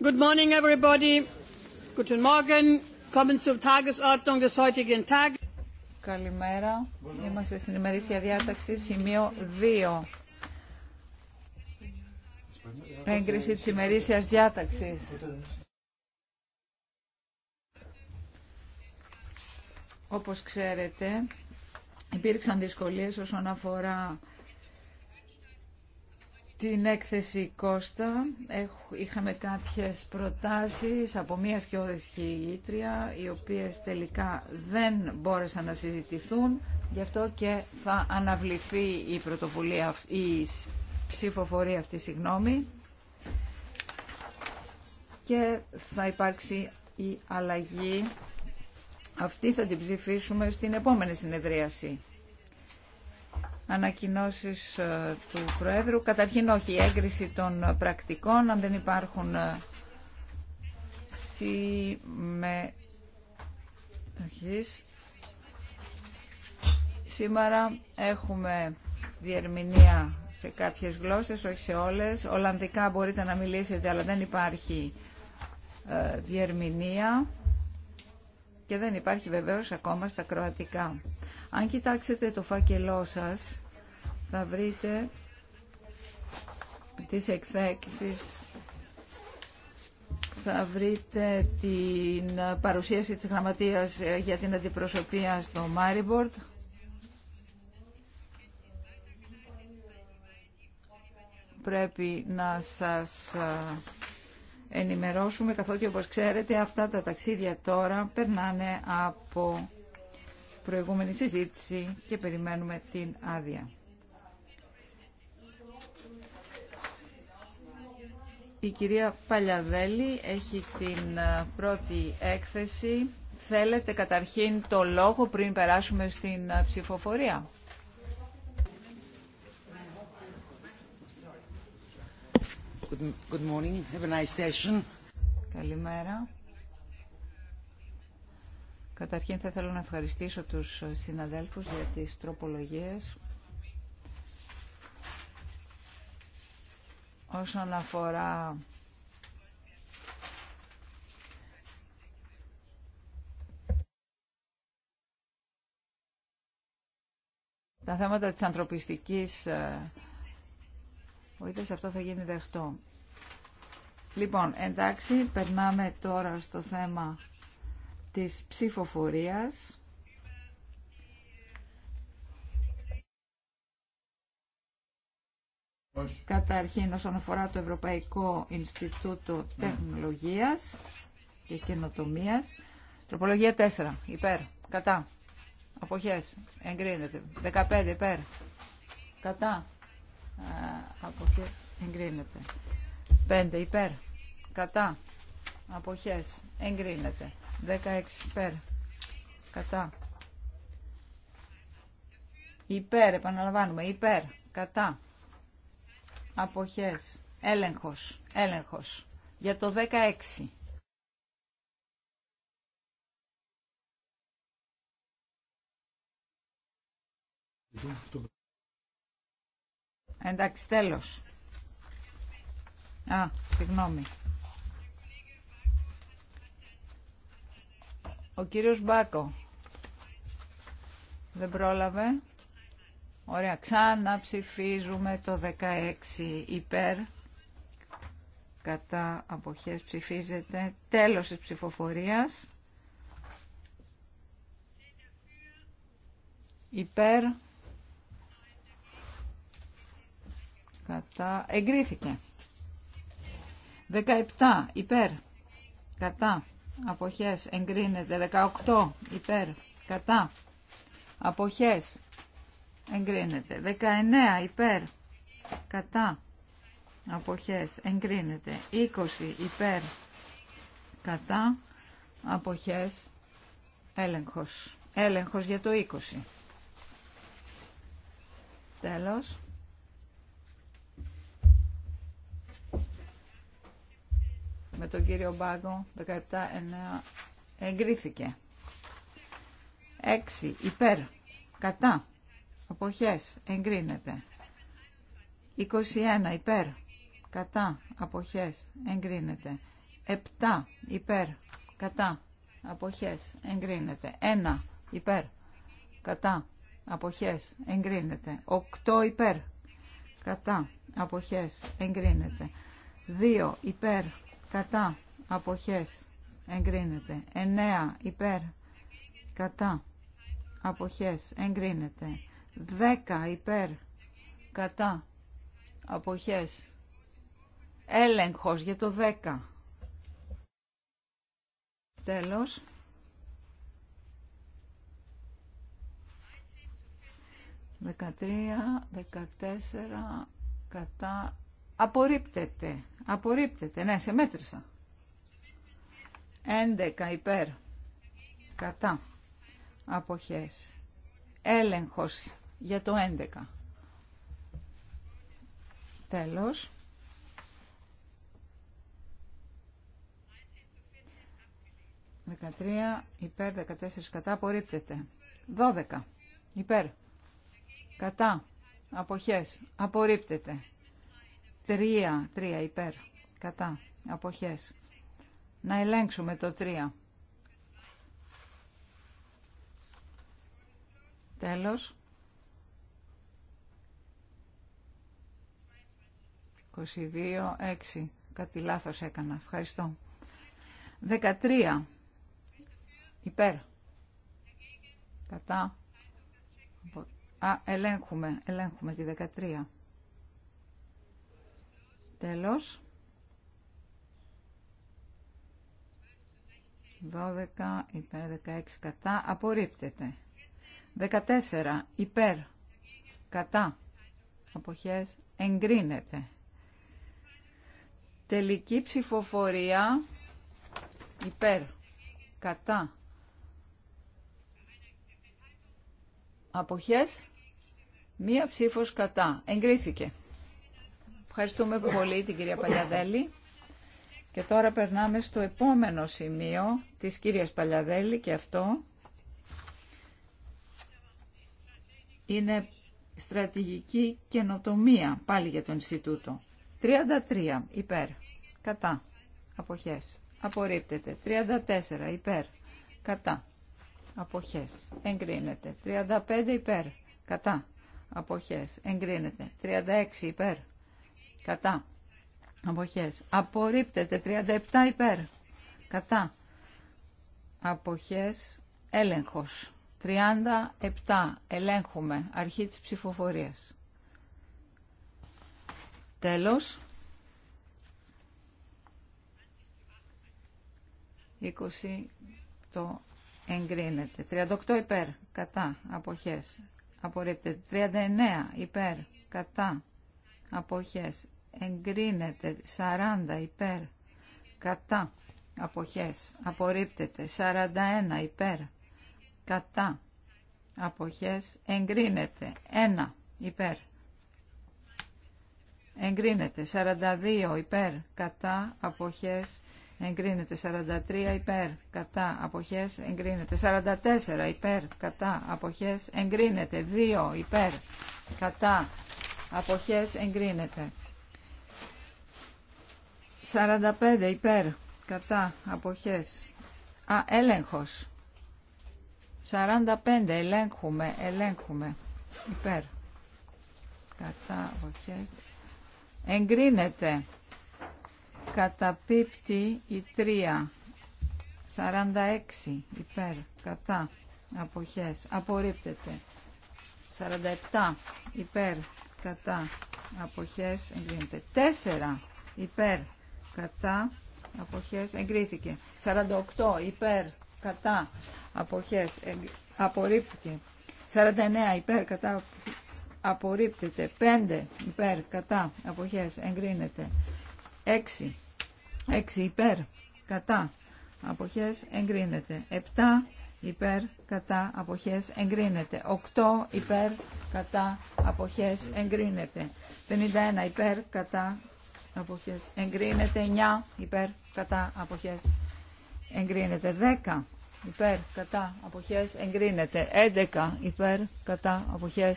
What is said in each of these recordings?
Good morning everybody. Guten Morgen. Kommen zur Tagesordnung des heutigen Tages. Καλημέρα. Είμαστε στην ημερήσια διάταξη σημείο 2. Έγκριση της ημερήσιας διάταξης. Όπως ξέρετε, υπήρξαν δυσκολίες όσον αφορά την έκθεση Κώστα. Είχαμε κάποιες προτάσεις από μία σκιώδησχηγήτρια, οι οποίες τελικά δεν μπόρεσαν να συζητηθούν. Γι' αυτό και θα αναβληθεί η πρωτοβουλία, η ψηφοφορία αυτή, συγγνώμη, και θα υπάρξει η αλλαγή αυτή θα την ψηφίσουμε στην επόμενη συνεδρίαση. Ανακοινώσεις ε, του Προέδρου. Καταρχήν όχι η έγκριση των πρακτικών, αν δεν υπάρχουν ε, με... Σήμερα έχουμε διερμηνία σε κάποιες γλώσσες, όχι σε όλες. Ολλανδικά μπορείτε να μιλήσετε, αλλά δεν υπάρχει ε, διερμηνία και δεν υπάρχει βεβαίως ακόμα στα κροατικά. Αν κοιτάξετε το φάκελό σας, θα βρείτε τις εκθέξεις, θα βρείτε την παρουσίαση της γραμματείας ε, για την αντιπροσωπεία στο Μάριμπορτ, πρέπει να σας ε, ενημερώσουμε καθότι όπως ξέρετε αυτά τα ταξίδια τώρα περνάνε από προηγούμενη συζήτηση και περιμένουμε την άδεια. Η κυρία Παλιαδέλη έχει την ε, πρώτη έκθεση. Θέλετε καταρχήν το λόγο πριν περάσουμε στην ε, ψηφοφορία. Καλημέρα. Καταρχήν θα ήθελα να ευχαριστήσω τους συναδέλφους για τις τροπολογίες. Όσον αφορά τα θέματα της ανθρωπιστικής ε, σε αυτό θα γίνει δεχτό. Λοιπόν, εντάξει, περνάμε τώρα στο θέμα της ψηφοφορίας. Όχι. Καταρχήν όσον αφορά το Ευρωπαϊκό Ινστιτούτο ναι. Τεχνολογίας και Καινοτομίας. Τροπολογία 4. Υπέρ. Κατά. Αποχές. Εγκρίνεται. 15. Υπέρ. Κατά αποχές εγκρίνεται. 5 υπέρ κατά αποχές εγκρίνεται. 16 υπέρ κατά υπέρ επαναλαμβάνουμε υπέρ κατά αποχές έλεγχος έλεγχος για το 16 Εντάξει, τέλος. Α, συγγνώμη. Ο κύριος Μπάκο. Δεν πρόλαβε. Ωραία, ψηφίζουμε το 16 υπέρ. Κατά αποχές ψηφίζεται. Τέλος της ψηφοφορίας. Υπέρ. κατά, εγκρίθηκε. 17 υπέρ, κατά, αποχές, εγκρίνεται. 18 υπέρ, κατά, αποχές, εγκρίνεται. 19 υπέρ, κατά, αποχές, εγκρίνεται. 20 υπέρ, κατά, αποχές, έλεγχος. Έλεγχος για το 20. Τέλος. με τον κύριο Μπάγκο 17-9 εγκρίθηκε. 6 υπέρ κατά αποχές εγκρίνεται. 21 υπέρ κατά αποχές εγκρίνεται. 7 υπέρ κατά αποχές εγκρίνεται. 1 υπέρ κατά αποχές εγκρίνεται. 8 υπέρ κατά αποχές εγκρίνεται. 2 υπέρ κατά αποχές εγκρίνεται 9 υπέρ κατά αποχές εγκρίνεται 10 υπέρ κατά αποχές έλεγχος για το 10 τέλος 13, 14 κατά Απορρίπτεται. Απορρίπτεται. Ναι, σε μέτρησα. 11 υπέρ. Κατά. Αποχές. Έλεγχος για το 11. Τέλος. 13 υπέρ, 14 κατά. Απορρίπτεται. 12 υπέρ. Κατά. Αποχές. Απορρίπτεται. Τρία τρια υπέρ, κατά, αποχές. Να ελέγξουμε το 3. Τέλος. 22-6. Κάτι λάθος έκανα. Ευχαριστώ. 13. Υπέρ. Κατά. Α, ελέγχουμε. Ελέγχουμε τη 13. Τέλος. 12 υπέρ 16 κατά. Απορρίπτεται. 14 υπέρ κατά. Αποχές εγκρίνεται. Τελική ψηφοφορία υπέρ κατά. Αποχές μία ψήφος κατά. Εγκρίθηκε. Ευχαριστούμε πολύ την κυρία Παλιαδέλη. Και τώρα περνάμε στο επόμενο σημείο της κυρίας Παλιαδέλη και αυτό είναι στρατηγική καινοτομία πάλι για το Ινστιτούτο. 33 υπέρ, κατά, αποχές, απορρίπτεται. 34 υπέρ, κατά, αποχές, εγκρίνεται. 35 υπέρ, κατά, αποχές, εγκρίνεται. 36 υπέρ, Κατά. Αποχές. Απορρίπτεται. 37 υπέρ. Κατά. Αποχές. Έλεγχος. 37. Ελέγχουμε. Αρχή της ψηφοφορίας. Τέλος. 20 το εγκρίνεται. 38 υπέρ. Κατά. Αποχές. Απορρίπτεται. 39 υπέρ. Κατά. Αποχές εγκρίνεται 40 υπέρ κατά αποχές απορρίπτεται 41 υπέρ κατά αποχές εγκρίνεται 1 υπέρ εγκρίνεται 42 υπέρ κατά αποχές εγκρίνεται 43 υπέρ κατά αποχές εγκρίνεται 44 υπέρ κατά αποχές εγκρίνεται 2 υπέρ κατά αποχές εγκρίνεται 45 υπέρ κατά αποχές α έλεγχος 45 ελέγχουμε ελέγχουμε υπέρ κατά αποχές εγκρίνεται καταπίπτει η 3 46 υπέρ κατά αποχές απορρίπτεται 47 υπέρ κατά αποχές εγκρίνεται 4 υπέρ κατά αποχές εγκρίθηκε. 48 υπέρ κατά αποχές εγ... 49 υπέρ κατά απορρίπτεται. 5 υπέρ κατά αποχές εγκρίνεται. 6 6 υπέρ κατά αποχές εγκρίνεται. 7 υπέρ κατά αποχές εγκρίνεται. 8 υπέρ κατά αποχές εγκρίνεται. 51 υπέρ κατά αποχές εγκρίνεται 9 υπέρ κατά αποχές εγκρίνεται 10 υπέρ κατά αποχές εγκρίνεται 11 υπέρ κατά αποχές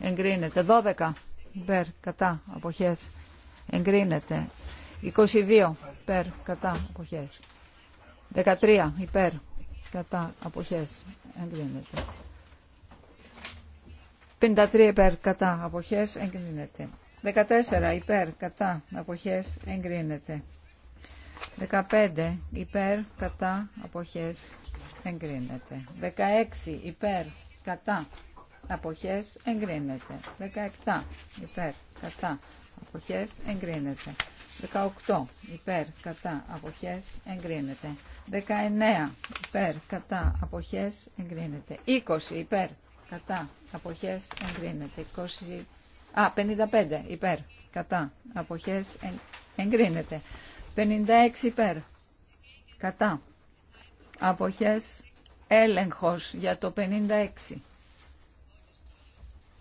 εγκρίνεται 12 υπέρ κατά αποχές εγκρίνεται 22 υπέρ κατά αποχές 13 υπέρ κατά αποχές εγκρίνεται 53 υπέρ κατά αποχές εγκρίνεται 14 υπέρ κατά αποχές εγκρίνεται. 15 υπέρ κατά αποχές εγκρίνεται. 16 υπέρ κατά αποχές εγκρίνεται. 17 υπέρ κατά αποχές εγκρίνεται. 18 υπέρ κατά αποχές εγκρίνεται. 19 υπέρ κατά αποχές εγκρίνεται. 20 υπέρ κατά αποχές εγκρίνεται. 20 Α, 55 υπέρ. Κατά. Αποχές εγκρίνεται. 56 υπέρ. Κατά. Αποχές έλεγχος για το 56.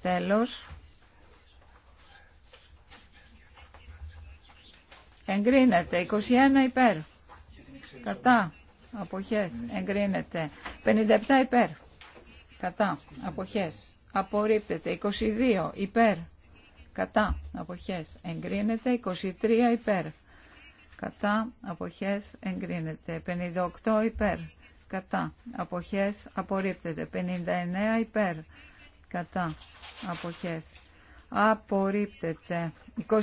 Τέλος. Εγκρίνεται. 21 υπέρ. Κατά. Αποχές. Εγκρίνεται. 57 υπέρ. Κατά. Αποχές. Απορρίπτεται. 22 υπέρ κατά αποχές εγκρίνεται 23 υπέρ κατά αποχές εγκρίνεται 58 υπέρ κατά αποχές απορρίπτεται 59 υπέρ κατά αποχές απορρίπτεται 24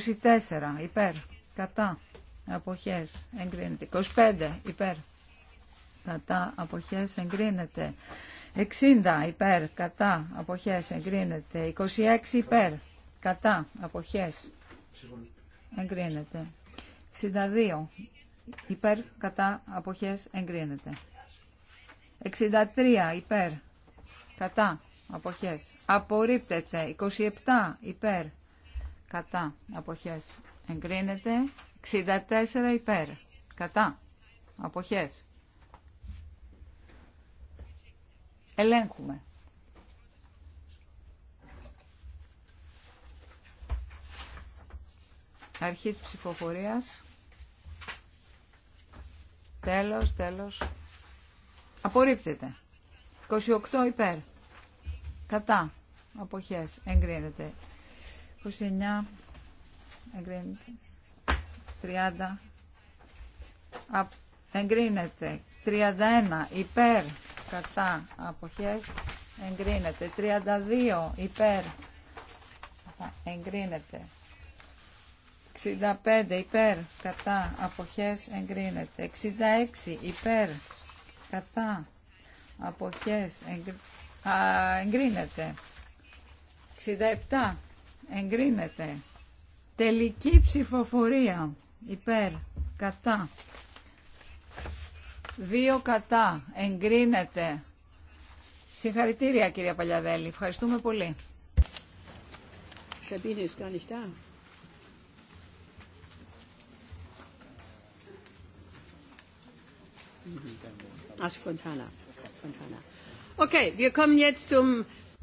υπέρ κατά αποχές εγκρίνεται 25 υπέρ κατά αποχές εγκρίνεται 60 υπέρ κατά αποχές εγκρίνεται 26 υπέρ Κατά. Αποχές. Εγκρίνεται. 62. Υπέρ. Κατά. Αποχές. Εγκρίνεται. 63. Υπέρ. Κατά. Αποχές. Απορρίπτεται. 27. Υπέρ. Κατά. Αποχές. Εγκρίνεται. 64. Υπέρ. Κατά. Αποχές. Ελέγχουμε. Αρχή της ψηφοφορίας. Τέλος, τέλος. Απορρίπτεται. 28 υπέρ. Κατά. Αποχές. Εγκρίνεται. 29. Εγκρίνεται. 30. εγκρίνεται. 31 υπέρ. Κατά. Αποχές. Εγκρίνεται. 32 υπέρ. Εγκρίνεται. 65 υπέρ κατά αποχές εγκρίνεται. 66 υπέρ κατά αποχές εγκρίνεται. 67 εγκρίνεται. Τελική ψηφοφορία υπέρ κατά. 2 κατά εγκρίνεται. Συγχαρητήρια κυρία Παλιαδέλη. Ευχαριστούμε πολύ. Σε ist gar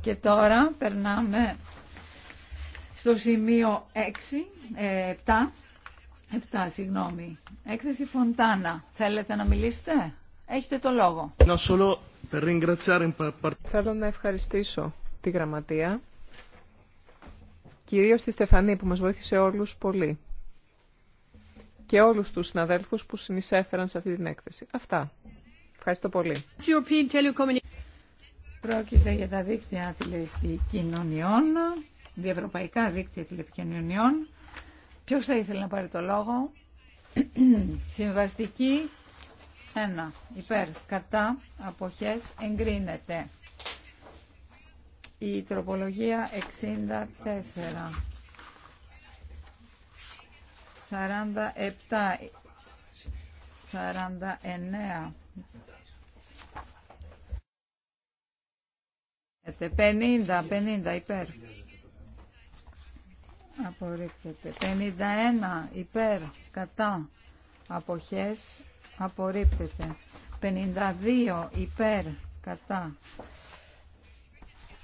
Και τώρα περνάμε στο σημείο 6, 7, 7, συγγνώμη. Έκθεση Φοντάνα. Θέλετε να μιλήσετε? Έχετε το λόγο. Θέλω να ευχαριστήσω τη Γραμματεία, κυρίως τη Στεφανή που μας βοήθησε όλους πολύ και όλους τους συναδέλφους που συνεισέφεραν σε αυτή την έκθεση. Αυτά. Ευχαριστώ πολύ. Πρόκειται για τα δίκτυα τηλεπικοινωνιών, διευρωπαϊκά δίκτυα τηλεπικοινωνιών. Ποιο θα ήθελε να πάρει το λόγο. Συμβαστική 1. Υπέρ. Κατά. Αποχές. Εγκρίνεται. Η τροπολογία 64. 47, 49, 50, 50 υπέρ. Απορρίπτεται. 51 υπέρ, κατά, αποχές, απορρίπτεται. 52 υπέρ, κατά,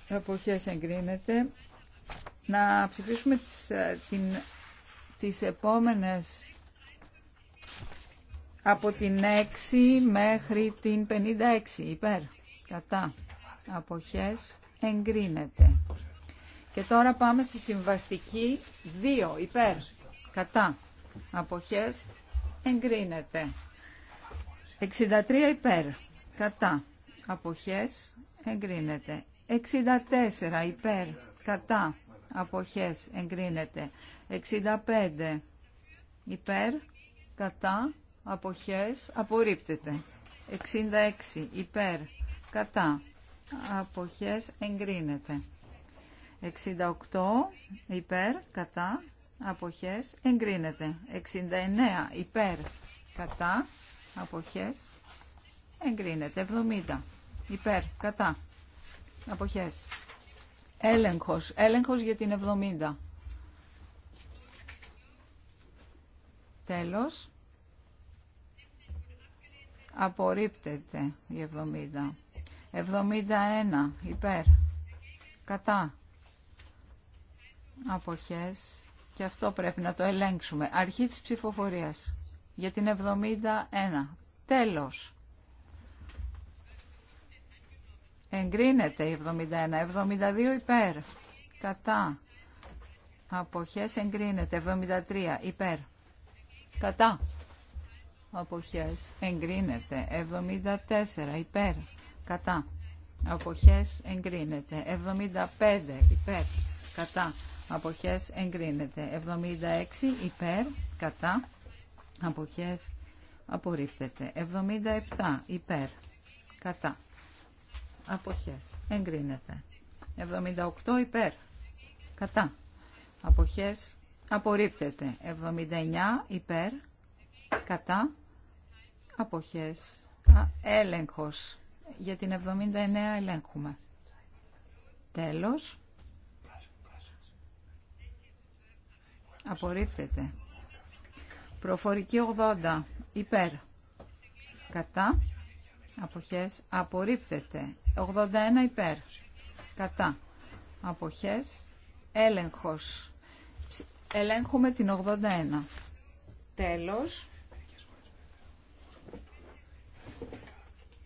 αποχές εγκρίνεται. Να ψηφίσουμε τις, ε, την τις επόμενες από την 6 μέχρι την 56 υπέρ κατά αποχές εγκρίνεται και τώρα πάμε στη συμβαστική 2 υπέρ κατά αποχές εγκρίνεται 63 υπέρ κατά αποχές εγκρίνεται 64 υπέρ κατά αποχές εγκρίνεται 65 υπέρ κατά αποχές απορρίπτεται 66 υπέρ κατά αποχές εγκρίνεται 68 υπέρ κατά αποχές εγκρίνεται 69 υπέρ κατά αποχές εγκρίνεται 70 υπέρ κατά αποχές Έλεγχος. Έλεγχος για την 70. Τέλος. Απορρίπτεται η 70. 71. Υπέρ. Κατά. Αποχές. Και αυτό πρέπει να το ελέγξουμε. Αρχή της ψηφοφορίας. Για την 71. Τέλος. εγκρίνεται 71, 72 υπέρ, κατά, αποχές εγκρίνεται 73 υπέρ, κατά, αποχές εγκρίνεται 74 υπέρ, κατά, αποχές εγκρίνεται 75 υπέρ, κατά, αποχές εγκρίνεται 76 υπέρ, κατά, αποχές απορρίφτεται 77 υπέρ, κατά αποχές εγκρίνεται 78 υπέρ κατά αποχές απορρίπτεται 79 υπέρ κατά αποχές Α, έλεγχος για την 79 ελέγχουμε τέλος απορρίπτεται προφορική 80 υπέρ κατά αποχές απορρίπτεται 81 υπέρ. Κατά. Αποχές. Έλεγχος. Ελέγχουμε την 81. Τέλος.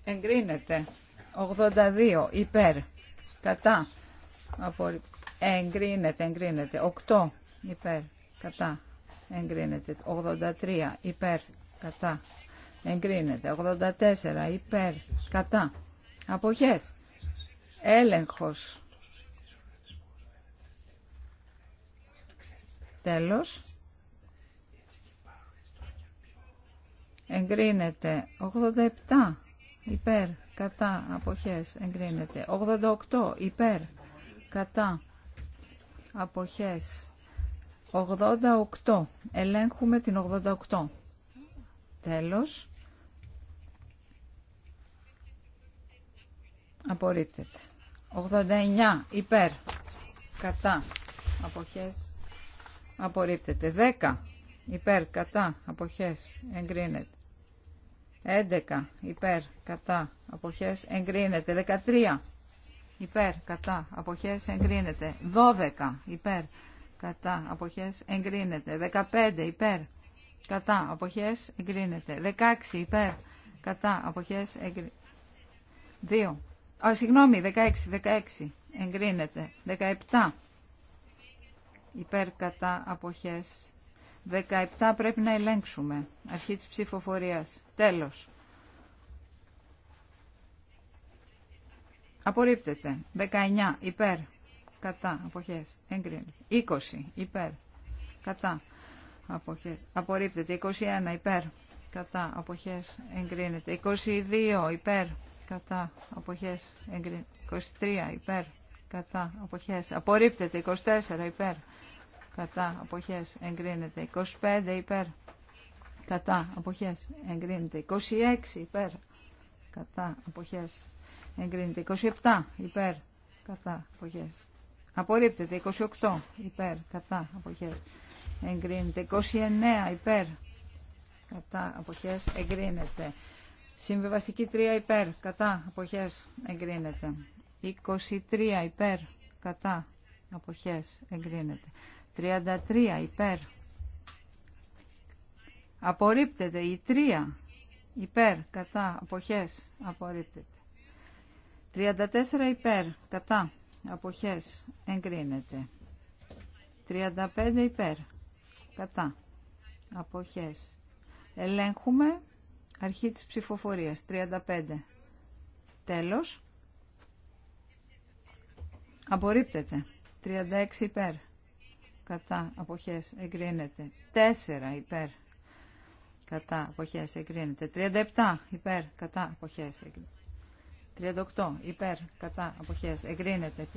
Εγκρίνεται. 82 υπέρ. Κατά. Εγκρίνεται, εγκρίνεται. 8 υπέρ. Κατά. Εγκρίνεται. 83 υπέρ. Κατά. Εγκρίνεται. 84 υπέρ. Κατά. Αποχές. Έλεγχος. Τέλος. Εγκρίνεται 87 υπέρ, κατά, αποχές, εγκρίνεται. 88 υπέρ, κατά, αποχές. 88. Ελέγχουμε την 88. Τέλος. Απορρίπτεται. 89 υπέρ. Κατά. Αποχές. Απορρίπτεται. 10 υπέρ. Κατά. Αποχές. Εγκρίνεται. 11 υπέρ. Κατά. Αποχές. Εγκρίνεται. 13 υπέρ. Κατά. Αποχές. Εγκρίνεται. 12 υπέρ. Κατά. Αποχές. Εγκρίνεται. 15 υπέρ. Κατά. Αποχές. Εγκρίνεται. 16 υπέρ. Κατά. Αποχές. Εγκρίνεται. 2 Α, συγγνώμη, 16, 16. Εγκρίνεται. 17. Υπέρ κατά αποχές. 17 πρέπει να ελέγξουμε. Αρχή της ψηφοφορίας. Τέλος. Απορρίπτεται. 19. Υπέρ. Κατά. Αποχές. Εγκρίνεται. 20. Υπέρ. Κατά. Αποχές. Απορρίπτεται. 21. Υπέρ. Κατά. Αποχές. Εγκρίνεται. 22. Υπέρ κατά αποχές 23 υπέρ κατά αποχές απορρίπτεται 24 υπέρ κατά αποχές εγκρίνεται 25 υπέρ κατά αποχές εγκρίνεται 26 υπέρ κατά αποχές εγκρίνεται 27 υπέρ κατά αποχές απορρίπτεται 28 υπέρ κατά αποχές εγκρίνεται 29 υπέρ κατά αποχές εγκρίνεται Συμβεβαστική 3 υπέρ, κατά, αποχές, εγκρίνεται. 23 υπέρ, κατά, αποχές, εγκρίνεται. 33 υπέρ, απορρίπτεται. Η 3 υπέρ, κατά, αποχές, απορρίπτεται. 34 υπέρ, κατά, αποχές, εγκρίνεται. 35 υπέρ, κατά, αποχές. Ελέγχουμε Αρχή της ψηφοφορίας. 35. Τέλος. Απορρίπτεται. 36 υπέρ. Κατά αποχές εγκρίνεται. 4 υπέρ. Κατά αποχές εγκρίνεται. 37 υπέρ. Κατά αποχές εγκρίνεται. 38 υπέρ. Κατά αποχές εγκρίνεται.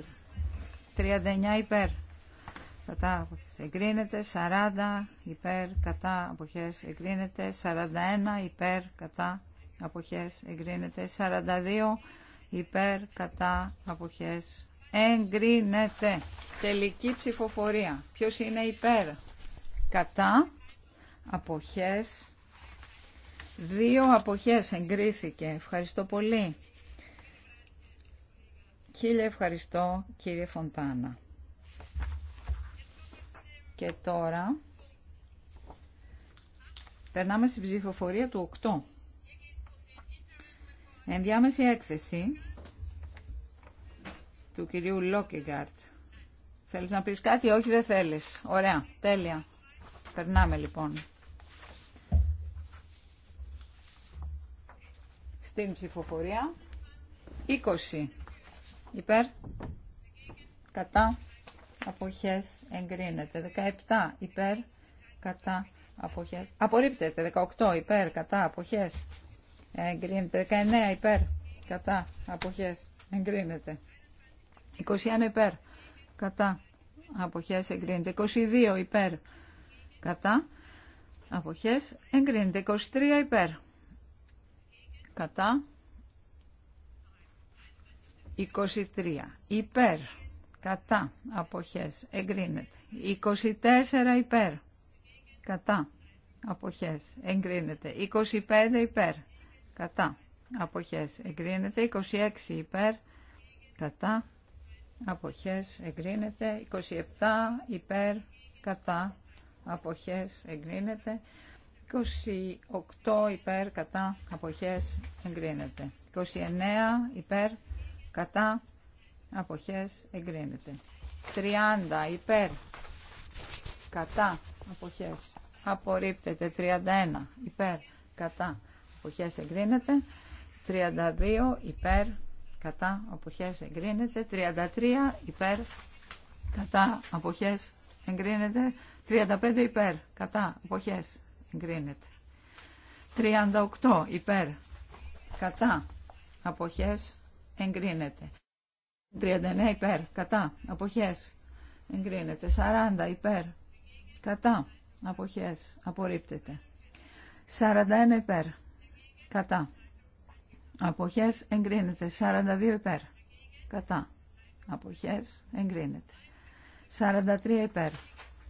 39 υπέρ κατά αποχές εγκρίνεται, 40 υπέρ κατά αποχές εγκρίνεται, 41 υπέρ κατά αποχές εγκρίνεται, 42 υπέρ κατά αποχές εγκρίνεται. Τελική ψηφοφορία. Ποιος είναι υπέρ κατά αποχές Δύο αποχές εγκρίθηκε. Ευχαριστώ πολύ. Χίλια ευχαριστώ κύριε Φωντάνα. Και τώρα περνάμε στην ψηφοφορία του 8. Ενδιάμεση έκθεση του κυρίου Λόκεγκαρτ. Θέλεις να πεις κάτι, όχι δεν θέλεις. Ωραία, τέλεια. Περνάμε λοιπόν. Στην ψηφοφορία. 20. Υπέρ. Κατά αποχές εγκρίνεται. 17 υπέρ κατά αποχές. Απορρίπτεται. 18 υπέρ κατά αποχές εγκρίνεται. 19 υπέρ κατά αποχές εγκρίνεται. 21 υπέρ κατά αποχές εγκρίνεται. 22 υπέρ κατά αποχές εγκρίνεται. 23 υπέρ κατά 23 υπέρ κατά αποχές εγκρίνεται 24 υπέρ κατά αποχές εγκρίνεται 25 υπέρ κατά αποχές εγκρίνεται 26 υπέρ κατά αποχές εγκρίνεται 27 υπέρ κατά αποχές εγκρίνεται 28 υπέρ κατά αποχές εγκρίνεται 29 υπέρ κατά αποχές εγκρίνεται. 30 υπέρ κατά αποχές απορρίπτεται. 31 υπέρ κατά αποχές εγκρίνεται. 32 υπέρ κατά αποχές εγκρίνεται. 33 υπέρ κατά αποχές εγκρίνεται. 35 υπέρ κατά αποχές εγκρίνεται. 38 υπέρ κατά αποχές εγκρίνεται. 39 υπέρ, κατά, αποχές, εγκρίνεται. 40 υπέρ, κατά, αποχές, απορρίπτεται. 41 υπέρ, κατά, αποχές, εγκρίνεται. 42 υπέρ, κατά, αποχές, εγκρίνεται. 43 υπέρ,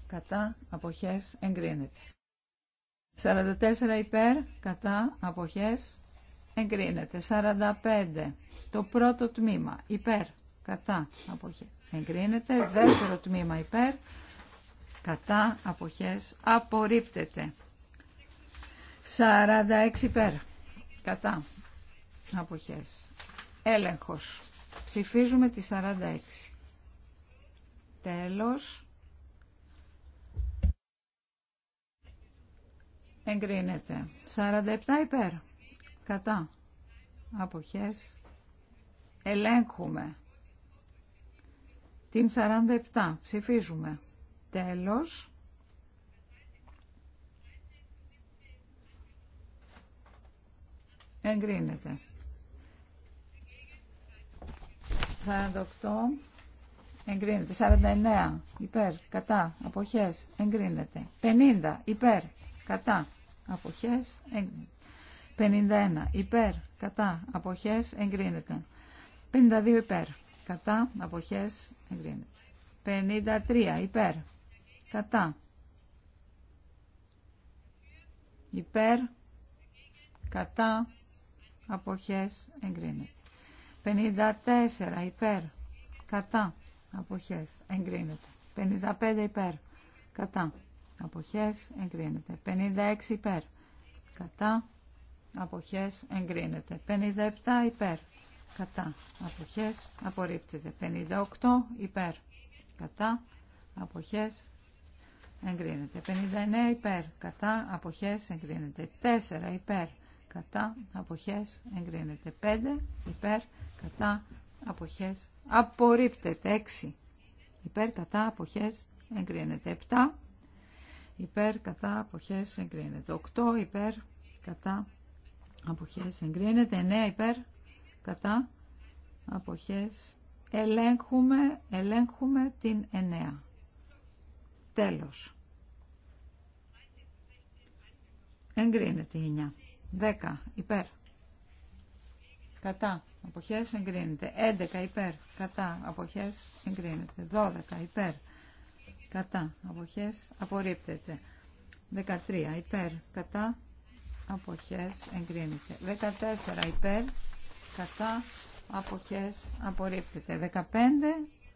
κατά, αποχές, εγκρίνεται. 44 υπέρ, κατά, αποχές, εγκρίνεται. 45, το πρώτο τμήμα, υπέρ, κατά αποχές εγκρίνεται. Δεύτερο τμήμα υπέρ, κατά αποχές απορρίπτεται. 46 υπέρ, κατά αποχές. Έλεγχος. Ψηφίζουμε τη 46. Τέλος. Εγκρίνεται. 47 υπέρ. Κατά. Αποχές. Ελέγχουμε. Την 47 ψηφίζουμε. Τέλος. Εγκρίνεται. 48 εγκρίνεται. 49 υπέρ, κατά, αποχές, εγκρίνεται. 50 υπέρ, κατά, αποχές, εγκρίνεται. 51 υπέρ, κατά, αποχές, εγκρίνεται. 52 υπέρ, κατά, αποχές, εγκρίνεται. 53 υπέρ, κατά, υπέρ, κατά, αποχές, εγκρίνεται. 54 υπέρ, κατά, αποχές, εγκρίνεται. 55 υπέρ, κατά, αποχές, εγκρίνεται. 56 υπέρ, κατά, αποχές, εγκρίνεται. 57 υπέρ, κατά αποχές απορρίπτεται 58 υπέρ κατά αποχές εγκρίνεται 59 υπέρ κατά αποχές εγκρίνεται 4 υπέρ κατά αποχές εγκρίνεται 5 υπέρ κατά αποχές απορρίπτεται 6 υπέρ κατά αποχές εγκρίνεται 7 υπέρ κατά αποχές εγκρίνεται 8 υπέρ κατά αποχές εγκρίνεται 9 υπέρ κατά αποχές ελέγχουμε, ελέγχουμε την 9. Τέλος. Εγκρίνεται η 9. 10 υπέρ. Κατά. Αποχές εγκρίνεται. 11 υπέρ. Κατά. Αποχές εγκρίνεται. 12 υπέρ. Κατά. Αποχές απορρίπτεται. 13 υπέρ. Κατά. Αποχές εγκρίνεται. 14 υπέρ κατά αποχές απορρίπτεται 15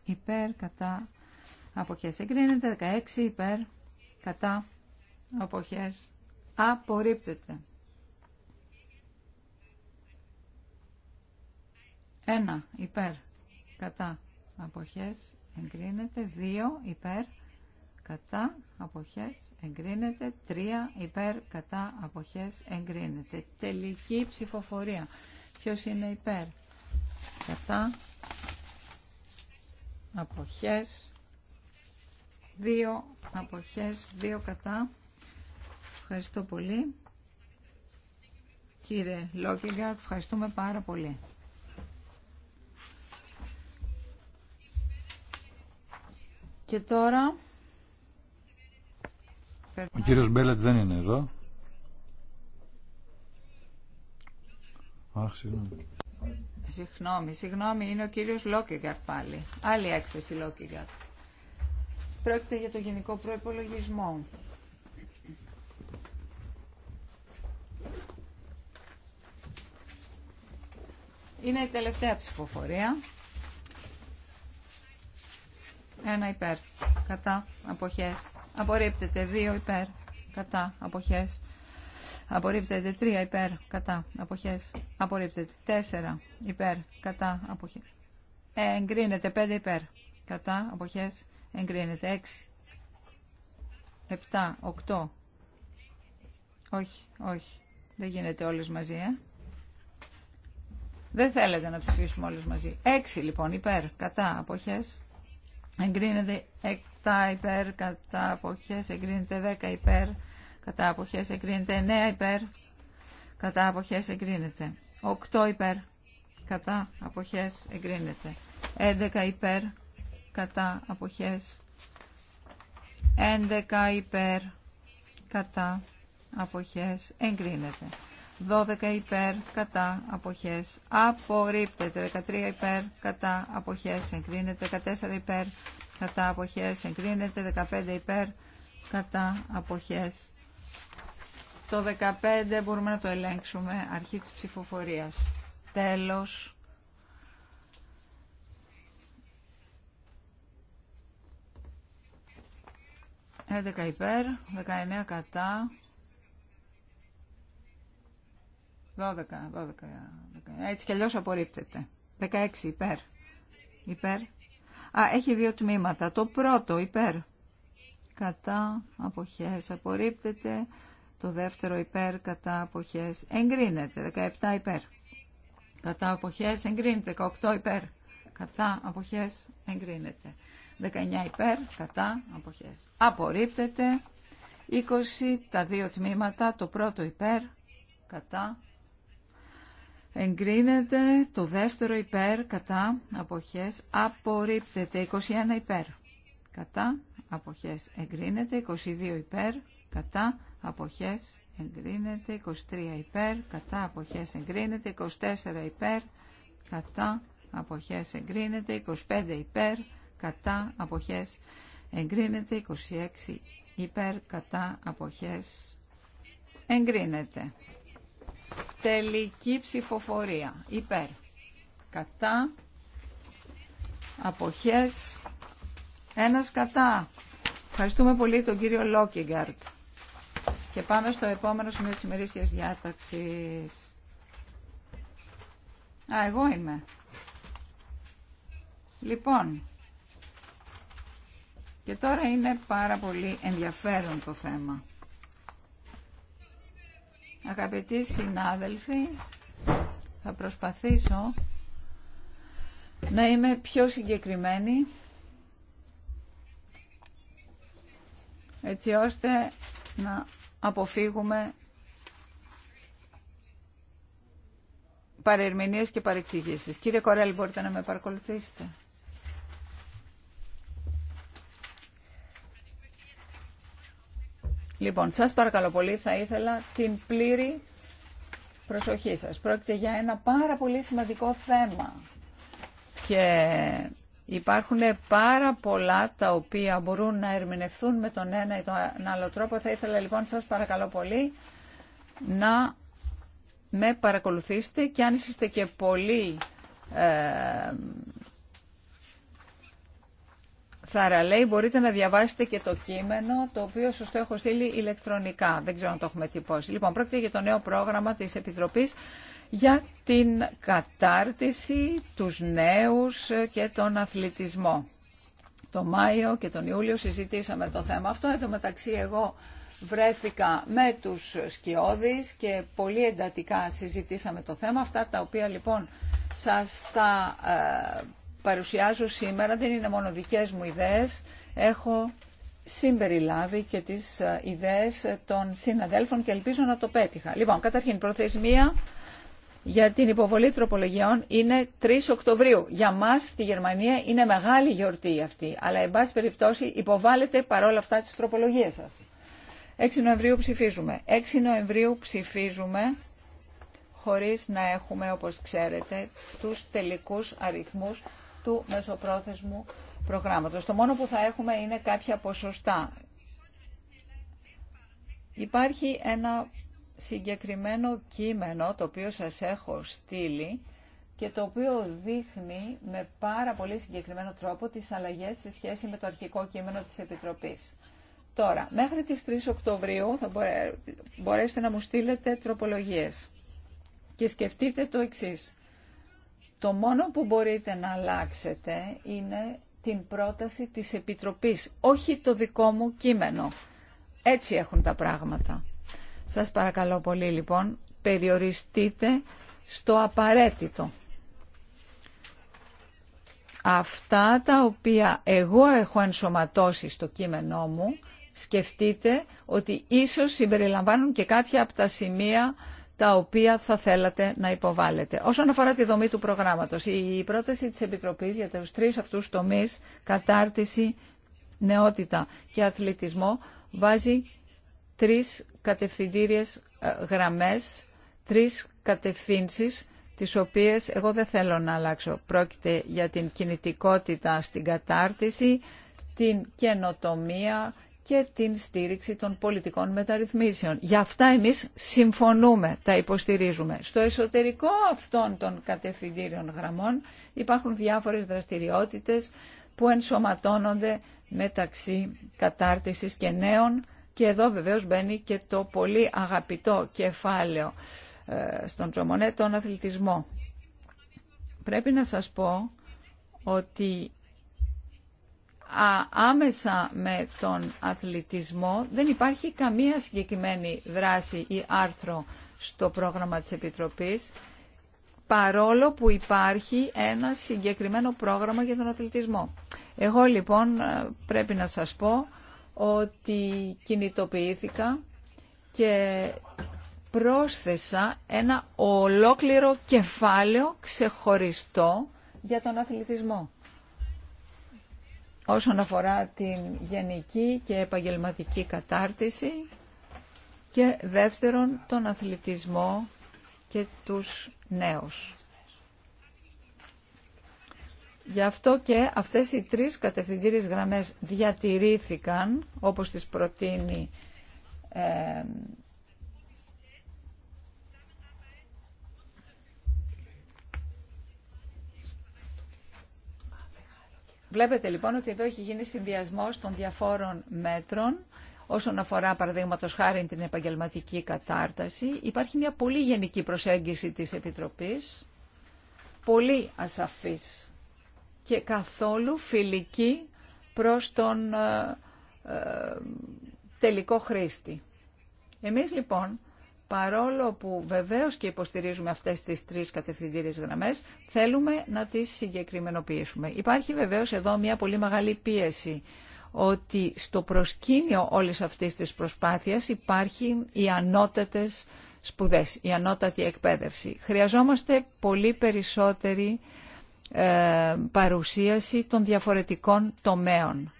υπέρ κατά αποχές εγκρίνεται 16 υπέρ κατά αποχές απορρίπτεται 1 υπέρ κατά αποχές εγκρίνεται 2 υπέρ κατά αποχές εγκρίνεται 3 υπέρ κατά αποχές εγκρίνεται τελική ψηφοφορία Ποιος είναι υπέρ. Κατά. Αποχές. Δύο αποχές. Δύο κατά. Ευχαριστώ πολύ. Κύριε Λόκεγκαρτ, ευχαριστούμε πάρα πολύ. Και τώρα... Ο κύριος Μπέλετ δεν είναι εδώ. Αχ, συγγνώμη. Συγγνώμη, συγγνώμη, είναι ο κύριος Λόκεγκαρ πάλι. Άλλη έκθεση Λόκεγκαρ. Πρόκειται για το γενικό προϋπολογισμό. Είναι η τελευταία ψηφοφορία. Ένα υπέρ. Κατά. Αποχές. Απορρίπτεται. Δύο υπέρ. Κατά. Αποχές. Απορρίπτεται 3 υπέρ κατά αποχές. Απορρίπτεται 4 ε, υπέρ κατά αποχές. Εγκρίνεται 5 υπέρ κατά αποχές. Εγκρίνεται 6, 7, 8. Όχι, όχι. Δεν γίνεται όλες μαζί, ε. Δεν θέλετε να ψηφίσουμε όλες μαζί. 6 λοιπόν υπέρ κατά αποχές. Εγκρίνεται 7 υπέρ κατά αποχές. Εγκρίνεται 10 υπέρ κατά αποχές εγκρίνεται 9 υπέρ κατά αποχές εγκρίνεται 8 υπέρ κατά αποχές εγκρίνεται 11 υπέρ κατά αποχές 11 υπέρ κατά αποχές εγκρίνεται 12 υπέρ κατά αποχές απορρίπτεται 13 υπέρ κατά αποχές εγκρίνεται 14 υπέρ κατά αποχές εγκρίνεται 15 υπέρ κατά αποχές το 15 μπορούμε να το ελέγξουμε. Αρχή της ψηφοφορίας. Τέλος. 11 υπέρ, 19 κατά, 12, 12, Έτσι κι αλλιώς απορρίπτεται. 16 υπέρ. Υπέρ. Α, έχει δύο τμήματα. Το πρώτο υπέρ. Κατά, αποχές, απορρίπτεται. Το δεύτερο υπέρ κατά αποχές εγκρίνεται. 17 υπέρ. Κατά αποχές εγκρίνεται. 18 υπέρ. Κατά αποχές εγκρίνεται. 19 υπέρ. Κατά αποχές. Απορρίπτεται. 20 τα δύο τμήματα. Το πρώτο υπέρ. Κατά εγκρίνεται. Το δεύτερο υπέρ. Κατά αποχές απορρίπτεται. 21 υπέρ. Κατά αποχές εγκρίνεται. 22 υπέρ. Κατά αποχές εγκρίνεται 23 υπέρ κατά αποχές εγκρίνεται 24 υπέρ κατά αποχές εγκρίνεται 25 υπέρ κατά αποχές εγκρίνεται 26 υπέρ κατά αποχές εγκρίνεται τελική ψηφοφορία υπέρ κατά αποχές ένας κατά ευχαριστούμε πολύ τον κύριο Λόκιγκαρτ και πάμε στο επόμενο σημείο της ημερήσιας διάταξης. Α, εγώ είμαι. Λοιπόν, και τώρα είναι πάρα πολύ ενδιαφέρον το θέμα. Αγαπητοί συνάδελφοι, θα προσπαθήσω να είμαι πιο συγκεκριμένη έτσι ώστε να αποφύγουμε παρερμηνίες και παρεξηγήσεις. Κύριε Κορέλ, μπορείτε να με παρακολουθήσετε. Λοιπόν, σας παρακαλώ πολύ, θα ήθελα την πλήρη προσοχή σας. Πρόκειται για ένα πάρα πολύ σημαντικό θέμα. Και Υπάρχουν πάρα πολλά τα οποία μπορούν να ερμηνευθούν με τον ένα ή τον άλλο τρόπο. Θα ήθελα λοιπόν σας παρακαλώ πολύ να με παρακολουθήσετε και αν είστε και πολύ ε, θαραλέοι μπορείτε να διαβάσετε και το κείμενο το οποίο σας έχω στείλει ηλεκτρονικά. Δεν ξέρω αν το έχουμε τυπώσει. Λοιπόν, πρόκειται για το νέο πρόγραμμα της Επιτροπής για την κατάρτιση, τους νέους και τον αθλητισμό. Το Μάιο και τον Ιούλιο συζητήσαμε το θέμα αυτό. Εν τω μεταξύ εγώ βρέθηκα με τους σκιώδεις και πολύ εντατικά συζητήσαμε το θέμα. Αυτά τα οποία λοιπόν σας τα ε, παρουσιάζω σήμερα δεν είναι μόνο δικές μου ιδέες. Έχω συμπεριλάβει και τις ε, ιδέες των συναδέλφων και ελπίζω να το πέτυχα. Λοιπόν, καταρχήν προθεσμία για την υποβολή τροπολογιών είναι 3 Οκτωβρίου. Για μας στη Γερμανία είναι μεγάλη γιορτή αυτή, αλλά εν πάση περιπτώσει υποβάλλετε παρόλα αυτά τις τροπολογίες σας. 6 Νοεμβρίου ψηφίζουμε. 6 Νοεμβρίου ψηφίζουμε χωρίς να έχουμε, όπως ξέρετε, τους τελικούς αριθμούς του μεσοπρόθεσμου προγράμματος. Το μόνο που θα έχουμε είναι κάποια ποσοστά. Υπάρχει ένα συγκεκριμένο κείμενο το οποίο σας έχω στείλει και το οποίο δείχνει με πάρα πολύ συγκεκριμένο τρόπο τις αλλαγές σε σχέση με το αρχικό κείμενο της Επιτροπής. Τώρα, μέχρι τις 3 Οκτωβρίου θα μπορέσετε να μου στείλετε τροπολογίες. Και σκεφτείτε το εξής. Το μόνο που μπορείτε να αλλάξετε είναι την πρόταση της Επιτροπής, όχι το δικό μου κείμενο. Έτσι έχουν τα πράγματα. Σας παρακαλώ πολύ λοιπόν, περιοριστείτε στο απαραίτητο. Αυτά τα οποία εγώ έχω ενσωματώσει στο κείμενό μου, σκεφτείτε ότι ίσως συμπεριλαμβάνουν και κάποια από τα σημεία τα οποία θα θέλατε να υποβάλλετε. Όσον αφορά τη δομή του προγράμματος, η πρόταση της Επιτροπής για τους τρεις αυτούς τομείς, κατάρτιση, νεότητα και αθλητισμό, βάζει τρεις κατευθυντήριες ε, γραμμές, τρεις κατευθύνσεις, τις οποίες εγώ δεν θέλω να αλλάξω. Πρόκειται για την κινητικότητα στην κατάρτιση, την καινοτομία και την στήριξη των πολιτικών μεταρρυθμίσεων. Για αυτά εμείς συμφωνούμε, τα υποστηρίζουμε. Στο εσωτερικό αυτών των κατευθυντήριων γραμμών υπάρχουν διάφορες δραστηριότητες που ενσωματώνονται μεταξύ κατάρτισης και νέων και εδώ βεβαίως μπαίνει και το πολύ αγαπητό κεφάλαιο ε, στον Τζομονέ, τον αθλητισμό. Πρέπει να σας πω ότι άμεσα με τον αθλητισμό δεν υπάρχει καμία συγκεκριμένη δράση ή άρθρο στο πρόγραμμα της Επιτροπής παρόλο που υπάρχει ένα συγκεκριμένο πρόγραμμα για τον αθλητισμό. Εγώ λοιπόν ε, πρέπει να σας πω ότι κινητοποιήθηκα και πρόσθεσα ένα ολόκληρο κεφάλαιο ξεχωριστό για τον αθλητισμό. Όσον αφορά την γενική και επαγγελματική κατάρτιση και δεύτερον τον αθλητισμό και τους νέους. Γι' αυτό και αυτές οι τρεις κατευθυντήριες γραμμές διατηρήθηκαν, όπως τις προτείνει Βλέπετε λοιπόν ότι εδώ έχει γίνει συνδυασμό των διαφόρων μέτρων όσον αφορά παραδείγματο χάρη την επαγγελματική κατάρταση. Υπάρχει μια πολύ γενική προσέγγιση της Επιτροπής, πολύ ασαφής και καθόλου φιλική προς τον ε, ε, τελικό χρήστη. Εμείς λοιπόν, παρόλο που βεβαίως και υποστηρίζουμε αυτές τις τρεις κατευθυντήριες γραμμές, θέλουμε να τις συγκεκριμενοποιήσουμε. Υπάρχει βεβαίως εδώ μια πολύ μεγάλη πίεση ότι στο προσκήνιο όλης αυτής της προσπάθειας υπάρχουν οι ανώτατες σπουδές, η ανώτατη εκπαίδευση. Χρειαζόμαστε πολύ περισσότερη ε, παρουσίαση των διαφορετικών τομέων.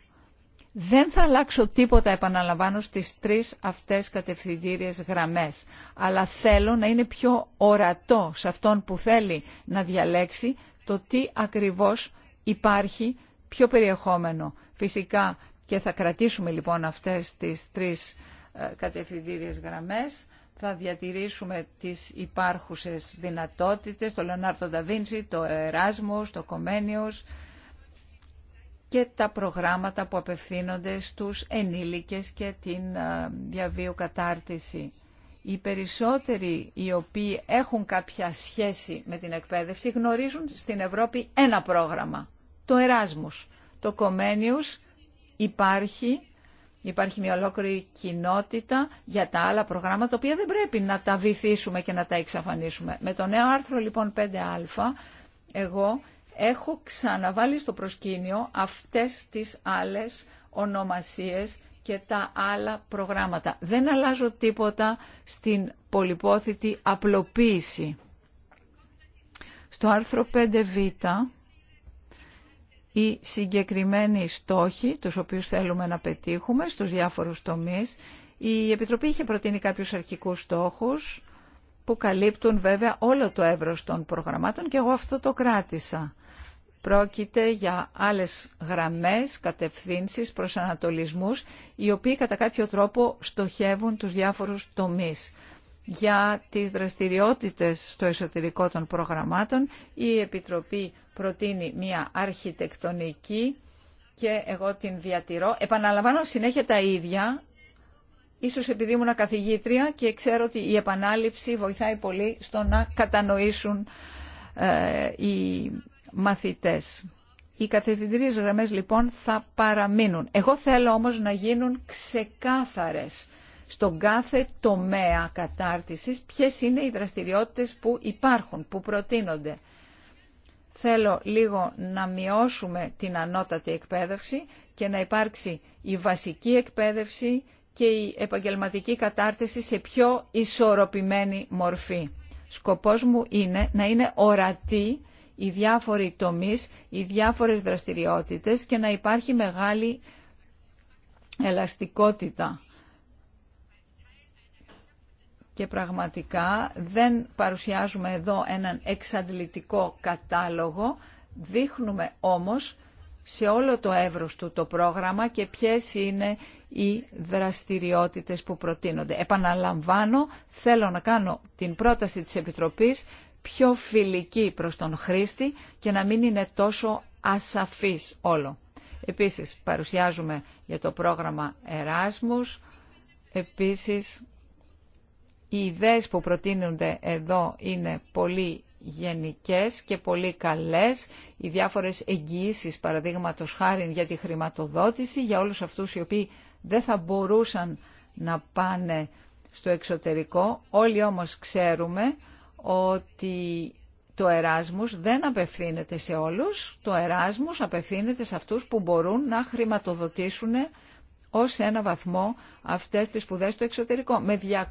Δεν θα αλλάξω τίποτα, επαναλαμβάνω, στις τρεις αυτές κατευθυντήριες γραμμές, αλλά θέλω να είναι πιο ορατό σε αυτόν που θέλει να διαλέξει το τι ακριβώς υπάρχει, πιο περιεχόμενο. Φυσικά και θα κρατήσουμε λοιπόν αυτές τις τρεις ε, κατευθυντήριες γραμμές θα διατηρήσουμε τις υπάρχουσες δυνατότητες, το Λεωνάρτο Νταβίντσι, το Εράσμος, το Κομένιος και τα προγράμματα που απευθύνονται στους ενήλικες και την διαβίου κατάρτιση. Οι περισσότεροι οι οποίοι έχουν κάποια σχέση με την εκπαίδευση γνωρίζουν στην Ευρώπη ένα πρόγραμμα, το Εράσμος. Το Κομένιους υπάρχει Υπάρχει μια ολόκληρη κοινότητα για τα άλλα προγράμματα, τα οποία δεν πρέπει να τα βυθίσουμε και να τα εξαφανίσουμε. Με το νέο άρθρο λοιπόν 5α, εγώ έχω ξαναβάλει στο προσκήνιο αυτές τις άλλες ονομασίες και τα άλλα προγράμματα. Δεν αλλάζω τίποτα στην πολυπόθητη απλοποίηση. Στο άρθρο 5β οι συγκεκριμένοι στόχοι, τους οποίους θέλουμε να πετύχουμε στους διάφορους τομείς. Η Επιτροπή είχε προτείνει κάποιους αρχικούς στόχους που καλύπτουν βέβαια όλο το εύρος των προγραμμάτων και εγώ αυτό το κράτησα. Πρόκειται για άλλες γραμμές, κατευθύνσεις, προσανατολισμούς, οι οποίοι κατά κάποιο τρόπο στοχεύουν τους διάφορους τομείς. Για τις δραστηριότητες στο εσωτερικό των προγραμμάτων, η Επιτροπή προτείνει μια αρχιτεκτονική και εγώ την διατηρώ. Επαναλαμβάνω συνέχεια τα ίδια, ίσως επειδή ήμουν καθηγήτρια και ξέρω ότι η επανάληψη βοηθάει πολύ στο να κατανοήσουν ε, οι μαθητές. Οι καθηγητρίες γραμμές λοιπόν θα παραμείνουν. Εγώ θέλω όμως να γίνουν ξεκάθαρες στον κάθε τομέα κατάρτισης ποιες είναι οι δραστηριότητες που υπάρχουν, που προτείνονται. Θέλω λίγο να μειώσουμε την ανώτατη εκπαίδευση και να υπάρξει η βασική εκπαίδευση και η επαγγελματική κατάρτιση σε πιο ισορροπημένη μορφή. Σκοπός μου είναι να είναι ορατή οι διάφοροι τομείς, οι διάφορες δραστηριότητες και να υπάρχει μεγάλη ελαστικότητα και πραγματικά δεν παρουσιάζουμε εδώ έναν εξαντλητικό κατάλογο, δείχνουμε όμως σε όλο το εύρος του το πρόγραμμα και ποιες είναι οι δραστηριότητες που προτείνονται. Επαναλαμβάνω, θέλω να κάνω την πρόταση της Επιτροπής πιο φιλική προς τον χρήστη και να μην είναι τόσο ασαφής όλο. Επίσης, παρουσιάζουμε για το πρόγραμμα Εράσμους, επίσης οι ιδέες που προτείνονται εδώ είναι πολύ γενικές και πολύ καλές. Οι διάφορες εγγυήσεις, παραδείγματος χάρη για τη χρηματοδότηση, για όλους αυτούς οι οποίοι δεν θα μπορούσαν να πάνε στο εξωτερικό. Όλοι όμως ξέρουμε ότι το Εράσμους δεν απευθύνεται σε όλους. Το Εράσμους απευθύνεται σε αυτούς που μπορούν να χρηματοδοτήσουν ως ένα βαθμό αυτές τις σπουδέ στο εξωτερικό. Με 200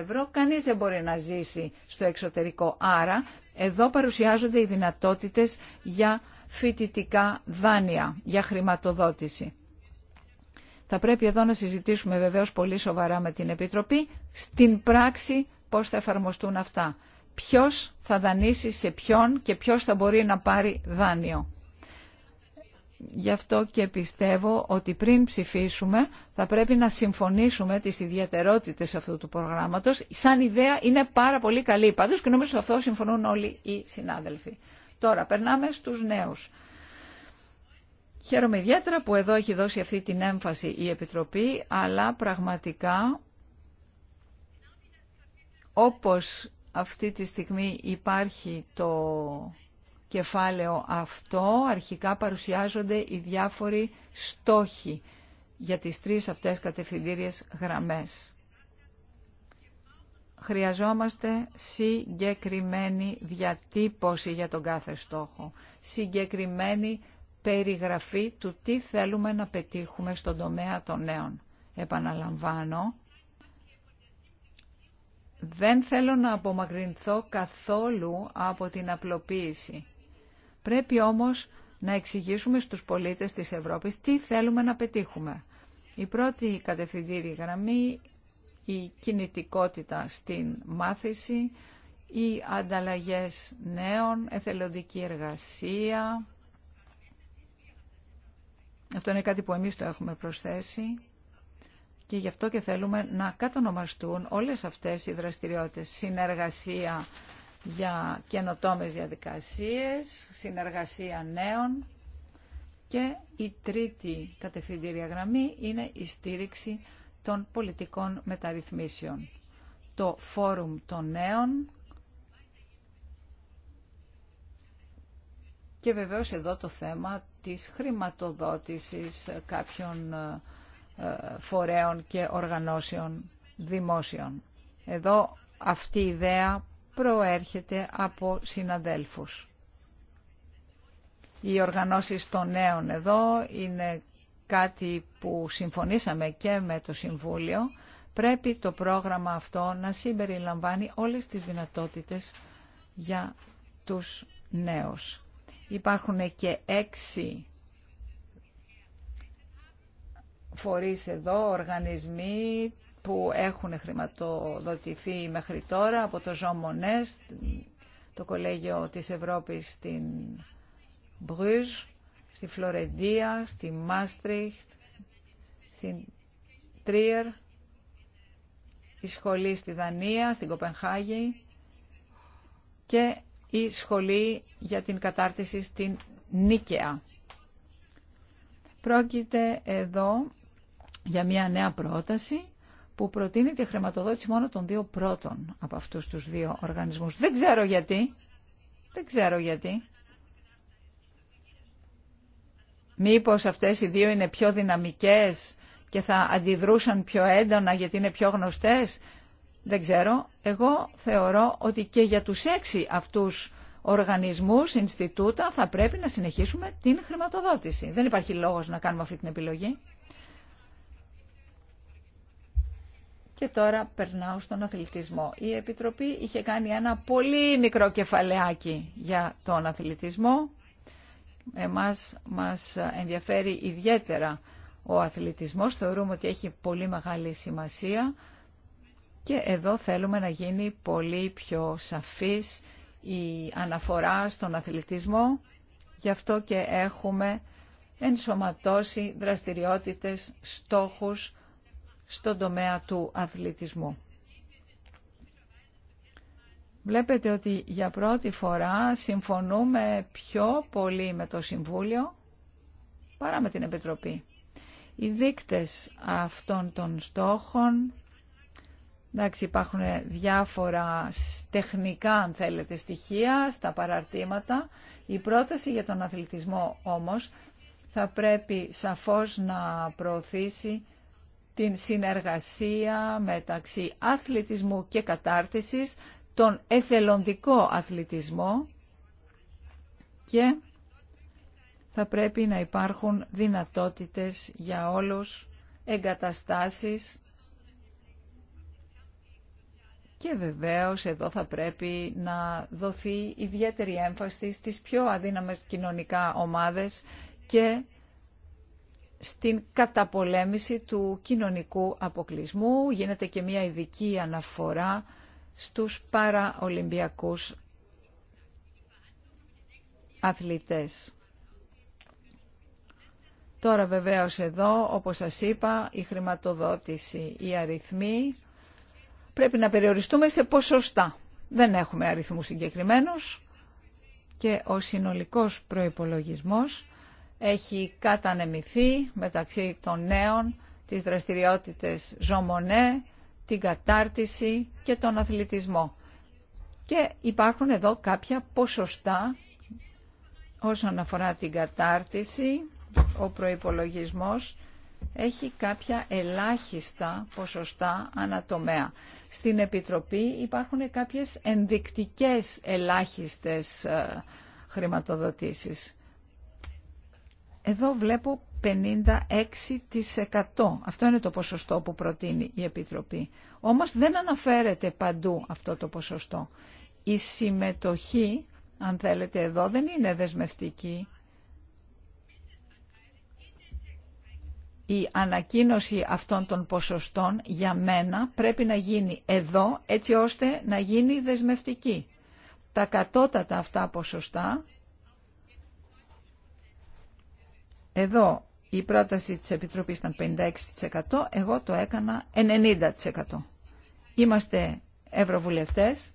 ευρώ κανείς δεν μπορεί να ζήσει στο εξωτερικό. Άρα εδώ παρουσιάζονται οι δυνατότητες για φοιτητικά δάνεια, για χρηματοδότηση. Θα πρέπει εδώ να συζητήσουμε βεβαίως πολύ σοβαρά με την Επιτροπή στην πράξη πώς θα εφαρμοστούν αυτά. Ποιος θα δανείσει σε ποιον και ποιος θα μπορεί να πάρει δάνειο. Γι' αυτό και πιστεύω ότι πριν ψηφίσουμε θα πρέπει να συμφωνήσουμε τις ιδιαιτερότητες αυτού του προγράμματος. Σαν ιδέα είναι πάρα πολύ καλή. Πάντως και νομίζω αυτό συμφωνούν όλοι οι συνάδελφοι. Τώρα περνάμε στους νέους. Χαίρομαι ιδιαίτερα που εδώ έχει δώσει αυτή την έμφαση η Επιτροπή, αλλά πραγματικά όπως αυτή τη στιγμή υπάρχει το κεφάλαιο αυτό αρχικά παρουσιάζονται οι διάφοροι στόχοι για τις τρεις αυτές κατευθυντήριες γραμμές. Χρειαζόμαστε συγκεκριμένη διατύπωση για τον κάθε στόχο, συγκεκριμένη περιγραφή του τι θέλουμε να πετύχουμε στον τομέα των νέων. Επαναλαμβάνω, δεν θέλω να απομακρυνθώ καθόλου από την απλοποίηση. Πρέπει όμως να εξηγήσουμε στους πολίτες της Ευρώπης τι θέλουμε να πετύχουμε. Η πρώτη κατευθυντήρη γραμμή, η κινητικότητα στην μάθηση, οι ανταλλαγές νέων, εθελοντική εργασία. Αυτό είναι κάτι που εμείς το έχουμε προσθέσει και γι' αυτό και θέλουμε να κατονομαστούν όλες αυτές οι δραστηριότητες. Συνεργασία για καινοτόμες διαδικασίες, συνεργασία νέων και η τρίτη κατευθυντήρια γραμμή είναι η στήριξη των πολιτικών μεταρρυθμίσεων. Το Φόρουμ των Νέων και βεβαίως εδώ το θέμα της χρηματοδότησης κάποιων ε, φορέων και οργανώσεων δημόσιων. Εδώ αυτή η ιδέα προέρχεται από συναδέλφους. Οι οργανώσεις των νέων εδώ είναι κάτι που συμφωνήσαμε και με το Συμβούλιο. Πρέπει το πρόγραμμα αυτό να συμπεριλαμβάνει όλες τις δυνατότητες για τους νέους. Υπάρχουν και έξι φορείς εδώ, οργανισμοί που έχουν χρηματοδοτηθεί μέχρι τώρα από το Jean το Κολέγιο της Ευρώπης στην Μπρουζ, στη Φλωρεντία, στη Μάστριχτ, στην Τρίερ, η σχολή στη Δανία, στην Κοπενχάγη και η σχολή για την κατάρτιση στην Νίκαια. Πρόκειται εδώ για μια νέα πρόταση που προτείνει τη χρηματοδότηση μόνο των δύο πρώτων από αυτούς τους δύο οργανισμούς. Δεν ξέρω γιατί. Δεν ξέρω γιατί. Μήπως αυτές οι δύο είναι πιο δυναμικές και θα αντιδρούσαν πιο έντονα γιατί είναι πιο γνωστές. Δεν ξέρω. Εγώ θεωρώ ότι και για τους έξι αυτούς οργανισμούς, Ινστιτούτα, θα πρέπει να συνεχίσουμε την χρηματοδότηση. Δεν υπάρχει λόγος να κάνουμε αυτή την επιλογή. Και τώρα περνάω στον αθλητισμό. Η Επιτροπή είχε κάνει ένα πολύ μικρό κεφαλαιάκι για τον αθλητισμό. Εμάς μας ενδιαφέρει ιδιαίτερα ο αθλητισμός. Θεωρούμε ότι έχει πολύ μεγάλη σημασία και εδώ θέλουμε να γίνει πολύ πιο σαφής η αναφορά στον αθλητισμό. Γι' αυτό και έχουμε ενσωματώσει δραστηριότητες, στόχους στον τομέα του αθλητισμού. Βλέπετε ότι για πρώτη φορά συμφωνούμε πιο πολύ με το Συμβούλιο παρά με την Επιτροπή. Οι δείκτες αυτών των στόχων, εντάξει υπάρχουν διάφορα τεχνικά αν θέλετε στοιχεία στα παραρτήματα, η πρόταση για τον αθλητισμό όμως θα πρέπει σαφώς να προωθήσει την συνεργασία μεταξύ αθλητισμού και κατάρτισης, τον εθελοντικό αθλητισμό και θα πρέπει να υπάρχουν δυνατότητες για όλους, εγκαταστάσεις και βεβαίως εδώ θα πρέπει να δοθεί ιδιαίτερη έμφαση στις πιο αδύναμες κοινωνικά ομάδες και στην καταπολέμηση του κοινωνικού αποκλεισμού. Γίνεται και μια ειδική αναφορά στους παραολυμπιακούς αθλητές. Τώρα βεβαίως εδώ, όπως σας είπα, η χρηματοδότηση, ή αριθμοί πρέπει να περιοριστούμε σε ποσοστά. Δεν έχουμε αριθμούς συγκεκριμένους και ο συνολικός προϋπολογισμός έχει κατανεμηθεί μεταξύ των νέων τις δραστηριότητες ζωμονέ, την κατάρτιση και τον αθλητισμό. Και υπάρχουν εδώ κάποια ποσοστά όσον αφορά την κατάρτιση, ο προϋπολογισμός έχει κάποια ελάχιστα ποσοστά ανατομέα. Στην Επιτροπή υπάρχουν κάποιες ενδεικτικές ελάχιστες ε, χρηματοδοτήσεις. Εδώ βλέπω 56%. Αυτό είναι το ποσοστό που προτείνει η Επιτροπή. Όμως δεν αναφέρεται παντού αυτό το ποσοστό. Η συμμετοχή, αν θέλετε εδώ, δεν είναι δεσμευτική. Η ανακοίνωση αυτών των ποσοστών για μένα πρέπει να γίνει εδώ έτσι ώστε να γίνει δεσμευτική. Τα κατώτατα αυτά ποσοστά Εδώ η πρόταση της Επιτροπής ήταν 56%, εγώ το έκανα 90%. Είμαστε ευρωβουλευτές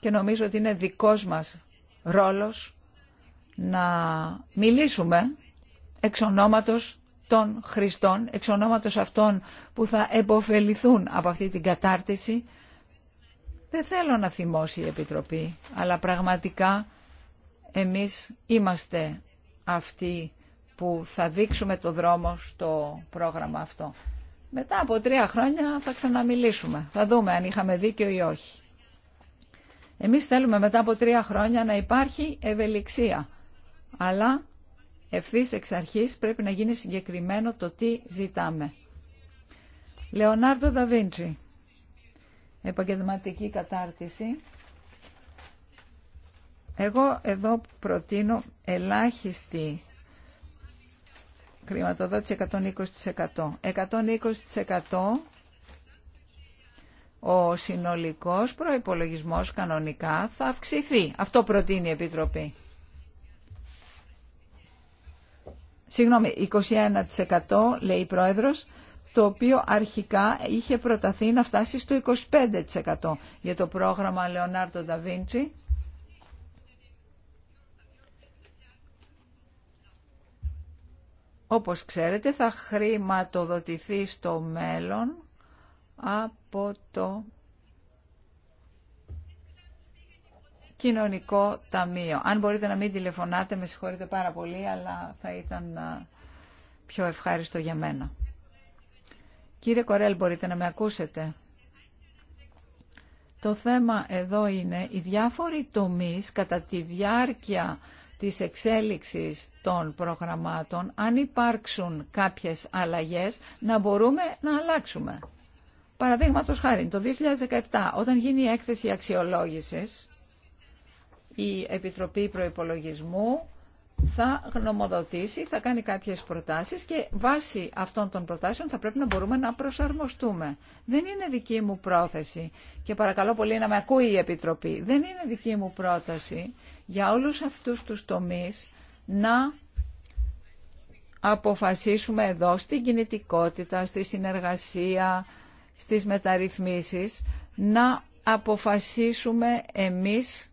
και νομίζω ότι είναι δικός μας ρόλος να μιλήσουμε εξ των Χριστών, εξ αυτών που θα εμποφεληθούν από αυτή την κατάρτιση. Δεν θέλω να θυμώσει η Επιτροπή, αλλά πραγματικά εμείς είμαστε αυτοί που θα δείξουμε το δρόμο στο πρόγραμμα αυτό. Μετά από τρία χρόνια θα ξαναμιλήσουμε. Θα δούμε αν είχαμε δίκιο ή όχι. Εμείς θέλουμε μετά από τρία χρόνια να υπάρχει ευελιξία. Αλλά ευθύ εξ αρχής πρέπει να γίνει συγκεκριμένο το τι ζητάμε. Λεωνάρδο Νταβίντσι. Επαγγελματική κατάρτιση. Εγώ εδώ προτείνω ελάχιστη χρηματοδότηση 120%. 120% ο συνολικός προϋπολογισμός κανονικά θα αυξηθεί. Αυτό προτείνει η Επιτροπή. Συγγνώμη, 21% λέει η Πρόεδρος, το οποίο αρχικά είχε προταθεί να φτάσει στο 25% για το πρόγραμμα Λεωνάρτο Νταβίντσι όπως ξέρετε, θα χρηματοδοτηθεί στο μέλλον από το Κοινωνικό Ταμείο. Αν μπορείτε να μην τηλεφωνάτε, με συγχωρείτε πάρα πολύ, αλλά θα ήταν πιο ευχάριστο για μένα. Κύριε Κορέλ, μπορείτε να με ακούσετε. Το θέμα εδώ είναι οι διάφοροι τομείς κατά τη διάρκεια της εξέλιξης των προγραμμάτων, αν υπάρξουν κάποιες αλλαγές, να μπορούμε να αλλάξουμε. Παραδείγματο χάρη, το 2017, όταν γίνει η έκθεση αξιολόγησης, η Επιτροπή Προϋπολογισμού θα γνωμοδοτήσει, θα κάνει κάποιες προτάσεις και βάσει αυτών των προτάσεων θα πρέπει να μπορούμε να προσαρμοστούμε. Δεν είναι δική μου πρόθεση και παρακαλώ πολύ να με ακούει η Επιτροπή. Δεν είναι δική μου πρόταση για όλους αυτούς τους τομείς να αποφασίσουμε εδώ στην κινητικότητα, στη συνεργασία, στις μεταρρυθμίσεις, να αποφασίσουμε εμείς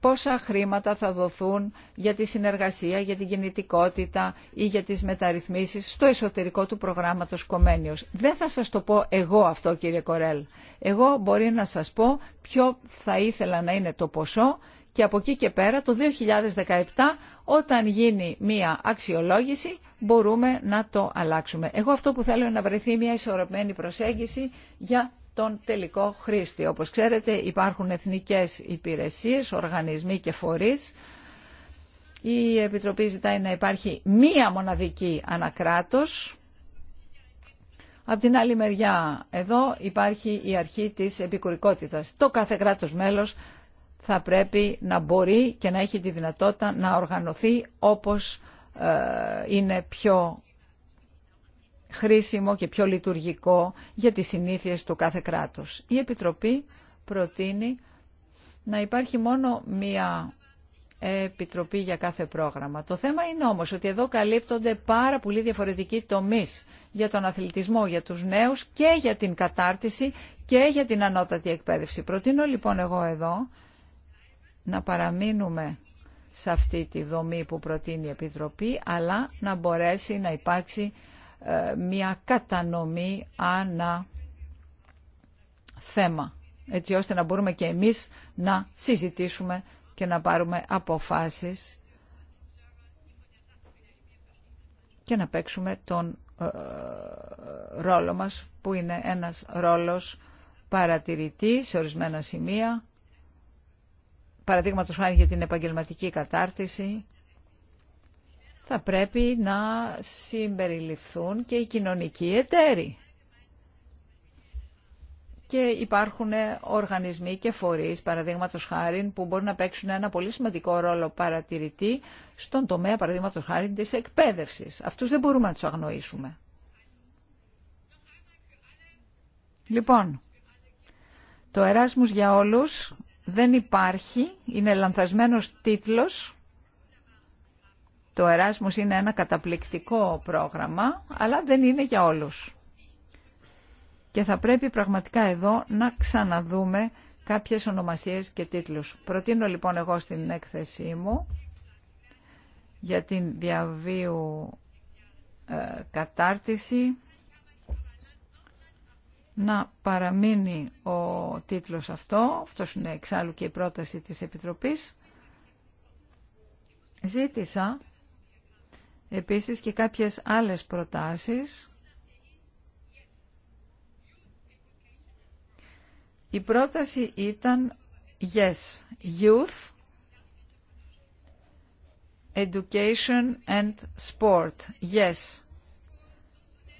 πόσα χρήματα θα δοθούν για τη συνεργασία, για την κινητικότητα ή για τις μεταρρυθμίσεις στο εσωτερικό του προγράμματος Κομένιος. Δεν θα σας το πω εγώ αυτό κύριε Κορέλ. Εγώ μπορεί να σας πω ποιο θα ήθελα να είναι το ποσό και από εκεί και πέρα το 2017 όταν γίνει μία αξιολόγηση μπορούμε να το αλλάξουμε. Εγώ αυτό που θέλω είναι να βρεθεί μια ισορροπημένη προσέγγιση για τον τελικό χρήστη. Όπως ξέρετε υπάρχουν εθνικές υπηρεσίες, οργανισμοί και φορείς. Η Επιτροπή ζητάει να υπάρχει μία μοναδική ανακράτος. Από την άλλη μεριά εδώ υπάρχει η αρχή της επικουρικότητας. Το κάθε κράτος μέλος θα πρέπει να μπορεί και να έχει τη δυνατότητα να οργανωθεί όπως ε, είναι πιο χρήσιμο και πιο λειτουργικό για τις συνήθειες του κάθε κράτους. Η Επιτροπή προτείνει να υπάρχει μόνο μία επιτροπή για κάθε πρόγραμμα. Το θέμα είναι όμως ότι εδώ καλύπτονται πάρα πολύ διαφορετικοί τομείς για τον αθλητισμό, για τους νέους και για την κατάρτιση και για την ανώτατη εκπαίδευση. Προτείνω λοιπόν εγώ εδώ να παραμείνουμε σε αυτή τη δομή που προτείνει η Επιτροπή, αλλά να μπορέσει να υπάρξει ε, μια κατανομή ανά θέμα, έτσι ώστε να μπορούμε και εμείς να συζητήσουμε και να πάρουμε αποφάσεις και να παίξουμε τον ε, ε, ρόλο μας που είναι ένας ρόλος παρατηρητή σε ορισμένα σημεία, παραδείγματος χάρη για την επαγγελματική κατάρτιση, θα πρέπει να συμπεριληφθούν και οι κοινωνικοί εταίροι. Και υπάρχουν οργανισμοί και φορείς, παραδείγματος χάρη, που μπορούν να παίξουν ένα πολύ σημαντικό ρόλο παρατηρητή στον τομέα, παραδείγματος χάρη, της εκπαίδευσης. Αυτούς δεν μπορούμε να τους αγνοήσουμε. Λοιπόν, το Εράσμους για όλους δεν υπάρχει, είναι λανθασμένος τίτλος το Εράσμος είναι ένα καταπληκτικό πρόγραμμα, αλλά δεν είναι για όλους. Και θα πρέπει πραγματικά εδώ να ξαναδούμε κάποιες ονομασίες και τίτλους. Προτείνω λοιπόν εγώ στην έκθεσή μου για την διαβίου ε, κατάρτιση να παραμείνει ο τίτλος αυτό, αυτός είναι εξάλλου και η πρόταση της Επιτροπής. Ζήτησα Επίσης και κάποιες άλλες προτάσεις. Η πρόταση ήταν yes, youth, education and sport. Yes.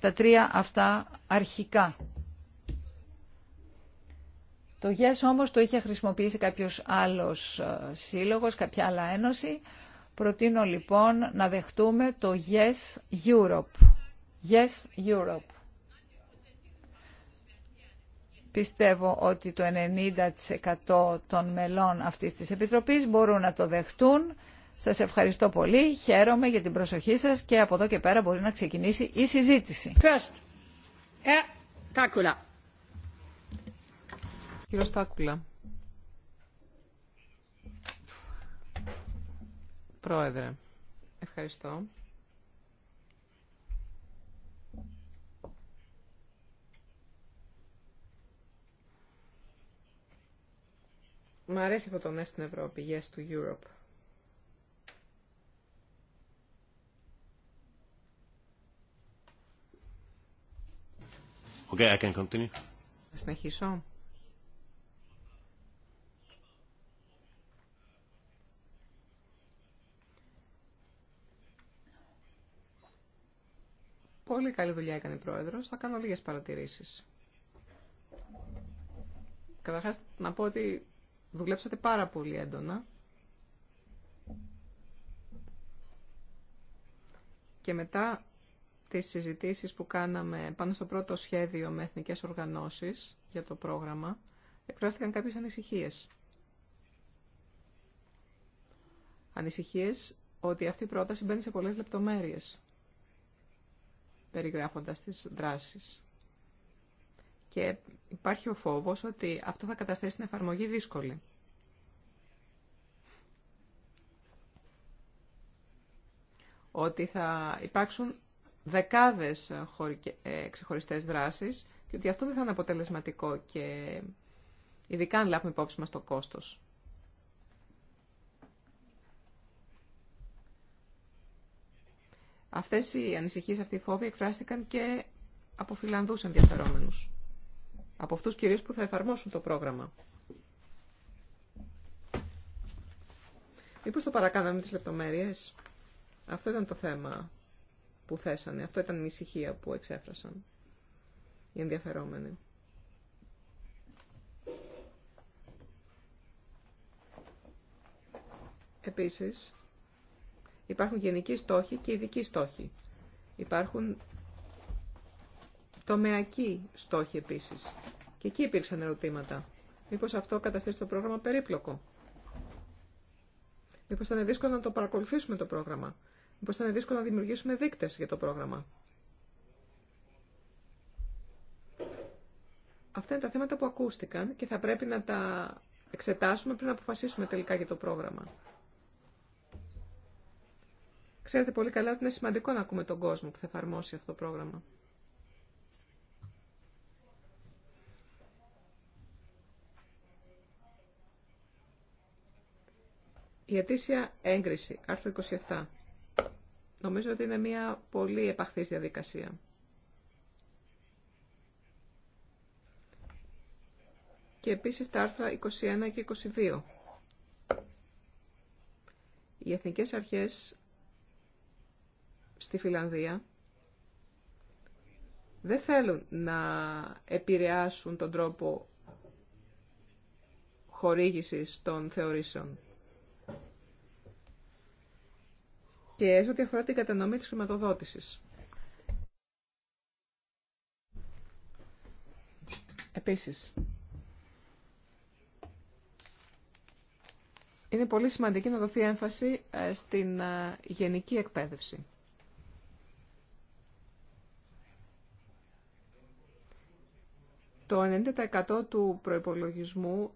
Τα τρία αυτά αρχικά. Το yes όμως το είχε χρησιμοποιήσει κάποιος άλλος ε, σύλλογος, κάποια άλλα ένωση. Προτείνω λοιπόν να δεχτούμε το Yes Europe. Yes Europe. Πιστεύω ότι το 90% των μελών αυτής της Επιτροπής μπορούν να το δεχτούν. Σας ευχαριστώ πολύ, χαίρομαι για την προσοχή σας και από εδώ και πέρα μπορεί να ξεκινήσει η συζήτηση. First, ε, Τάκουλα. Κύριο Πρόεδρε, ευχαριστώ. Μ' αρέσει αυτό το ναι στην Ευρώπη, yes to Europe. Okay, I can continue. Θα συνεχίσω. Πολύ καλή δουλειά έκανε η Πρόεδρος. Θα κάνω λίγες παρατηρήσεις. Καταρχάς να πω ότι δουλέψατε πάρα πολύ έντονα. Και μετά τις συζητήσεις που κάναμε πάνω στο πρώτο σχέδιο με εθνικές οργανώσεις για το πρόγραμμα, εκφράστηκαν κάποιες ανησυχίες. Ανησυχίες ότι αυτή η πρόταση μπαίνει σε πολλές λεπτομέρειες περιγράφοντας τις δράσεις. Και υπάρχει ο φόβος ότι αυτό θα καταστήσει την εφαρμογή δύσκολη. Ότι θα υπάρξουν δεκάδες ε, ξεχωριστές δράσεις και ότι αυτό δεν θα είναι αποτελεσματικό και ειδικά αν λάβουμε υπόψη μας το κόστος. Αυτές οι ανησυχίες, αυτή η φόβη εκφράστηκαν και από φιλανδού ενδιαφερόμενους. Από αυτούς κυρίως που θα εφαρμόσουν το πρόγραμμα. Μήπω το παρακάναμε τις λεπτομέρειες. Αυτό ήταν το θέμα που θέσανε. Αυτό ήταν η ανησυχία που εξέφρασαν οι ενδιαφερόμενοι. Επίσης, Υπάρχουν γενικοί στόχοι και ειδικοί στόχοι. Υπάρχουν τομεακοί στόχοι επίσης. Και εκεί υπήρξαν ερωτήματα. Μήπως αυτό καταστήσει το πρόγραμμα περίπλοκο. Μήπως θα είναι δύσκολο να το παρακολουθήσουμε το πρόγραμμα. Μήπως θα είναι δύσκολο να δημιουργήσουμε δείκτες για το πρόγραμμα. Αυτά είναι τα θέματα που ακούστηκαν και θα πρέπει να τα εξετάσουμε πριν να αποφασίσουμε τελικά για το πρόγραμμα. Ξέρετε πολύ καλά ότι είναι σημαντικό να ακούμε τον κόσμο που θα εφαρμόσει αυτό το πρόγραμμα. Η αιτήσια έγκριση, άρθρο 27. Νομίζω ότι είναι μια πολύ επαχθής διαδικασία. Και επίσης τα άρθρα 21 και 22. Οι εθνικές αρχές στη Φιλανδία δεν θέλουν να επηρεάσουν τον τρόπο χορήγησης των θεωρήσεων. Και σε ό,τι αφορά την κατανομή της χρηματοδότησης. Επίσης, είναι πολύ σημαντική να δοθεί έμφαση ε, στην ε, γενική εκπαίδευση. Το 90% του προϋπολογισμού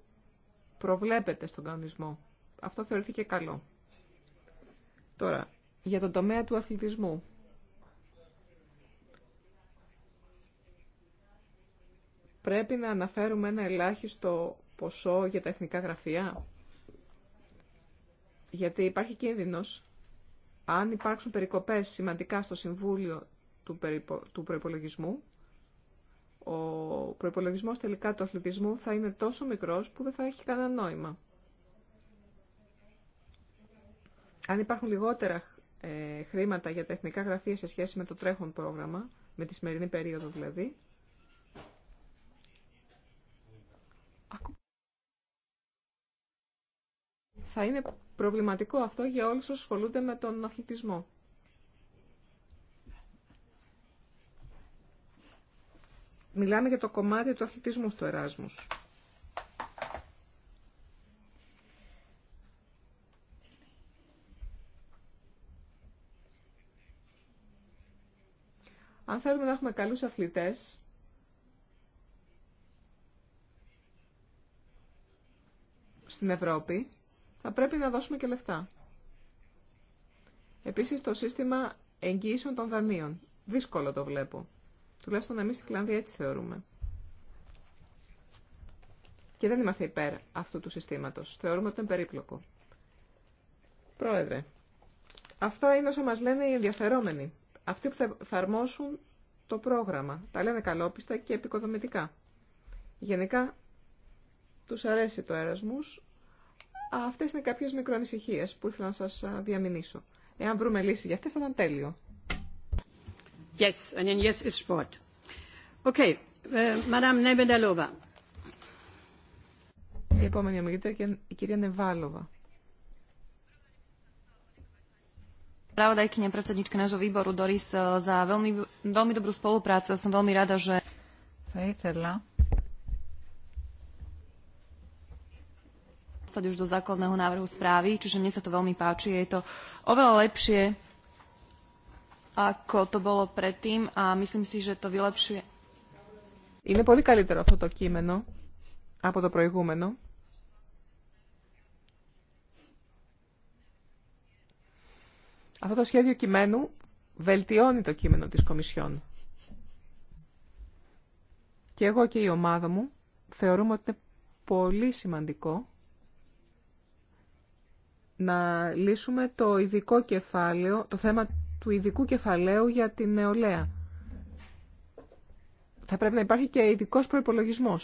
προβλέπεται στον κανονισμό. Αυτό θεωρήθηκε καλό. Τώρα, για τον τομέα του αθλητισμού. Πρέπει να αναφέρουμε ένα ελάχιστο ποσό για τα εθνικά γραφεία. Γιατί υπάρχει κίνδυνος, αν υπάρξουν περικοπές σημαντικά στο Συμβούλιο του προϋπολογισμού, ο προπολογισμό τελικά του αθλητισμού θα είναι τόσο μικρός που δεν θα έχει κανένα νόημα. Αν υπάρχουν λιγότερα ε, χρήματα για τα εθνικά γραφεία σε σχέση με το τρέχον πρόγραμμα, με τη σημερινή περίοδο δηλαδή, θα είναι προβληματικό αυτό για όλους όσους ασχολούνται με τον αθλητισμό. μιλάμε για το κομμάτι του αθλητισμού στο Εράσμους. Αν θέλουμε να έχουμε καλούς αθλητές, στην Ευρώπη, θα πρέπει να δώσουμε και λεφτά. Επίσης, το σύστημα εγγύησεων των δανείων. Δύσκολο το βλέπω. Τουλάχιστον εμεί στην Φιλανδία έτσι θεωρούμε. Και δεν είμαστε υπέρ αυτού του συστήματος. Θεωρούμε ότι είναι περίπλοκο. Πρόεδρε, αυτά είναι όσα μα λένε οι ενδιαφερόμενοι. Αυτοί που θα εφαρμόσουν το πρόγραμμα. Τα λένε καλόπιστα και επικοδομητικά. Γενικά, τους αρέσει το έρασμού. Αυτές είναι κάποιες μικροανησυχίε που ήθελα να σα διαμηνήσω. Εάν βρούμε λύση για αυτέ θα ήταν τέλειο. Yes, and yes is Sport. Okay, Madame nášho výboru Doris za veľmi, veľmi dobrú spoluprácu. Ja som veľmi rada, že... Θα ήθελα už do základného návrhu správy, čiže mne sa to veľmi páči. Je to oveľa lepšie είναι πολύ καλύτερο αυτό το κείμενο από το προηγούμενο. Αυτό το σχέδιο κειμένου βελτιώνει το κείμενο της Κομισιόν. Και εγώ και η ομάδα μου θεωρούμε ότι είναι πολύ σημαντικό να λύσουμε το ειδικό κεφάλαιο, το θέμα του ειδικού κεφαλαίου για την νεολαία. Θα πρέπει να υπάρχει και ειδικό προπολογισμό.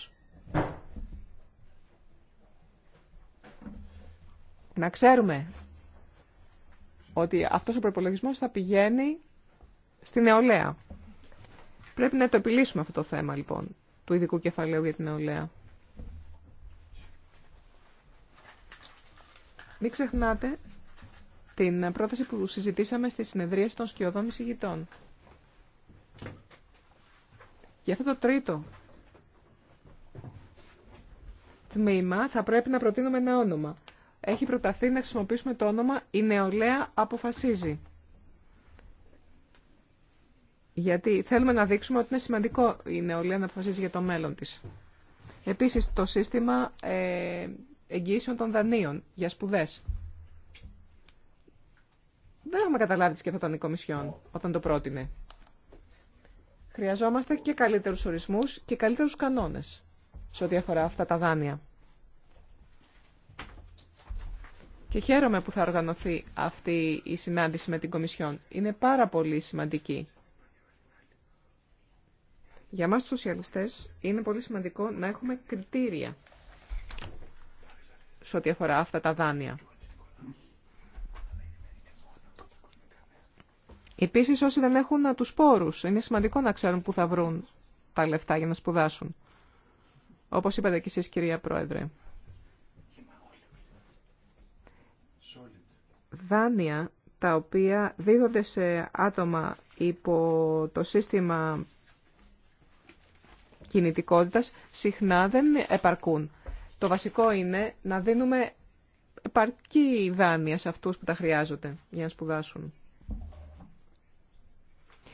Να ξέρουμε ότι αυτός ο προπολογισμό θα πηγαίνει στην νεολαία. Πρέπει να το επιλύσουμε αυτό το θέμα, λοιπόν, του ειδικού κεφαλαίου για την νεολαία. Μην ξεχνάτε την πρόταση που συζητήσαμε στη συνεδρίαση των σκιωδών εισηγητών. Για αυτό το τρίτο τμήμα θα πρέπει να προτείνουμε ένα όνομα. Έχει προταθεί να χρησιμοποιήσουμε το όνομα «Η νεολαία αποφασίζει». Γιατί θέλουμε να δείξουμε ότι είναι σημαντικό η νεολαία να αποφασίζει για το μέλλον της. Επίσης, το σύστημα ε, εγγύησεων των δανείων για σπουδές. Δεν έχουμε καταλάβει τι σκεφτόταν η Κομισιόν όταν το πρότεινε. Χρειαζόμαστε και καλύτερους ορισμού και καλύτερους κανόνες σε ό,τι αφορά αυτά τα δάνεια. Και χαίρομαι που θα οργανωθεί αυτή η συνάντηση με την Κομισιόν. Είναι πάρα πολύ σημαντική. Για μας τους σοσιαλιστές είναι πολύ σημαντικό να έχουμε κριτήρια σε ό,τι αφορά αυτά τα δάνεια. Επίση όσοι δεν έχουν του πόρου. είναι σημαντικό να ξέρουν πού θα βρουν τα λεφτά για να σπουδάσουν. Όπως είπατε κι εσεί, κυρία Πρόεδρε. Δάνεια τα οποία δίδονται σε άτομα υπό το σύστημα κινητικότητας συχνά δεν επαρκούν. Το βασικό είναι να δίνουμε επαρκή δάνεια σε αυτούς που τα χρειάζονται για να σπουδάσουν.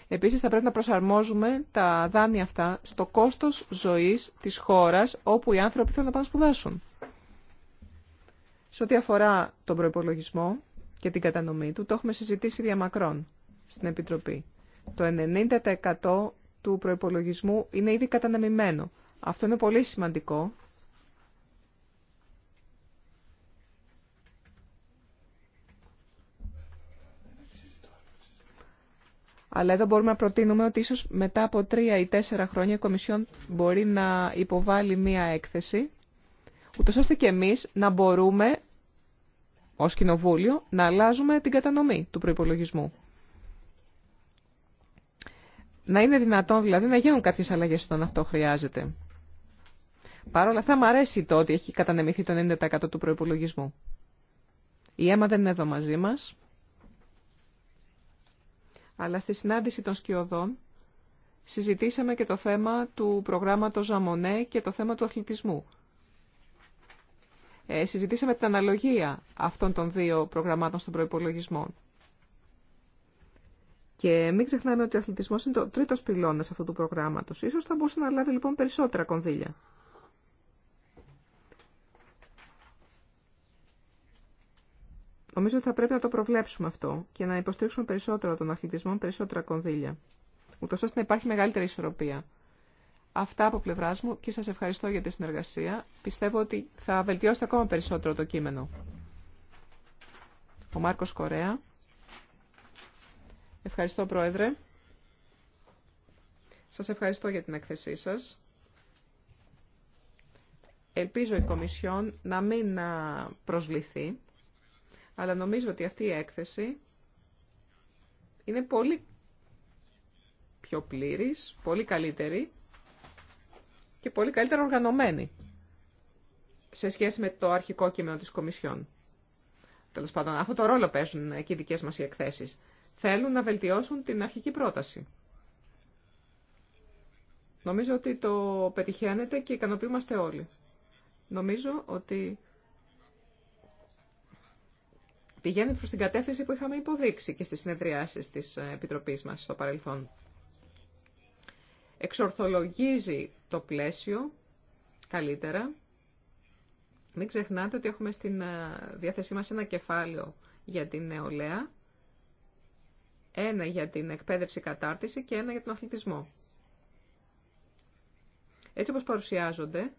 Επίσης θα πρέπει να προσαρμόζουμε τα δάνεια αυτά στο κόστος ζωής της χώρας όπου οι άνθρωποι θέλουν να πάνε σπουδάσουν. Σε ό,τι αφορά τον προπολογισμό και την κατανομή του, το έχουμε συζητήσει διαμακρών στην Επιτροπή. Το 90% του προπολογισμού είναι ήδη κατανεμημένο. Αυτό είναι πολύ σημαντικό Αλλά εδώ μπορούμε να προτείνουμε ότι ίσως μετά από τρία ή τέσσερα χρόνια η Κομισιόν μπορεί να υποβάλει μία έκθεση, ούτω ώστε και εμείς να μπορούμε ως Κοινοβούλιο να αλλάζουμε την κατανομή του προϋπολογισμού. Να είναι δυνατόν δηλαδή να γίνουν κάποιες αλλαγές όταν αυτό χρειάζεται. Παρ' όλα αυτά μου αρέσει το ότι έχει κατανεμηθεί το 90% του προϋπολογισμού. Η αίμα δεν είναι εδώ μαζί μας αλλά στη συνάντηση των σκιωδών συζητήσαμε και το θέμα του προγράμματος Ζαμονέ και το θέμα του αθλητισμού. Ε, συζητήσαμε την αναλογία αυτών των δύο προγραμμάτων στον προπολογισμό. Και μην ξεχνάμε ότι ο αθλητισμός είναι το τρίτος πυλώνας αυτού του προγράμματος. Ίσως θα μπορούσε να λάβει λοιπόν περισσότερα κονδύλια. Νομίζω ότι θα πρέπει να το προβλέψουμε αυτό και να υποστηρίξουμε περισσότερο τον αθλητισμό, περισσότερα κονδύλια, Ούτω ώστε να υπάρχει μεγαλύτερη ισορροπία. Αυτά από πλευρά μου και σας ευχαριστώ για τη συνεργασία. Πιστεύω ότι θα βελτιώσετε ακόμα περισσότερο το κείμενο. Ο Μάρκος Κορέα. Ευχαριστώ, Πρόεδρε. Σα ευχαριστώ για την έκθεσή σα. Ελπίζω η Κομισιόν να μην προσβληθεί αλλά νομίζω ότι αυτή η έκθεση είναι πολύ πιο πλήρης, πολύ καλύτερη και πολύ καλύτερα οργανωμένη σε σχέση με το αρχικό κείμενο της Κομισιόν. Τέλος πάντων, αυτό το ρόλο παίζουν εκεί οι δικές μας οι εκθέσεις. Θέλουν να βελτιώσουν την αρχική πρόταση. Νομίζω ότι το πετυχαίνετε και ικανοποιούμαστε όλοι. Νομίζω ότι πηγαίνει προς την κατεύθυνση που είχαμε υποδείξει και στις συνεδριάσεις της ε, Επιτροπής μας στο παρελθόν. Εξορθολογίζει το πλαίσιο καλύτερα. Μην ξεχνάτε ότι έχουμε στην ε, διάθεσή μας ένα κεφάλαιο για την νεολαία, ένα για την εκπαίδευση κατάρτιση και ένα για τον αθλητισμό. Έτσι όπως παρουσιάζονται,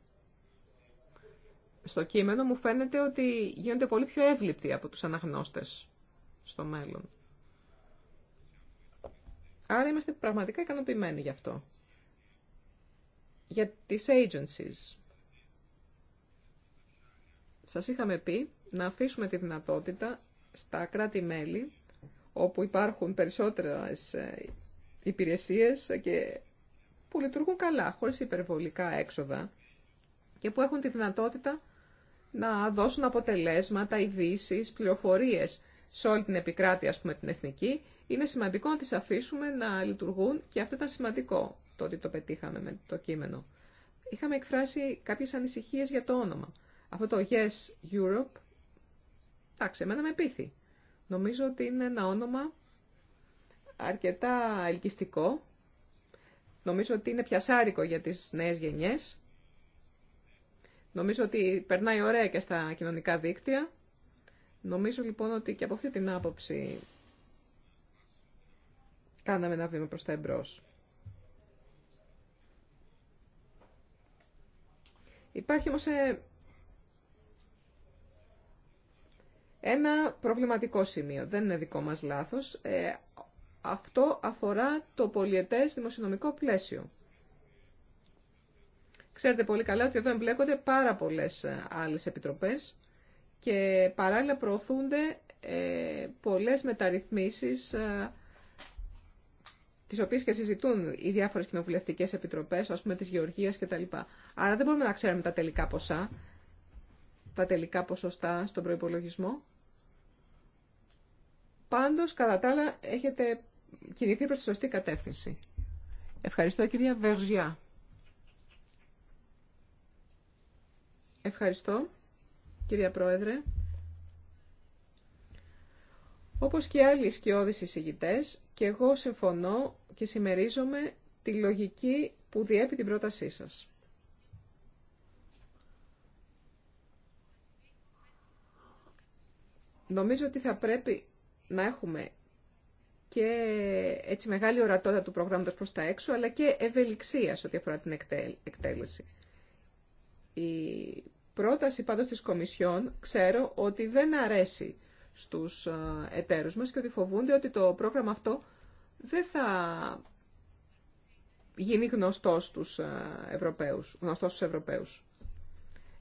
στο κείμενο μου φαίνεται ότι γίνονται πολύ πιο εύληπτοι από τους αναγνώστες στο μέλλον. Άρα είμαστε πραγματικά ικανοποιημένοι γι' αυτό. Για τις agencies. Σας είχαμε πει να αφήσουμε τη δυνατότητα στα κράτη-μέλη όπου υπάρχουν περισσότερες ε, υπηρεσίες και που λειτουργούν καλά, χωρίς υπερβολικά έξοδα και που έχουν τη δυνατότητα να δώσουν αποτελέσματα, ειδήσει, πληροφορίε σε όλη την επικράτεια, α πούμε, την εθνική, είναι σημαντικό να τι αφήσουμε να λειτουργούν και αυτό ήταν σημαντικό το ότι το πετύχαμε με το κείμενο. Είχαμε εκφράσει κάποιες ανησυχίες για το όνομα. Αυτό το Yes Europe, εντάξει, εμένα με πείθει. Νομίζω ότι είναι ένα όνομα αρκετά ελκυστικό. Νομίζω ότι είναι πιασάρικο για τις νέες γενιές. Νομίζω ότι περνάει ωραία και στα κοινωνικά δίκτυα. Νομίζω λοιπόν ότι και από αυτή την άποψη κάναμε ένα βήμα προς τα εμπρός. Υπάρχει όμως ε, ένα προβληματικό σημείο. Δεν είναι δικό μας λάθος. Ε, αυτό αφορά το πολιετές δημοσιονομικό πλαίσιο. Ξέρετε πολύ καλά ότι εδώ εμπλέκονται πάρα πολλές ε, άλλες επιτροπές και παράλληλα προωθούνται ε, πολλές μεταρρυθμίσεις ε, τις οποίες και συζητούν οι διάφορες κοινοβουλευτικές επιτροπές, ας πούμε της γεωργίας κτλ. Άρα δεν μπορούμε να ξέρουμε τα τελικά ποσά, τα τελικά ποσοστά στον προϋπολογισμό. Πάντως, κατά τα άλλα, έχετε κινηθεί προς τη σωστή κατεύθυνση. Ευχαριστώ, κυρία Βεργιά. Ευχαριστώ, κυρία Πρόεδρε. Όπως και άλλοι σκιώδεις εισηγητές, και εγώ συμφωνώ και συμμερίζομαι τη λογική που διέπει την πρότασή σας. Νομίζω ότι θα πρέπει να έχουμε και έτσι μεγάλη ορατότητα του προγράμματος προς τα έξω, αλλά και ευελιξία σε ό,τι αφορά την εκτέλεση. Η πρόταση πάντως της Κομισιόν ξέρω ότι δεν αρέσει στους ε, εταίρους μας και ότι φοβούνται ότι το πρόγραμμα αυτό δεν θα γίνει γνωστό στους ε, Ευρωπαίους, γνωστός στους Ευρωπαίους.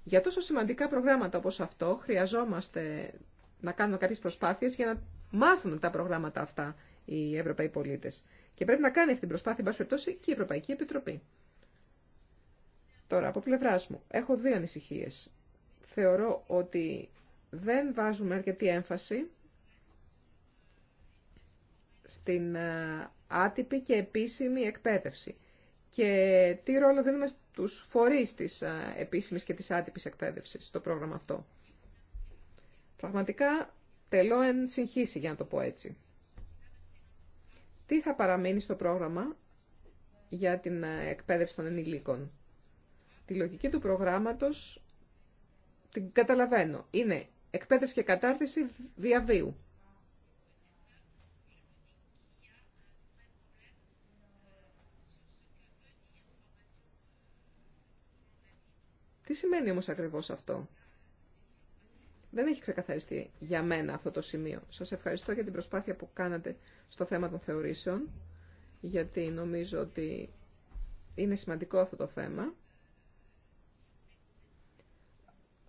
Για τόσο σημαντικά προγράμματα όπως αυτό χρειαζόμαστε να κάνουμε κάποιες προσπάθειες για να μάθουν τα προγράμματα αυτά οι Ευρωπαίοι πολίτες. Και πρέπει να κάνει αυτή την προσπάθεια, εν και η Ευρωπαϊκή Επιτροπή. Τώρα, από πλευρά μου, έχω δύο ανησυχίε. Θεωρώ ότι δεν βάζουμε αρκετή έμφαση στην ε, άτυπη και επίσημη εκπαίδευση. Και τι ρόλο δίνουμε στους φορείς της ε, επίσημης και της άτυπης εκπαίδευσης στο πρόγραμμα αυτό. Πραγματικά τελώ εν συγχύση για να το πω έτσι. Τι θα παραμείνει στο πρόγραμμα για την ε, εκπαίδευση των ενηλίκων. Τη λογική του προγράμματος την καταλαβαίνω. Είναι εκπαίδευση και κατάρτιση διαβίου. Τι σημαίνει όμως ακριβώς αυτό. Δεν έχει ξεκαθαριστεί για μένα αυτό το σημείο. Σας ευχαριστώ για την προσπάθεια που κάνατε στο θέμα των θεωρήσεων, γιατί νομίζω ότι είναι σημαντικό αυτό το θέμα.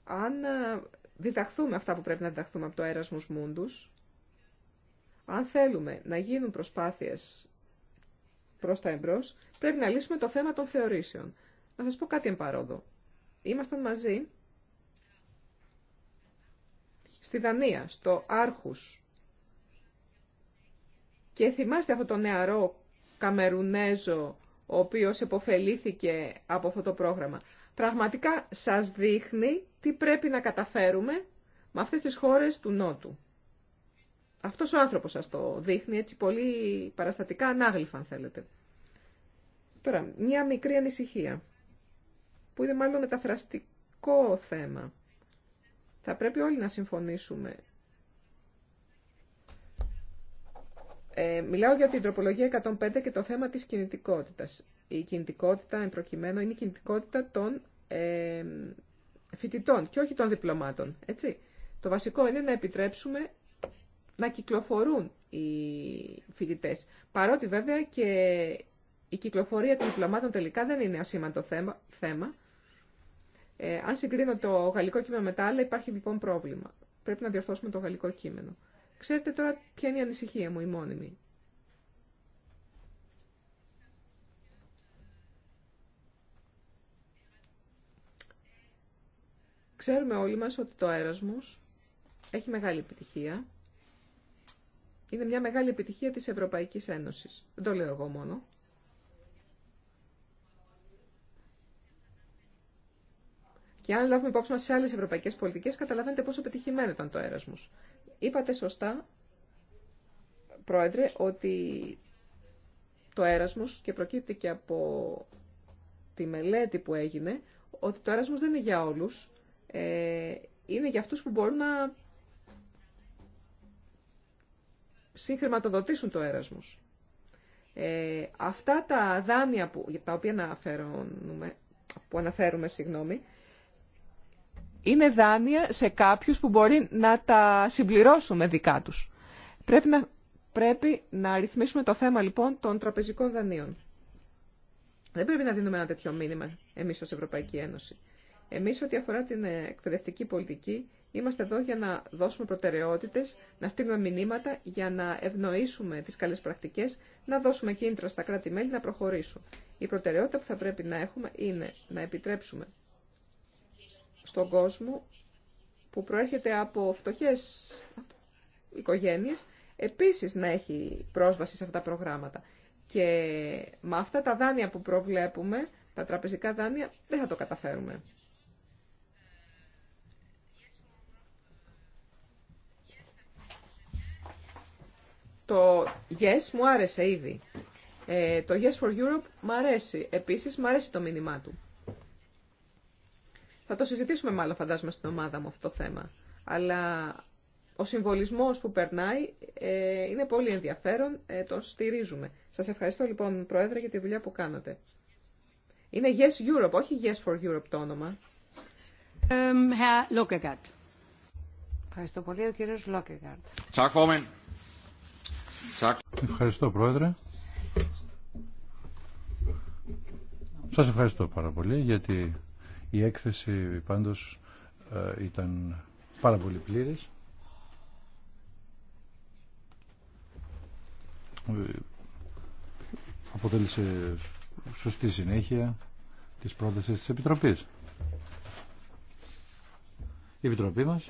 αν ε, διδαχθούμε αυτά που πρέπει να διδαχθούμε από το Erasmus Mundus, αν θέλουμε να γίνουν προσπάθειες προς τα εμπρός, πρέπει να λύσουμε το θέμα των θεωρήσεων. Να σας πω κάτι εμπαρόδο. Ήμασταν μαζί στη Δανία, στο Άρχους. Και θυμάστε αυτό το νεαρό Καμερουνέζο, ο οποίος επωφελήθηκε από αυτό το πρόγραμμα. Πραγματικά σας δείχνει τι πρέπει να καταφέρουμε με αυτές τις χώρες του Νότου. Αυτός ο άνθρωπος σας το δείχνει, έτσι πολύ παραστατικά ανάγλυφα, αν θέλετε. Τώρα, μια μικρή ανησυχία, που είναι μάλλον μεταφραστικό θέμα. Θα πρέπει όλοι να συμφωνήσουμε. Ε, μιλάω για την τροπολογία 105 και το θέμα της κινητικότητας. Η κινητικότητα, εν προκειμένου, είναι η κινητικότητα των ε, φοιτητών και όχι των διπλωμάτων. Έτσι. Το βασικό είναι να επιτρέψουμε να κυκλοφορούν οι φοιτητέ. Παρότι βέβαια και η κυκλοφορία των διπλωμάτων τελικά δεν είναι ασήμαντο θέμα. Ε, αν συγκρίνω το γαλλικό κείμενο με τα άλλα, υπάρχει λοιπόν πρόβλημα. Πρέπει να διορθώσουμε το γαλλικό κείμενο. Ξέρετε τώρα ποια είναι η ανησυχία μου, η μόνιμη. Ξέρουμε όλοι μας ότι το Erasmus έχει μεγάλη επιτυχία. Είναι μια μεγάλη επιτυχία της Ευρωπαϊκής Ένωσης. Δεν το λέω εγώ μόνο. Και αν λάβουμε υπόψη μας σε άλλες ευρωπαϊκές πολιτικές, καταλαβαίνετε πόσο επιτυχημένο ήταν το Erasmus. Είπατε σωστά, Πρόεδρε, ότι το Erasmus και προκύπτει και από τη μελέτη που έγινε, ότι το Erasmus δεν είναι για όλους, ε, είναι για αυτούς που μπορούν να συγχρηματοδοτήσουν το έρασμος. Ε, αυτά τα δάνεια που, τα οποία αναφέρουμε, που αναφέρουμε συγγνώμη, είναι δάνεια σε κάποιους που μπορεί να τα συμπληρώσουν με δικά τους. Πρέπει να, πρέπει να ρυθμίσουμε το θέμα λοιπόν των τραπεζικών δανείων. Δεν πρέπει να δίνουμε ένα τέτοιο μήνυμα εμείς ως Ευρωπαϊκή Ένωση. Εμείς ό,τι αφορά την εκπαιδευτική πολιτική, είμαστε εδώ για να δώσουμε προτεραιότητες, να στείλουμε μηνύματα, για να ευνοήσουμε τις καλές πρακτικές, να δώσουμε κίνητρα στα κράτη-μέλη να προχωρήσουν. Η προτεραιότητα που θα πρέπει να έχουμε είναι να επιτρέψουμε στον κόσμο που προέρχεται από φτωχές οικογένειες, επίσης να έχει πρόσβαση σε αυτά τα προγράμματα. Και με αυτά τα δάνεια που προβλέπουμε, τα τραπεζικά δάνεια, δεν θα το καταφέρουμε. Το Yes μου άρεσε ήδη. Ε, το Yes for Europe μου αρέσει. Επίσης, μου αρέσει το μήνυμά του. Θα το συζητήσουμε μάλλον, φαντάζομαι, στην ομάδα μου αυτό το θέμα. Αλλά ο συμβολισμός που περνάει ε, είναι πολύ ενδιαφέρον, ε, τον στηρίζουμε. Σας ευχαριστώ λοιπόν, Πρόεδρε, για τη δουλειά που κάνατε. Είναι Yes Europe, όχι Yes for Europe το όνομα. Um, Herr Ευχαριστώ πολύ, ο κύριος Ευχαριστώ Πρόεδρε. Σας ευχαριστώ πάρα πολύ γιατί η έκθεση πάντως ε, ήταν πάρα πολύ πλήρης. Ε, αποτέλεσε σωστή συνέχεια της πρότασης της Επιτροπής. Η Επιτροπή μας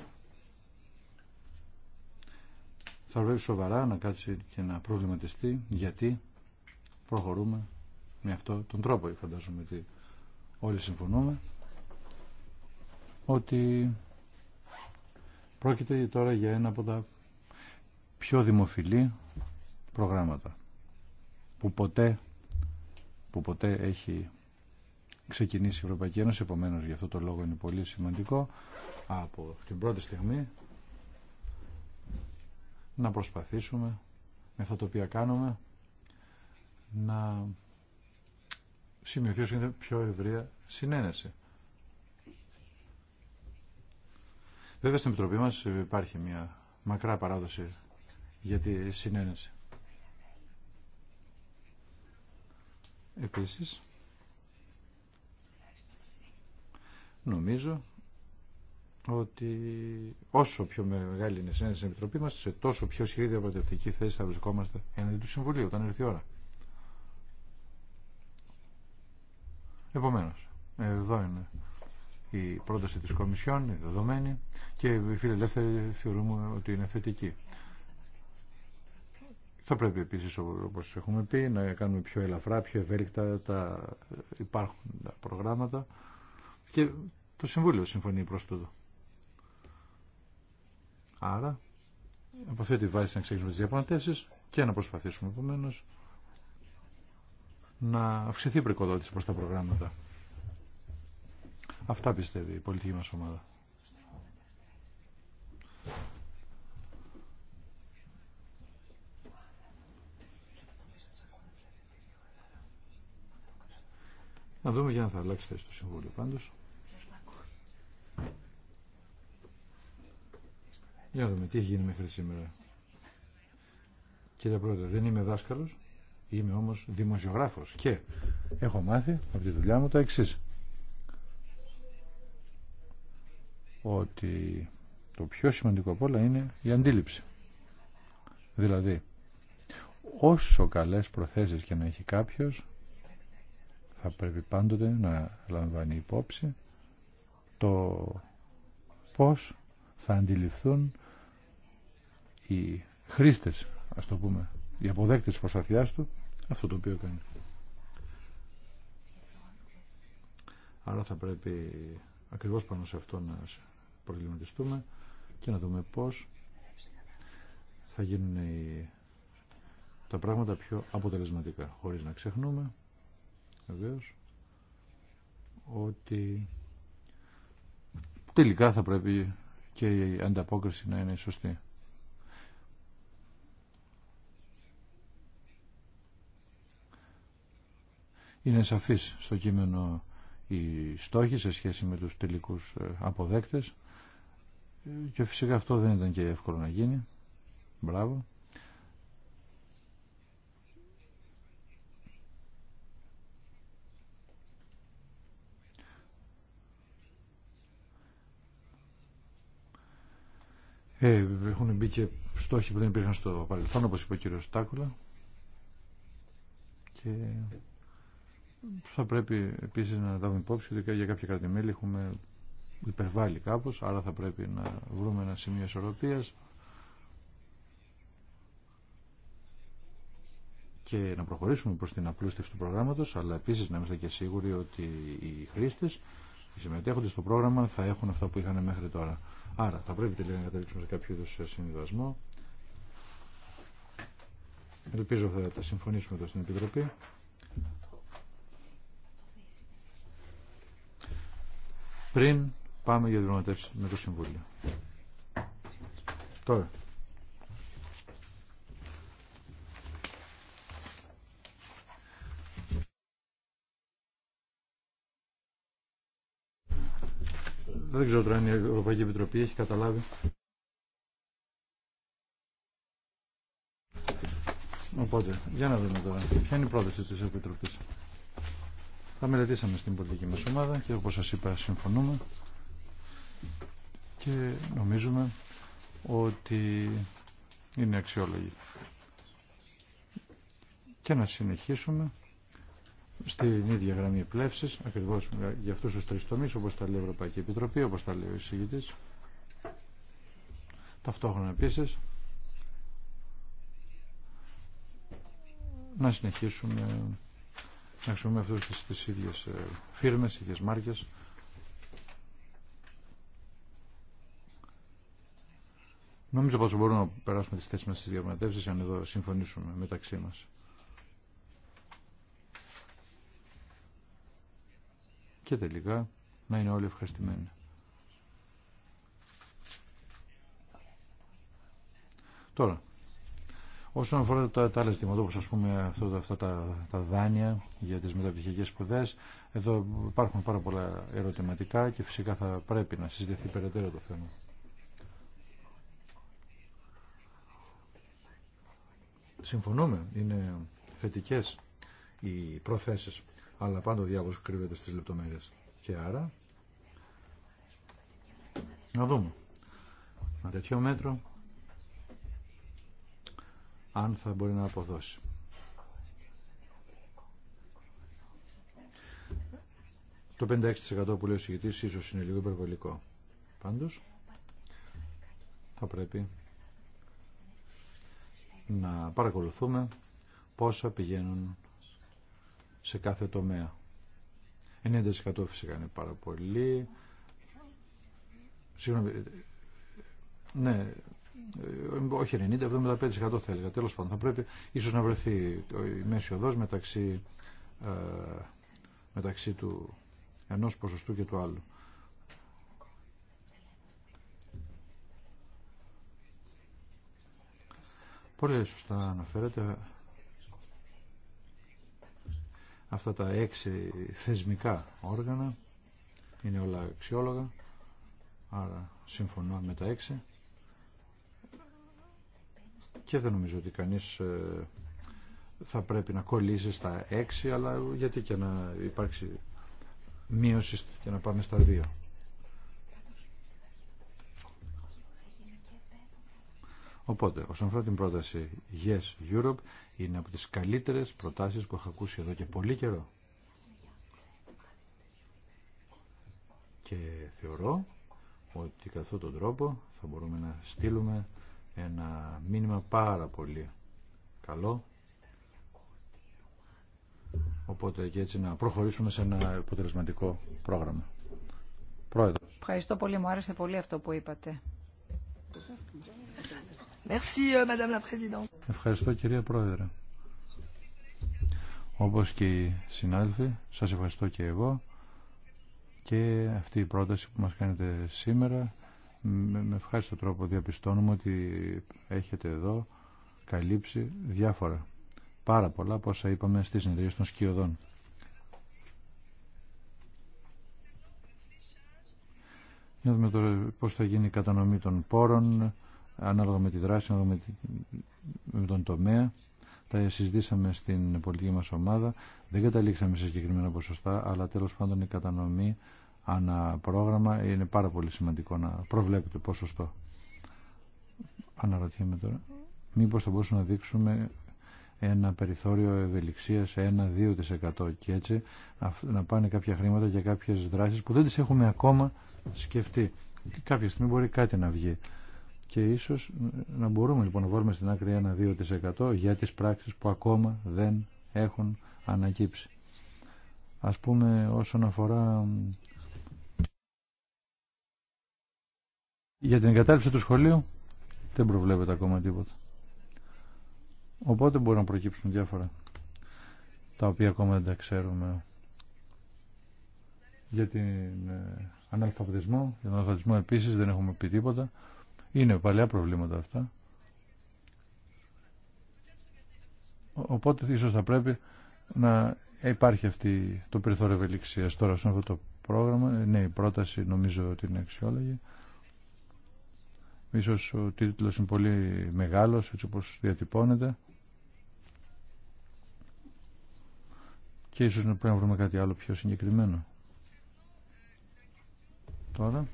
θα πρέπει σοβαρά να κάτσει και να προβληματιστεί γιατί προχωρούμε με αυτό τον τρόπο. Φαντάζομαι ότι όλοι συμφωνούμε ότι πρόκειται τώρα για ένα από τα πιο δημοφιλή προγράμματα που ποτέ, που ποτέ έχει ξεκινήσει η Ευρωπαϊκή Ένωση επομένως γι' αυτό το λόγο είναι πολύ σημαντικό από την πρώτη στιγμή να προσπαθήσουμε με αυτά τα οποία κάνουμε να σημειωθεί πιο ευρεία συνένεση. Βέβαια στην Επιτροπή μας υπάρχει μια μακρά παράδοση για τη συνένεση. Επίσης, νομίζω ότι όσο πιο μεγάλη είναι η συνέντευξη στην Επιτροπή μας, σε τόσο πιο ισχυρή διαπραγματευτική θέση θα βρισκόμαστε έναντι του Συμβουλίου, όταν έρθει η ώρα. Επομένως, εδώ είναι η πρόταση της Κομισιόν, η δεδομένη, και οι φιλελεύθεροι θεωρούμε ότι είναι θετική. Θα πρέπει επίσης, όπως έχουμε πει, να κάνουμε πιο ελαφρά, πιο ευέλικτα τα υπάρχοντα προγράμματα και το Συμβούλιο συμφωνεί προς τούτο. Άρα, από αυτή τη βάση να ξεκινήσουμε τι διαπραγματεύσει και να προσπαθήσουμε επομένω να αυξηθεί η προοικοδότηση προς τα προγράμματα. Αυτά πιστεύει η πολιτική μας ομάδα. Να δούμε για να θα αλλάξει θέση το Συμβούλιο πάντως. Για να δούμε τι έχει γίνει μέχρι σήμερα. Κύριε Πρόεδρε, δεν είμαι δάσκαλος, είμαι όμως δημοσιογράφος και έχω μάθει από τη δουλειά μου το εξή. Ότι το πιο σημαντικό από όλα είναι η αντίληψη. Δηλαδή, όσο καλές προθέσεις και να έχει κάποιος, θα πρέπει πάντοτε να λαμβάνει υπόψη το πώς θα αντιληφθούν οι χρήστε, α το πούμε, οι αποδέκτε τη του, αυτό το οποίο κάνει. Άρα θα πρέπει ακριβώς πάνω σε αυτό να προβληματιστούμε και να δούμε πώς θα γίνουν τα πράγματα πιο αποτελεσματικά. Χωρίς να ξεχνούμε, βεβαίω ότι τελικά θα πρέπει και η ανταπόκριση να είναι σωστή. Είναι σαφής στο κείμενο οι στόχοι σε σχέση με τους τελικούς ε, αποδέκτες και φυσικά αυτό δεν ήταν και εύκολο να γίνει. Μπράβο. Ε, έχουν μπει και στόχοι που δεν υπήρχαν στο παρελθόν, όπως είπε ο κύριος Στάκουλα. Και θα πρέπει επίση να λάβουμε υπόψη ότι για κάποια κρατημέλη έχουμε υπερβάλλει κάπως, άρα θα πρέπει να βρούμε ένα σημείο ισορροπία και να προχωρήσουμε προ την απλούστευση του προγράμματο, αλλά επίση να είμαστε και σίγουροι ότι οι χρήστε οι συμμετέχοντε στο πρόγραμμα θα έχουν αυτά που είχαν μέχρι τώρα. Άρα θα πρέπει τελικά να καταλήξουμε σε κάποιο είδου συμβιβασμό. Ελπίζω θα τα συμφωνήσουμε εδώ στην Επιτροπή πριν πάμε για διαπραγματεύσει με το Συμβούλιο. Τώρα. Δεν ξέρω τώρα αν η Ευρωπαϊκή Επιτροπή έχει καταλάβει. Οπότε, για να δούμε τώρα. Ποια είναι η πρόταση της Επιτροπής. Θα μελετήσαμε στην πολιτική μας ομάδα και όπως σας είπα συμφωνούμε και νομίζουμε ότι είναι αξιόλογη. Και να συνεχίσουμε στην ίδια γραμμή πλεύσης, ακριβώς για αυτούς τους τρεις τομείς, όπως τα λέει η Ευρωπαϊκή Επιτροπή, όπως τα λέει ο εισηγητής. Ταυτόχρονα επίσης, να συνεχίσουμε να χρησιμοποιούμε αυτούς τις, τις ίδιες ε, φίρμες, τις ίδιες μάρκες. Νομίζω πως μπορούμε να περάσουμε τις θέσεις μας στις διαπραγματεύσεις αν εδώ συμφωνήσουμε μεταξύ μας. Και τελικά να είναι όλοι ευχαριστημένοι. Τώρα, Όσον αφορά τα, τα άλλα ζητήματα, όπως ας πούμε αυτό, αυτά τα, τα δάνεια για τις μεταπτυχιακέ σπουδέ, εδώ υπάρχουν πάρα πολλά ερωτηματικά και φυσικά θα πρέπει να συζητηθεί περαιτέρω το θέμα. Συμφωνούμε, είναι θετικέ οι προθέσεις, αλλά πάντα ο διάβολο κρύβεται στις λεπτομέρειες. Και άρα, να δούμε. με τέτοιο μέτρο αν θα μπορεί να αποδώσει. Το 56% που λέει ο συγκεκριτής ίσως είναι λίγο υπερβολικό. Πάντως, θα πρέπει να παρακολουθούμε πόσα πηγαίνουν σε κάθε τομέα. 90% φυσικά είναι πάρα πολύ. Ε, ε, ναι, ε, όχι 90-75% θα έλεγα. τέλο πάντων θα πρέπει ίσω να βρεθεί η μέση οδό μεταξύ, ε, μεταξύ του ενό ποσοστού και του άλλου. Πολύ σωστά αναφέρεται αυτά τα έξι θεσμικά όργανα είναι όλα αξιόλογα άρα συμφωνώ με τα έξι και δεν νομίζω ότι κανείς ε, θα πρέπει να κολλήσει στα 6 αλλά γιατί και να υπάρξει μείωση και να πάμε στα δύο. Οπότε, όσον αφορά την πρόταση Yes Europe, είναι από τις καλύτερες προτάσεις που έχω ακούσει εδώ και πολύ καιρό. Και θεωρώ ότι καθ' τον τρόπο θα μπορούμε να στείλουμε ένα μήνυμα πάρα πολύ καλό οπότε και έτσι να προχωρήσουμε σε ένα αποτελεσματικό πρόγραμμα. Πρόεδρο. Ευχαριστώ πολύ, μου άρεσε πολύ αυτό που είπατε. Euh, ευχαριστώ κυρία Πρόεδρε. Όπως και οι συνάδελφοι, σας ευχαριστώ και εγώ και αυτή η πρόταση που μας κάνετε σήμερα με ευχάριστο τρόπο διαπιστώνουμε ότι έχετε εδώ καλύψει διάφορα. Πάρα πολλά από είπαμε στις συνεδρίες των σκιωδών. Να δούμε τώρα πώς θα γίνει η κατανομή των πόρων, ανάλογα με τη δράση, ανάλογα με, τον τομέα. Τα συζητήσαμε στην πολιτική μας ομάδα. Δεν καταλήξαμε σε συγκεκριμένα ποσοστά, αλλά τέλος πάντων η κατανομή ανά πρόγραμμα είναι πάρα πολύ σημαντικό να προβλέπετε ποσοστό. Αναρωτιέμαι τώρα, μήπως θα μπορούσαμε να δείξουμε ένα περιθώριο ευελιξίας 1-2% και έτσι να πάνε κάποια χρήματα για κάποιες δράσεις που δεν τις έχουμε ακόμα σκεφτεί. Κάποια στιγμή μπορεί κάτι να βγει. Και ίσως να μπορούμε λοιπόν να βάλουμε στην άκρη 1-2% για τις πράξεις που ακόμα δεν έχουν ανακύψει. Ας πούμε όσον αφορά Για την εγκατάλειψη του σχολείου δεν προβλέπεται ακόμα τίποτα. Οπότε μπορούν να προκύψουν διάφορα τα οποία ακόμα δεν τα ξέρουμε για την ε, αναλφαβητισμό. Για τον αναλφαβητισμό επίσης δεν έχουμε πει τίποτα. Είναι παλιά προβλήματα αυτά. Οπότε ίσως θα πρέπει να υπάρχει αυτή το περιθώριο ευελιξίας. Τώρα σε αυτό το πρόγραμμα, ναι η πρόταση νομίζω ότι είναι αξιόλογη. Ίσως ο τίτλος είναι πολύ μεγάλος, έτσι όπως διατυπώνεται. Και ίσως να πρέπει να βρούμε κάτι άλλο πιο συγκεκριμένο. Τώρα.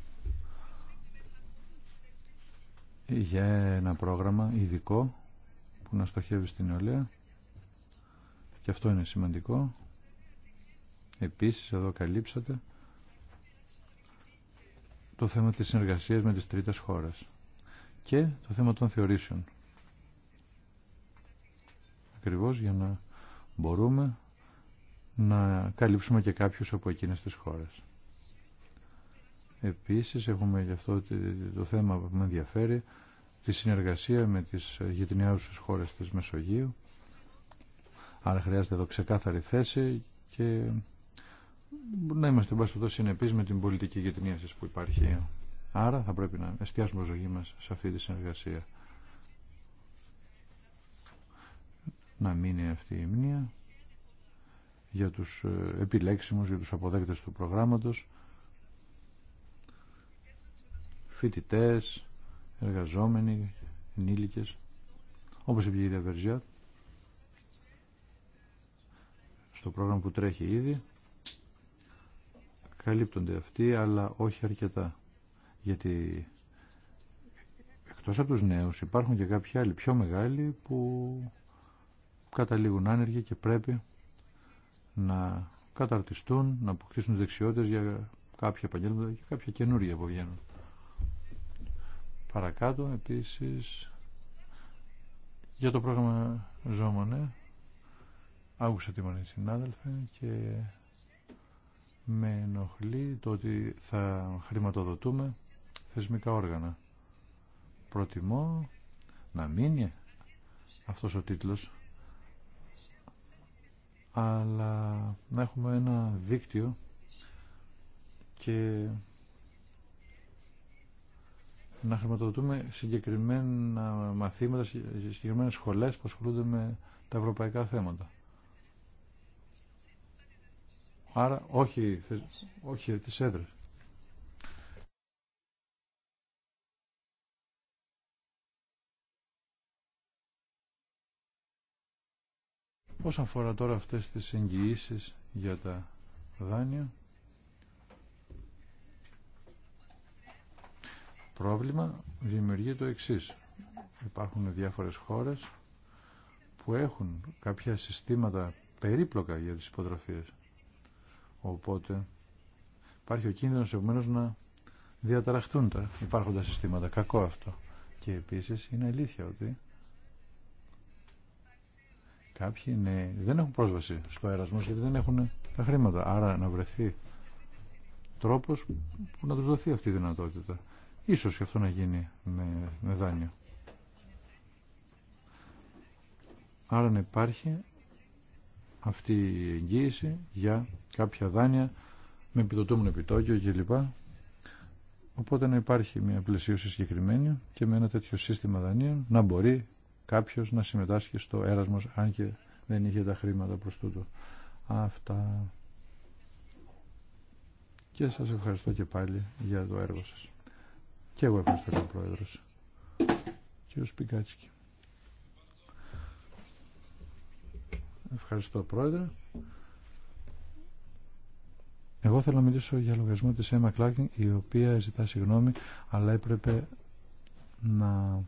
Για ένα πρόγραμμα ειδικό που να στοχεύει στην νεολαία. Και αυτό είναι σημαντικό. Επίσης εδώ καλύψατε το θέμα της συνεργασίας με τις τρίτες χώρες και το θέμα των θεωρήσεων. Ακριβώς για να μπορούμε να καλύψουμε και κάποιους από εκείνες τις χώρες. Επίσης έχουμε γι' αυτό το θέμα που με ενδιαφέρει τη συνεργασία με τις γειτονιάουσες χώρες της Μεσογείου. Άρα χρειάζεται εδώ ξεκάθαρη θέση και να είμαστε μπας συνεπείς με την πολιτική γειτνίασης που υπάρχει Άρα θα πρέπει να εστιάσουμε ζωή μας σε αυτή τη συνεργασία. Να μείνει αυτή η μνήμα για τους ε, επιλέξιμους, για τους αποδέκτες του προγράμματος, φοιτητές, εργαζόμενοι, ενήλικες, όπως είπε η κυρία Βερζιά, στο πρόγραμμα που τρέχει ήδη, καλύπτονται αυτοί, αλλά όχι αρκετά γιατί εκτός από τους νέους υπάρχουν και κάποιοι άλλοι πιο μεγάλοι που καταλήγουν άνεργοι και πρέπει να καταρτιστούν, να αποκτήσουν δεξιότητες για κάποια επαγγέλματα και κάποια καινούργια που βγαίνουν. Παρακάτω επίσης για το πρόγραμμα Ζώμονε άκουσα τη μόνη συνάδελφε και με ενοχλεί το ότι θα χρηματοδοτούμε θεσμικά όργανα. Προτιμώ να μείνει αυτός ο τίτλος αλλά να έχουμε ένα δίκτυο και να χρηματοδοτούμε συγκεκριμένα μαθήματα, συγκεκριμένες σχολές που ασχολούνται με τα ευρωπαϊκά θέματα. Άρα όχι, όχι τις έδρες. Όσον αφορά τώρα αυτές τις εγγυήσει για τα δάνεια, πρόβλημα δημιουργεί το εξής. Υπάρχουν διάφορες χώρες που έχουν κάποια συστήματα περίπλοκα για τις υποτροφίες. Οπότε υπάρχει ο κίνδυνος επομένως να διαταραχτούν τα υπάρχοντα συστήματα. Κακό αυτό. Και επίσης είναι αλήθεια ότι Κάποιοι δεν έχουν πρόσβαση στο αερασμό γιατί δεν έχουν τα χρήματα. Άρα να βρεθεί τρόπος που να τους δοθεί αυτή η δυνατότητα. Ίσως και αυτό να γίνει με, με δάνειο. Άρα να υπάρχει αυτή η εγγύηση για κάποια δάνεια με επιδοτούμενο επιτόκιο κλπ. Οπότε να υπάρχει μια πλαισίωση συγκεκριμένη και με ένα τέτοιο σύστημα δανείων να μπορεί κάποιος να συμμετάσχει στο έρασμος αν και δεν είχε τα χρήματα προς τούτο. Αυτά. Και σας ευχαριστώ και πάλι για το έργο σας. Και εγώ ευχαριστώ τον Πρόεδρος. Κύριο Πικάτσκι. Ευχαριστώ Πρόεδρε. Εγώ θέλω να μιλήσω για λογαριασμό της Emma Clarkin, η οποία ζητά συγγνώμη, αλλά έπρεπε να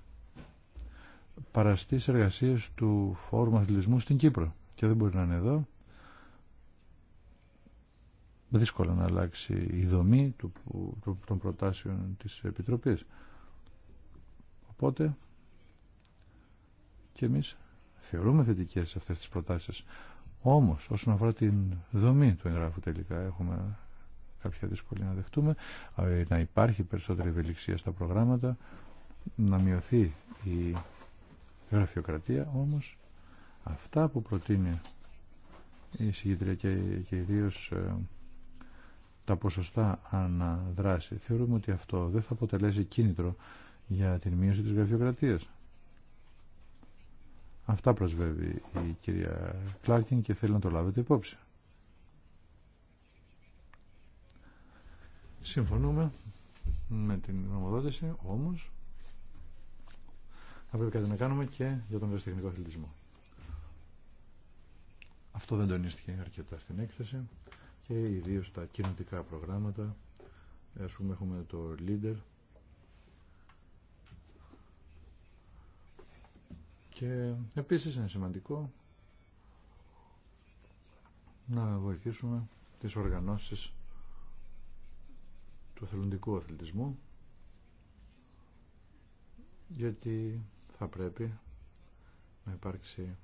παραστής εργασίες του Φόρουμ Αθλητισμού στην Κύπρο και δεν μπορεί να είναι εδώ. δύσκολο να αλλάξει η δομή των προτάσεων της Επιτροπής. Οπότε και εμείς θεωρούμε θετικές αυτές τις προτάσεις. Όμως όσον αφορά την δομή του εγγράφου τελικά έχουμε κάποια δύσκολη να δεχτούμε, ε, να υπάρχει περισσότερη ευελιξία στα προγράμματα, να μειωθεί η γραφειοκρατία όμως αυτά που προτείνει η συγκεντρία και, και ε, τα ποσοστά αναδράση θεωρούμε ότι αυτό δεν θα αποτελέσει κίνητρο για την μείωση της γραφειοκρατίας. Αυτά προσβεύει η κυρία Κλάρκιν και θέλει να το λάβετε υπόψη. Συμφωνούμε με την νομοδότηση, όμως θα πρέπει κάτι να κάνουμε και για τον ευρωστεχνικό αθλητισμό. Αυτό δεν τονίστηκε αρκετά στην έκθεση και ιδίω τα κοινωτικά προγράμματα. Α πούμε έχουμε το Leader και επίση είναι σημαντικό να βοηθήσουμε τι οργανώσει του θελοντικού αθλητισμού γιατί θα πρέπει να υπάρξει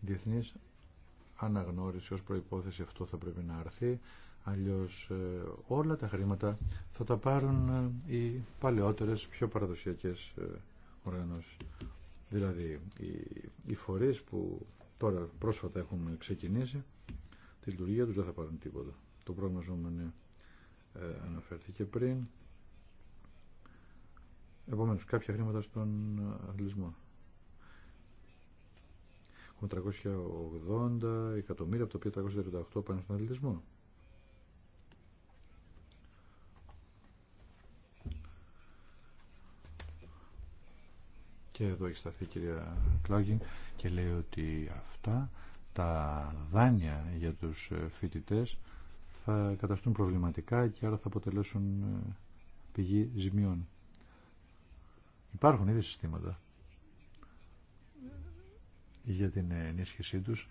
διεθνής αναγνώριση ως προϋπόθεση αυτό θα πρέπει να έρθει. αλλιώς ε, όλα τα χρήματα θα τα πάρουν ε, οι παλαιότερες πιο παραδοσιακές ε, οργανώσεις δηλαδή οι φορείς που τώρα πρόσφατα έχουν ξεκινήσει τη λειτουργία τους δεν θα πάρουν τίποτα το πρόβλημα ε, αναφέρθηκε πριν Επομένω, κάποια χρήματα στον αθλητισμό. Έχουμε 380 εκατομμύρια, από τα οποία 338 πάνε στον αθλητισμό. Και εδώ έχει σταθεί η κυρία Κλάγκιν και λέει ότι αυτά τα δάνεια για τους ε, φοιτητέ θα καταστούν προβληματικά και άρα θα αποτελέσουν ε, πηγή ζημιών. Υπάρχουν ήδη συστήματα για την ενίσχυσή τους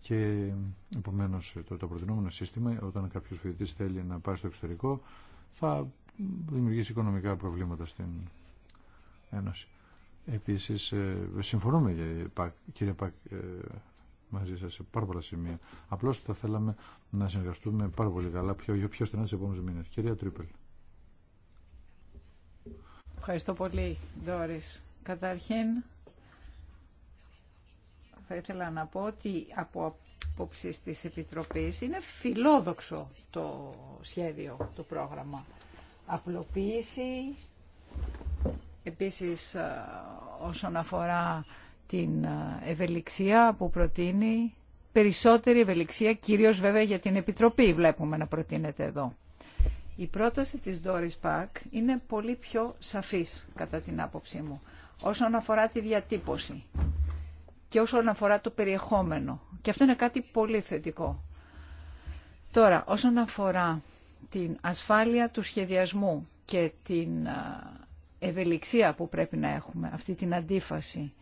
και επομένως το, το προτινόμενο σύστημα όταν κάποιος φοιτητής θέλει να πάει στο εξωτερικό θα δημιουργήσει οικονομικά προβλήματα στην Ένωση. Επίσης ε, συμφωνούμε ε, κύριε Πακ ε, μαζί σας σε πάρα πολλά σημεία. Απλώς θα θέλαμε να συνεργαστούμε πάρα πολύ καλά πιο, πιο στενά τις επόμενες μήνες. Κυρία Τρίπελ. Ευχαριστώ πολύ, Ντόρις. Καταρχήν, θα ήθελα να πω ότι από απόψη της Επιτροπής είναι φιλόδοξο το σχέδιο, το πρόγραμμα. Απλοποίηση, επίσης ε, όσον αφορά την ε, ευελιξία που προτείνει, περισσότερη ευελιξία, κυρίως βέβαια για την Επιτροπή βλέπουμε να προτείνεται εδώ. Η πρόταση της Doris Pack είναι πολύ πιο σαφής κατά την άποψή μου όσον αφορά τη διατύπωση και όσον αφορά το περιεχόμενο. Και αυτό είναι κάτι πολύ θετικό. Τώρα, όσον αφορά την ασφάλεια του σχεδιασμού και την ευελιξία που πρέπει να έχουμε, αυτή την αντίφαση,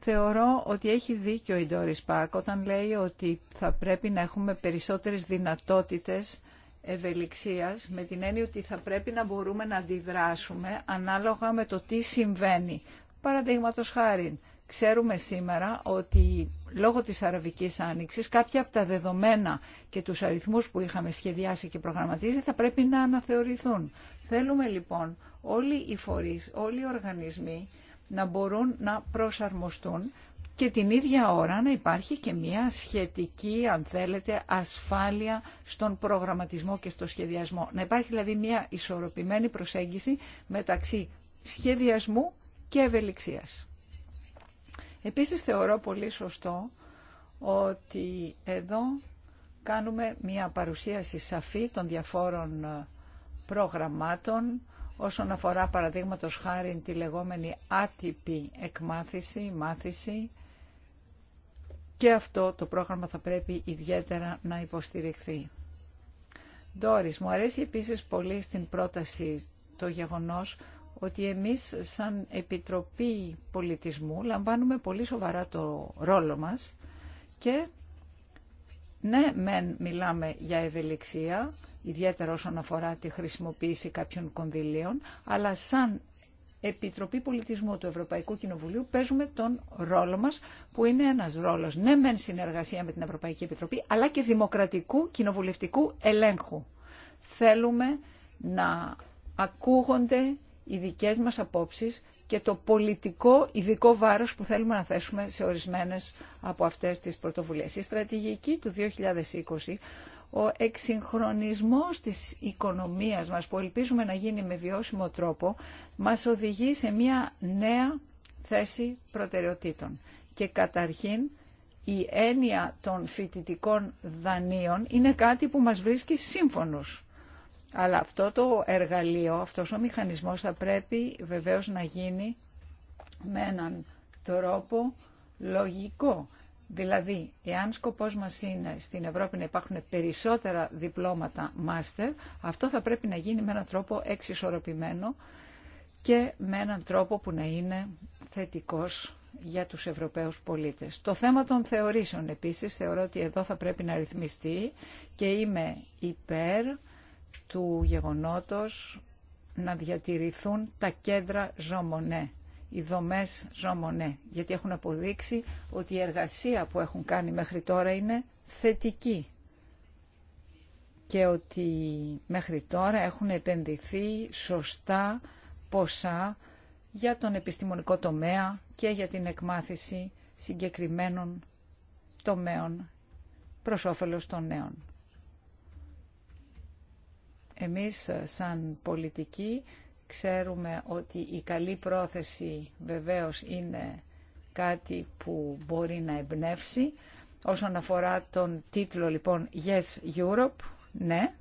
θεωρώ ότι έχει δίκιο η Doris Πακ όταν λέει ότι θα πρέπει να έχουμε περισσότερες δυνατότητες ευελιξίας με την έννοια ότι θα πρέπει να μπορούμε να αντιδράσουμε ανάλογα με το τι συμβαίνει. Παραδείγματο χάρη, ξέρουμε σήμερα ότι λόγω της Αραβικής Άνοιξης κάποια από τα δεδομένα και τους αριθμούς που είχαμε σχεδιάσει και προγραμματίσει θα πρέπει να αναθεωρηθούν. Θέλουμε λοιπόν όλοι οι φορείς, όλοι οι οργανισμοί να μπορούν να προσαρμοστούν και την ίδια ώρα να υπάρχει και μια σχετική, αν θέλετε, ασφάλεια στον προγραμματισμό και στο σχεδιασμό. Να υπάρχει δηλαδή μια ισορροπημένη προσέγγιση μεταξύ σχεδιασμού και ευελιξίας. Επίσης θεωρώ πολύ σωστό ότι εδώ κάνουμε μια παρουσίαση σαφή των διαφόρων ε, προγραμμάτων όσον αφορά παραδείγματο χάρη τη λεγόμενη άτυπη εκμάθηση, μάθηση, και αυτό το πρόγραμμα θα πρέπει ιδιαίτερα να υποστηριχθεί. Ντόρις, μου αρέσει επίσης πολύ στην πρόταση το γεγονός ότι εμείς σαν Επιτροπή Πολιτισμού λαμβάνουμε πολύ σοβαρά το ρόλο μας και ναι, μεν μιλάμε για ευελιξία, ιδιαίτερα όσον αφορά τη χρησιμοποίηση κάποιων κονδυλίων, αλλά σαν Επιτροπή Πολιτισμού του Ευρωπαϊκού Κοινοβουλίου παίζουμε τον ρόλο μας που είναι ένας ρόλος ναι μεν συνεργασία με την Ευρωπαϊκή Επιτροπή αλλά και δημοκρατικού κοινοβουλευτικού ελέγχου. Θέλουμε να ακούγονται οι δικές μας απόψεις και το πολιτικό ειδικό βάρος που θέλουμε να θέσουμε σε ορισμένες από αυτές τις πρωτοβουλίες. Η στρατηγική του 2020 ο εξυγχρονισμός της οικονομίας μας που ελπίζουμε να γίνει με βιώσιμο τρόπο μας οδηγεί σε μια νέα θέση προτεραιοτήτων. Και καταρχήν η έννοια των φοιτητικών δανείων είναι κάτι που μας βρίσκει σύμφωνος. Αλλά αυτό το εργαλείο, αυτός ο μηχανισμός θα πρέπει βεβαίως να γίνει με έναν τρόπο λογικό Δηλαδή, εάν σκοπός μας είναι στην Ευρώπη να υπάρχουν περισσότερα διπλώματα μάστερ, αυτό θα πρέπει να γίνει με έναν τρόπο εξισορροπημένο και με έναν τρόπο που να είναι θετικός για τους Ευρωπαίους πολίτες. Το θέμα των θεωρήσεων επίσης θεωρώ ότι εδώ θα πρέπει να ρυθμιστεί και είμαι υπέρ του γεγονότος να διατηρηθούν τα κέντρα ζωμονέ οι δομές Ζωμονέ, γιατί έχουν αποδείξει ότι η εργασία που έχουν κάνει μέχρι τώρα είναι θετική και ότι μέχρι τώρα έχουν επενδυθεί σωστά ποσά για τον επιστημονικό τομέα και για την εκμάθηση συγκεκριμένων τομέων προς όφελος των νέων. Εμείς σαν πολιτικοί Ξέρουμε ότι η καλή πρόθεση βεβαίως είναι κάτι που μπορεί να εμπνεύσει. Όσον αφορά τον τίτλο λοιπόν Yes Europe, ναι,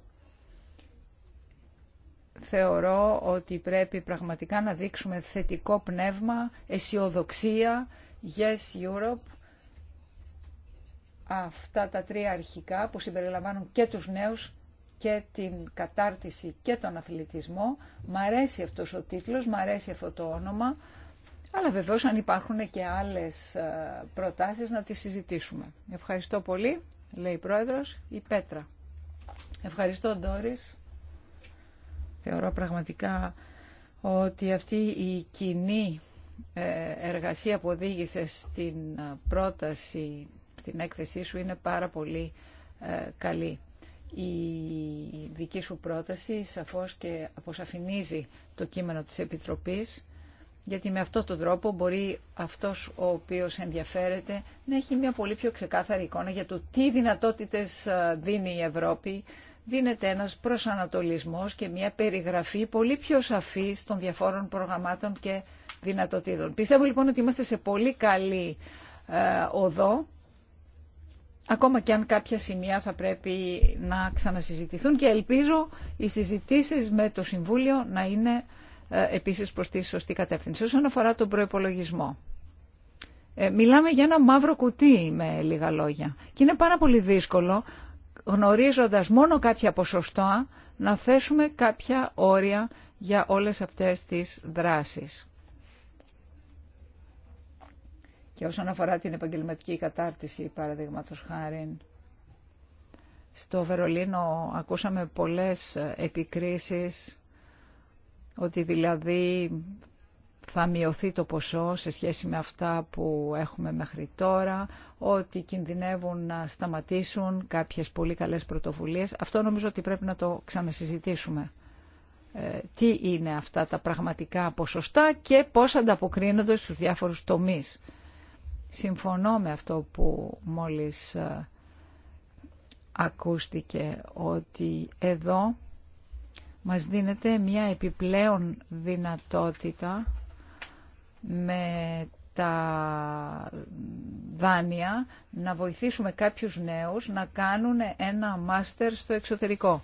θεωρώ ότι πρέπει πραγματικά να δείξουμε θετικό πνεύμα, αισιοδοξία, Yes Europe, αυτά τα τρία αρχικά που συμπεριλαμβάνουν και τους νέους και την κατάρτιση και τον αθλητισμό. Μ' αρέσει αυτός ο τίτλος, μ' αρέσει αυτό το όνομα, αλλά βεβαίως αν υπάρχουν και άλλες ε, προτάσεις να τις συζητήσουμε. Ευχαριστώ πολύ, λέει η Πρόεδρος, η Πέτρα. Ευχαριστώ, Ντόρις. Θεωρώ πραγματικά ότι αυτή η κοινή ε, εργασία που οδήγησε στην ε, πρόταση, στην έκθεσή σου, είναι πάρα πολύ καλή. Η δική σου πρόταση σαφώς και αποσαφηνίζει το κείμενο της Επιτροπής γιατί με αυτόν τον τρόπο μπορεί αυτός ο οποίος ενδιαφέρεται να έχει μια πολύ πιο ξεκάθαρη εικόνα για το τι δυνατότητες δίνει η Ευρώπη. Δίνεται ένας προσανατολισμός και μια περιγραφή πολύ πιο σαφής των διαφόρων προγραμμάτων και δυνατοτήτων. Πιστεύω λοιπόν ότι είμαστε σε πολύ καλή ε, οδό ακόμα και αν κάποια σημεία θα πρέπει να ξανασυζητηθούν και ελπίζω οι συζητήσεις με το Συμβούλιο να είναι ε, επίσης προς τη σωστή κατεύθυνση. Όσον αφορά τον προϋπολογισμό, ε, μιλάμε για ένα μαύρο κουτί με λίγα λόγια και είναι πάρα πολύ δύσκολο γνωρίζοντας μόνο κάποια ποσοστά να θέσουμε κάποια όρια για όλες αυτές τις δράσεις. Και όσον αφορά την επαγγελματική κατάρτιση, παραδείγματος χάρη, στο Βερολίνο ακούσαμε πολλές επικρίσεις ότι δηλαδή θα μειωθεί το ποσό σε σχέση με αυτά που έχουμε μέχρι τώρα, ότι κινδυνεύουν να σταματήσουν κάποιες πολύ καλές πρωτοβουλίες. Αυτό νομίζω ότι πρέπει να το ξανασυζητήσουμε. Ε, τι είναι αυτά τα πραγματικά ποσοστά και πώς ανταποκρίνονται στους διάφορους τομείς. Συμφωνώ με αυτό που μόλις ε, ακούστηκε ότι εδώ μας δίνεται μια επιπλέον δυνατότητα με τα δάνεια να βοηθήσουμε κάποιους νέους να κάνουν ένα μάστερ στο εξωτερικό.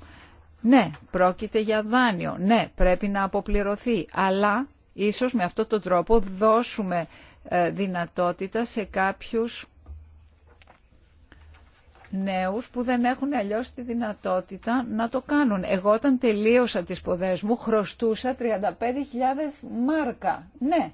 Ναι, πρόκειται για δάνειο. Ναι, πρέπει να αποπληρωθεί. Αλλά ίσως με αυτόν τον τρόπο δώσουμε ε, δυνατότητα σε κάποιους νέους που δεν έχουν αλλιώς τη δυνατότητα να το κάνουν. Εγώ όταν τελείωσα τις ποδές μου χρωστούσα 35.000 μάρκα. Ναι,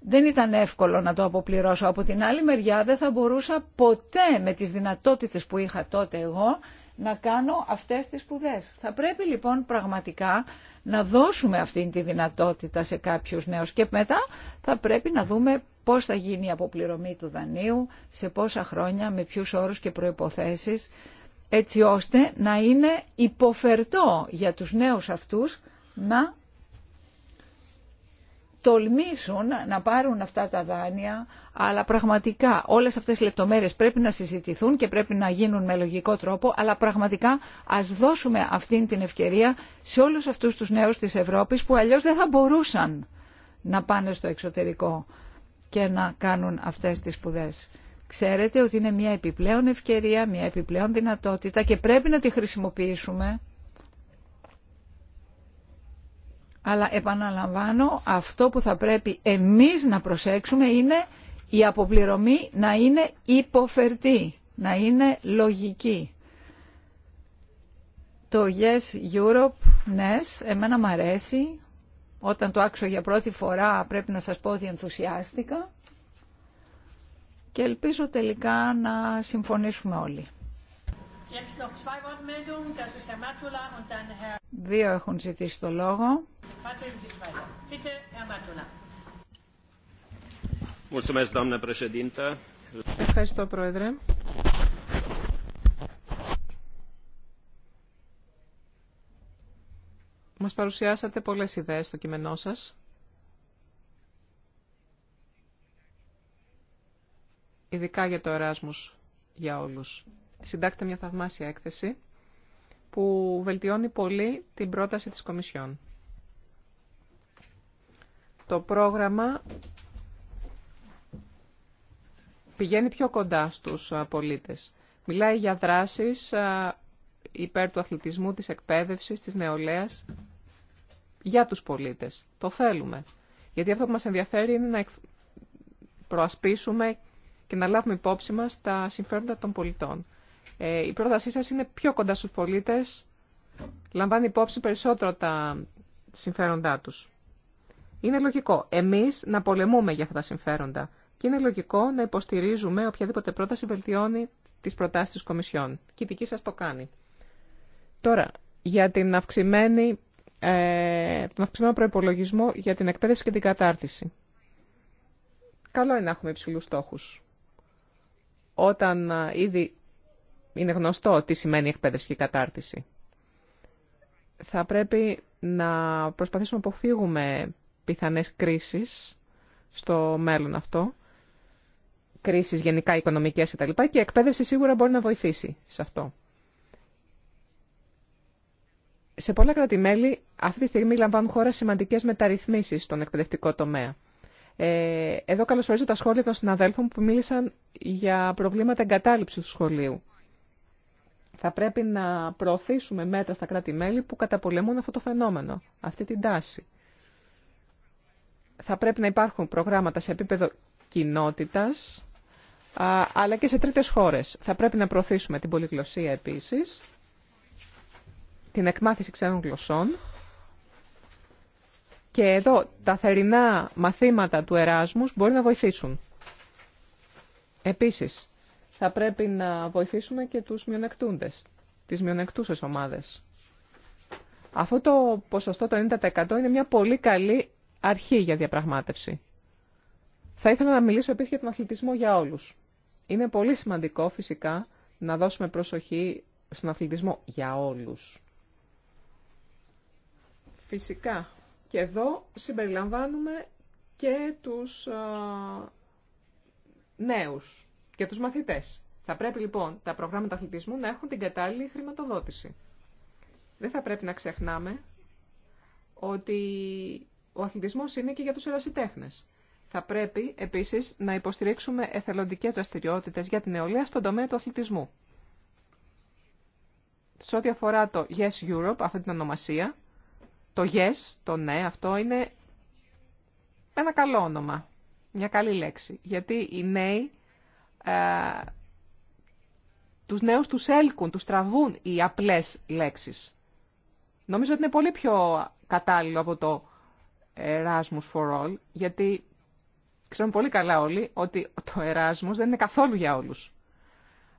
δεν ήταν εύκολο να το αποπληρώσω. Από την άλλη μεριά δεν θα μπορούσα ποτέ με τις δυνατότητες που είχα τότε εγώ να κάνω αυτές τις σπουδέ. Θα πρέπει λοιπόν πραγματικά να δώσουμε αυτή τη δυνατότητα σε κάποιους νέους και μετά θα πρέπει να δούμε πώς θα γίνει η αποπληρωμή του δανείου, σε πόσα χρόνια, με ποιους όρους και προϋποθέσεις, έτσι ώστε να είναι υποφερτό για τους νέους αυτούς να τολμήσουν να πάρουν αυτά τα δάνεια, αλλά πραγματικά όλες αυτές οι λεπτομέρειες πρέπει να συζητηθούν και πρέπει να γίνουν με λογικό τρόπο, αλλά πραγματικά ας δώσουμε αυτή την ευκαιρία σε όλους αυτούς τους νέους της Ευρώπης που αλλιώς δεν θα μπορούσαν να πάνε στο εξωτερικό και να κάνουν αυτές τις σπουδέ. Ξέρετε ότι είναι μια επιπλέον ευκαιρία, μια επιπλέον δυνατότητα και πρέπει να τη χρησιμοποιήσουμε Αλλά επαναλαμβάνω, αυτό που θα πρέπει εμείς να προσέξουμε είναι η αποπληρωμή να είναι υποφερτή, να είναι λογική. Το Yes Europe, yes, εμένα μ' αρέσει. Όταν το άκουσα για πρώτη φορά πρέπει να σας πω ότι ενθουσιάστηκα. Και ελπίζω τελικά να συμφωνήσουμε όλοι. Δύο έχουν ζητήσει το λόγο. Ευχαριστώ, Πρόεδρε. Μας παρουσιάσατε πολλές ιδέες στο κείμενό σας. Ειδικά για το Εράσμους για όλους. Συντάξτε μια θαυμάσια έκθεση που βελτιώνει πολύ την πρόταση της Κομισιόν. Το πρόγραμμα πηγαίνει πιο κοντά στους πολίτες. Μιλάει για δράσεις υπέρ του αθλητισμού, της εκπαίδευσης, της νεολαίας για τους πολίτες. Το θέλουμε. Γιατί αυτό που μας ενδιαφέρει είναι να προασπίσουμε και να λάβουμε υπόψη μας τα συμφέροντα των πολιτών. Ε, η πρότασή σας είναι πιο κοντά στους πολίτες, λαμβάνει υπόψη περισσότερο τα συμφέροντά τους. Είναι λογικό εμείς να πολεμούμε για αυτά τα συμφέροντα και είναι λογικό να υποστηρίζουμε οποιαδήποτε πρόταση βελτιώνει τις προτάσεις της Κομισιόν. Και η δική σας το κάνει. Τώρα, για την αυξημένη, ε, τον αυξημένο προϋπολογισμό για την εκπαίδευση και την κατάρτιση. Καλό είναι να έχουμε υψηλούς στόχους. Όταν ε, ήδη είναι γνωστό τι σημαίνει εκπαίδευση και κατάρτιση. Θα πρέπει να προσπαθήσουμε να αποφύγουμε πιθανές κρίσεις στο μέλλον αυτό, κρίσεις γενικά οικονομικές κτλ. Και, και η εκπαίδευση σίγουρα μπορεί να βοηθήσει σε αυτό. Σε πολλά κράτη-μέλη αυτή τη στιγμή λαμβάνουν χώρα σημαντικές μεταρρυθμίσεις στον εκπαιδευτικό τομέα. Ε, εδώ καλωσορίζω τα σχόλια των συναδέλφων που μίλησαν για προβλήματα εγκατάλειψης του σχολείου. Θα πρέπει να προωθήσουμε μέτρα στα κράτη-μέλη που καταπολεμούν αυτό το φαινόμενο, αυτή την τάση. Θα πρέπει να υπάρχουν προγράμματα σε επίπεδο κοινότητας, αλλά και σε τρίτες χώρες. Θα πρέπει να προωθήσουμε την πολυγλωσία επίσης, την εκμάθηση ξένων γλωσσών. Και εδώ τα θερινά μαθήματα του Εράσμους μπορεί να βοηθήσουν. Επίσης, θα πρέπει να βοηθήσουμε και τους μειονεκτούντες, τις μειονεκτούσες ομάδες. Αυτό το ποσοστό το 90% είναι μια πολύ καλή αρχή για διαπραγμάτευση. Θα ήθελα να μιλήσω επίσης για τον αθλητισμό για όλους. Είναι πολύ σημαντικό φυσικά να δώσουμε προσοχή στον αθλητισμό για όλους. Φυσικά. Και εδώ συμπεριλαμβάνουμε και τους ε, νέους για τους μαθητές. Θα πρέπει λοιπόν τα προγράμματα αθλητισμού να έχουν την κατάλληλη χρηματοδότηση. Δεν θα πρέπει να ξεχνάμε ότι ο αθλητισμός είναι και για τους ερασιτέχνες. Θα πρέπει επίσης να υποστηρίξουμε εθελοντικές δραστηριότητε για την νεολαία στον τομέα του αθλητισμού. Σε ό,τι αφορά το Yes Europe, αυτή την ονομασία, το Yes, το ναι, αυτό είναι ένα καλό όνομα, μια καλή λέξη. Γιατί οι νέοι ε, τους νέους τους έλκουν, τους τραβούν οι απλές λέξεις. Νομίζω ότι είναι πολύ πιο κατάλληλο από το Erasmus for All, γιατί ξέρουμε πολύ καλά όλοι ότι το Erasmus δεν είναι καθόλου για όλους.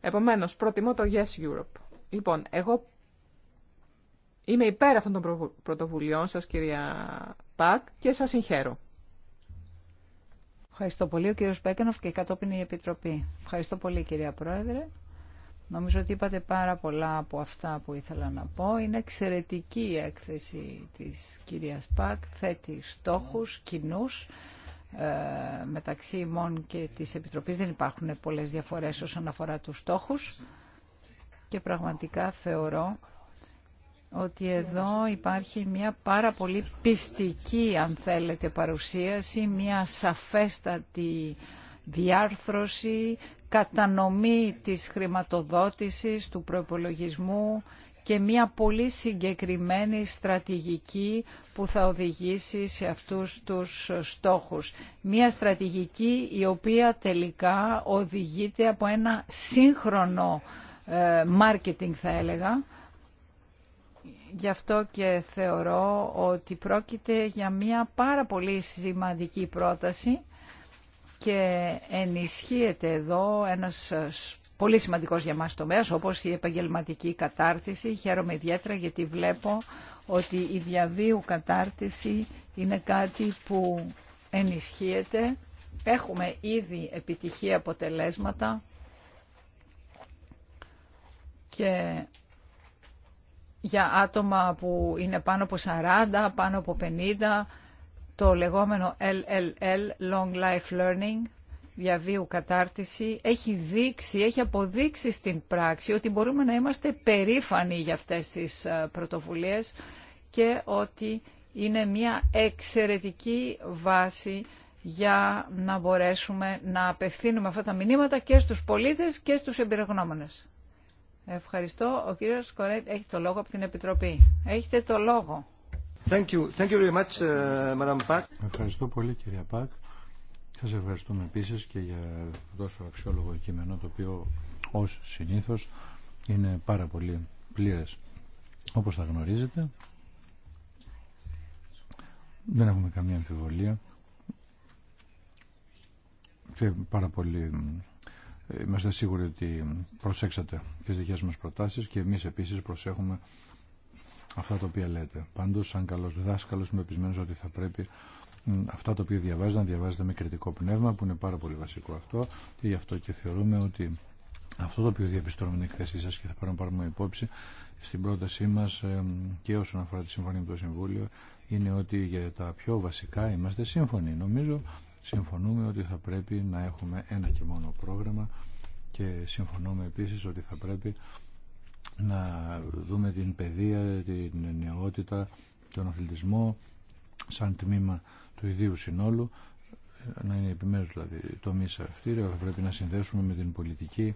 Επομένως, προτιμώ το Yes Europe. Λοιπόν, εγώ είμαι υπέρ αυτών των πρωτοβουλειών σας, κυρία Πακ, και σας συγχαίρω. Ευχαριστώ πολύ ο κύριος Πέκενοφ και κατόπιν η Επιτροπή. Ευχαριστώ πολύ κυρία Πρόεδρε. Νομίζω ότι είπατε πάρα πολλά από αυτά που ήθελα να πω. Είναι εξαιρετική η έκθεση της κυρίας Πακ, θέτει στόχους κοινού ε, μεταξύ ημών και της Επιτροπής. Δεν υπάρχουν πολλές διαφορές όσον αφορά τους στόχους και πραγματικά θεωρώ ότι εδώ υπάρχει μια πάρα πολύ πιστική, αν θέλετε, παρουσίαση, μια σαφέστατη διάρθρωση, κατανομή της χρηματοδότησης, του προπολογισμού και μια πολύ συγκεκριμένη στρατηγική που θα οδηγήσει σε αυτούς τους στόχους. Μια στρατηγική η οποία τελικά οδηγείται από ένα σύγχρονο μάρκετινγκ θα έλεγα, Γι' αυτό και θεωρώ ότι πρόκειται για μια πάρα πολύ σημαντική πρόταση και ενισχύεται εδώ ένας πολύ σημαντικός για μας τομέας όπως η επαγγελματική κατάρτιση. Χαίρομαι ιδιαίτερα γιατί βλέπω ότι η διαβίου κατάρτιση είναι κάτι που ενισχύεται. Έχουμε ήδη επιτυχή αποτελέσματα και για άτομα που είναι πάνω από 40, πάνω από 50, το λεγόμενο LLL, Long Life Learning, διαβίου κατάρτιση, έχει δείξει, έχει αποδείξει στην πράξη ότι μπορούμε να είμαστε περήφανοι για αυτές τις ε, πρωτοβουλίες και ότι είναι μια εξαιρετική βάση για να μπορέσουμε να απευθύνουμε αυτά τα μηνύματα και στους πολίτες και στους εμπειρογνώμονες. Ευχαριστώ. Ο κύριος Κορέτ έχει το λόγο από την Επιτροπή. Έχετε το λόγο. Thank you. Thank you very much, uh, Madam Park. Ευχαριστώ πολύ κυρία Πακ. Σα ευχαριστούμε επίση και για τόσο αξιόλογο κείμενο το οποίο ως συνήθως είναι πάρα πολύ πλήρες. Όπως θα γνωρίζετε δεν έχουμε καμία αμφιβολία και πάρα πολύ Είμαστε σίγουροι ότι προσέξατε τις δικές μας προτάσεις και εμείς επίσης προσέχουμε αυτά τα οποία λέτε. Πάντως, σαν καλός δάσκαλος είμαι επισμένος ότι θα πρέπει αυτά τα οποία διαβάζετε να διαβάζετε με κριτικό πνεύμα που είναι πάρα πολύ βασικό αυτό και γι' αυτό και θεωρούμε ότι αυτό το οποίο διαπιστώνουμε την εκθέσή σας και θα πάρουμε, πάρουμε υπόψη στην πρότασή μας ε, και όσον αφορά τη συμφωνία με το Συμβούλιο είναι ότι για τα πιο βασικά είμαστε σύμφωνοι. Νομίζω συμφωνούμε ότι θα πρέπει να έχουμε ένα και μόνο πρόγραμμα και συμφωνούμε επίσης ότι θα πρέπει να δούμε την παιδεία, την νεότητα, τον αθλητισμό σαν τμήμα του ιδίου συνόλου να είναι επιμέρους δηλαδή το αυτή θα πρέπει να συνδέσουμε με την πολιτική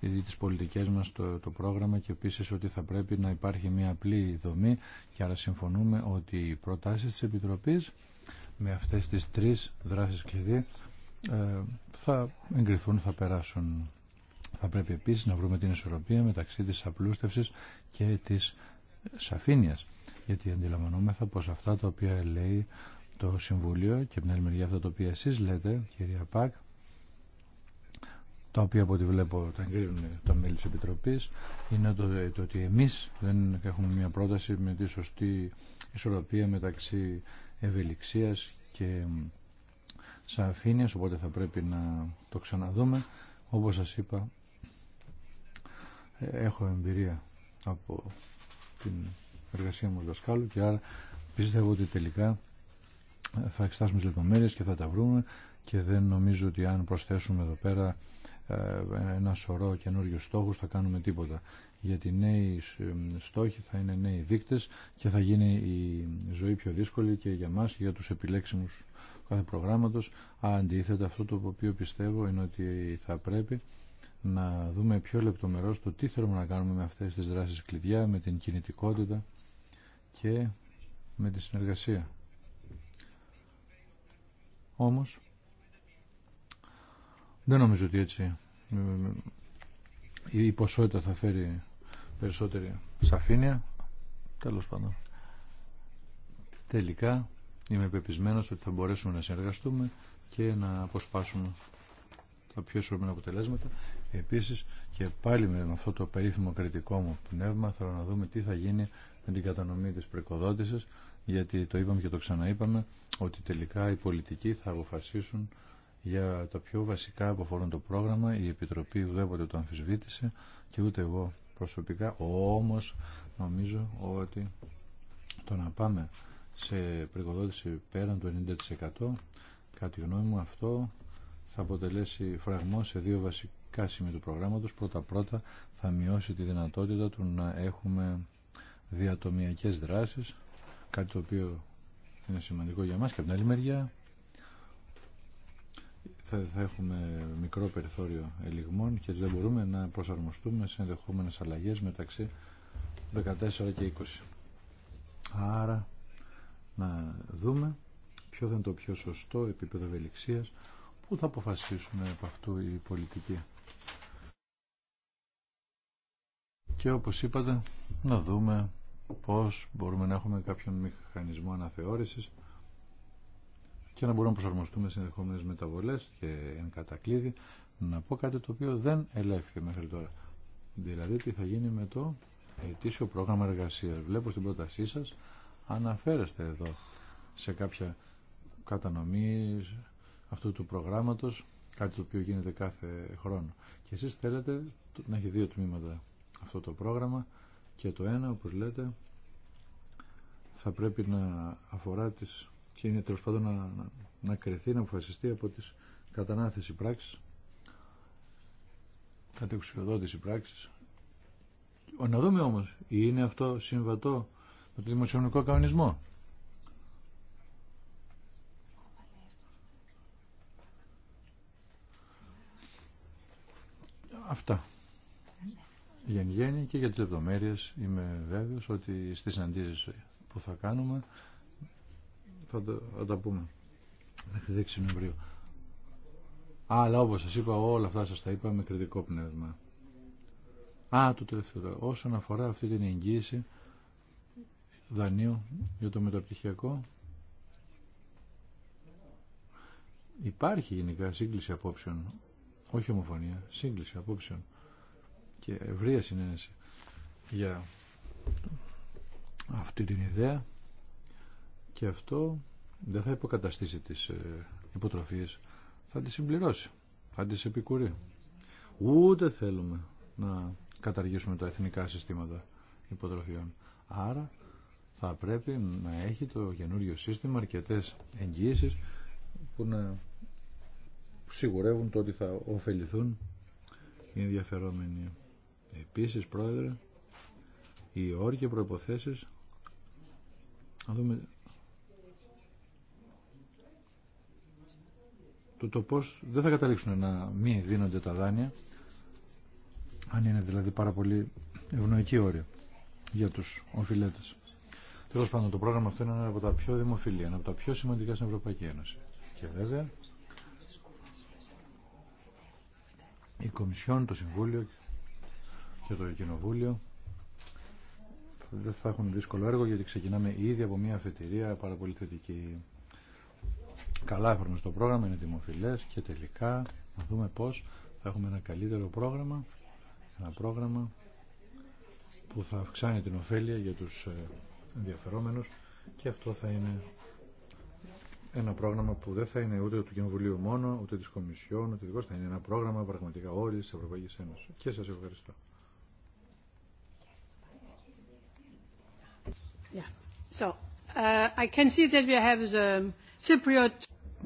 ή τις πολιτικές μας το, το πρόγραμμα και επίσης ότι θα πρέπει να υπάρχει μια απλή δομή και άρα συμφωνούμε ότι οι προτάσεις της Επιτροπής με αυτές τις τρεις δράσεις κλειδί θα εγκριθούν, θα περάσουν. Θα πρέπει επίσης να βρούμε την ισορροπία μεταξύ της απλούστευσης και της σαφήνειας. Γιατί αντιλαμβανόμεθα πως αυτά τα οποία λέει το Συμβούλιο και από την άλλη μεριά αυτά τα οποία εσείς λέτε, κυρία Πακ, τα οποία από ό,τι βλέπω τα εγκρίνουν τα μέλη της Επιτροπής, είναι το, ότι εμείς δεν έχουμε μια πρόταση με τη σωστή ισορροπία μεταξύ ευελιξίας και σαφήνειας, οπότε θα πρέπει να το ξαναδούμε. Όπως σας είπα, έχω εμπειρία από την εργασία μου δασκάλου και άρα πιστεύω ότι τελικά θα εξετάσουμε τις λεπτομέρειες και θα τα βρούμε και δεν νομίζω ότι αν προσθέσουμε εδώ πέρα ε, ένα σωρό καινούριου στόχους θα κάνουμε τίποτα γιατί νέοι στόχοι θα είναι νέοι δείκτες και θα γίνει η ζωή πιο δύσκολη και για μας και για τους επιλέξιμους κάθε προγράμματος. Αντίθετα αυτό το οποίο πιστεύω είναι ότι θα πρέπει να δούμε πιο λεπτομερώς το τι θέλουμε να κάνουμε με αυτές τις δράσεις κλειδιά, με την κινητικότητα και με τη συνεργασία. Όμως, δεν νομίζω ότι έτσι η ποσότητα θα φέρει περισσότερη σαφήνεια. Τέλος πάντων. Τελικά είμαι πεπισμένος ότι θα μπορέσουμε να συνεργαστούμε και να αποσπάσουμε τα πιο ισορροπημένα αποτελέσματα. Επίσης και πάλι με αυτό το περίφημο κριτικό μου πνεύμα θέλω να δούμε τι θα γίνει με την κατανομή της προεκοδότησης, γιατί το είπαμε και το ξαναείπαμε ότι τελικά οι πολιτικοί θα αποφασίσουν για τα πιο βασικά που αφορούν το πρόγραμμα η Επιτροπή ουδέποτε το αμφισβήτησε και ούτε εγώ προσωπικά, όμως νομίζω ότι το να πάμε σε προετοιμασία πέραν του 90% κατά γνώμη μου αυτό θα αποτελέσει φραγμό σε δύο βασικά σημεία του προγράμματος. Πρώτα-πρώτα θα μειώσει τη δυνατότητα του να έχουμε διατομιακές δράσεις, κάτι το οποίο είναι σημαντικό για μας και από την άλλη μεριά θα, έχουμε μικρό περιθώριο ελιγμών και δεν μπορούμε να προσαρμοστούμε σε ενδεχόμενες αλλαγές μεταξύ 14 και 20. Άρα να δούμε ποιο θα είναι το πιο σωστό επίπεδο ευελιξίας που θα αποφασίσουν από αυτού οι πολιτικοί. Και όπως είπατε να δούμε πώς μπορούμε να έχουμε κάποιον μηχανισμό αναθεώρησης και να μπορούμε να προσαρμοστούμε σε ενδεχόμενε μεταβολέ και εν κατακλείδη να πω κάτι το οποίο δεν ελέγχθη μέχρι τώρα. Δηλαδή τι θα γίνει με το ετήσιο πρόγραμμα εργασία. Βλέπω στην πρότασή σα αναφέρεστε εδώ σε κάποια κατανομή αυτού του προγράμματο, κάτι το οποίο γίνεται κάθε χρόνο. Και εσεί θέλετε να έχει δύο τμήματα αυτό το πρόγραμμα και το ένα, όπως λέτε, θα πρέπει να αφορά τις και είναι τέλο πάντων να, να, να κρυθεί, να αποφασιστεί από τις κατανάθεση πράξεις εξουσιοδότηση πράξεις να δούμε όμως είναι αυτό συμβατό με το δημοσιονομικό κανονισμό Αυτά. Για γέννη και για τις λεπτομέρειες είμαι βέβαιος ότι στις αντίζεις που θα κάνουμε θα, τα πούμε μέχρι 6 Νοεμβρίου. Αλλά όπω σα είπα όλα αυτά σα τα είπα με κριτικό πνεύμα. Α, το τελευταίο. Όσον αφορά αυτή την εγγύηση δανείου για το μεταπτυχιακό υπάρχει γενικά σύγκληση απόψεων όχι ομοφωνία, σύγκληση απόψεων και ευρεία συνένεση για αυτή την ιδέα και αυτό δεν θα υποκαταστήσει τις ε, υποτροφίες θα τις συμπληρώσει θα τις επικουρεί ούτε θέλουμε να καταργήσουμε τα εθνικά συστήματα υποτροφιών άρα θα πρέπει να έχει το καινούριο σύστημα αρκετέ εγγύησεις που να σιγουρεύουν το ότι θα ωφεληθούν οι ενδιαφερόμενοι επίσης πρόεδρε οι όρια προϋποθέσεις να δούμε το, το δεν θα καταλήξουν να μη δίνονται τα δάνεια αν είναι δηλαδή πάρα πολύ ευνοϊκή όρια για τους οφειλέτες. Τέλο πάντων το πρόγραμμα αυτό είναι ένα από τα πιο δημοφιλή, ένα από τα πιο σημαντικά στην Ευρωπαϊκή Ένωση. Και βέβαια η Κομισιόν, το Συμβούλιο και το Κοινοβούλιο δεν θα έχουν δύσκολο έργο γιατί ξεκινάμε ήδη από μια αφετηρία πάρα πολύ θετική καλά έφερνε στο πρόγραμμα, είναι δημοφιλέ, και τελικά να δούμε πώ θα έχουμε ένα καλύτερο πρόγραμμα, ένα πρόγραμμα που θα αυξάνει την ωφέλεια για του ε, ενδιαφερόμενους και αυτό θα είναι ένα πρόγραμμα που δεν θα είναι ούτε του Κοινοβουλίου μόνο, ούτε τη Κομισιόν, ούτε δικό. θα είναι ένα πρόγραμμα πραγματικά όλη τη Ευρωπαϊκή Ένωση. Και σα ευχαριστώ.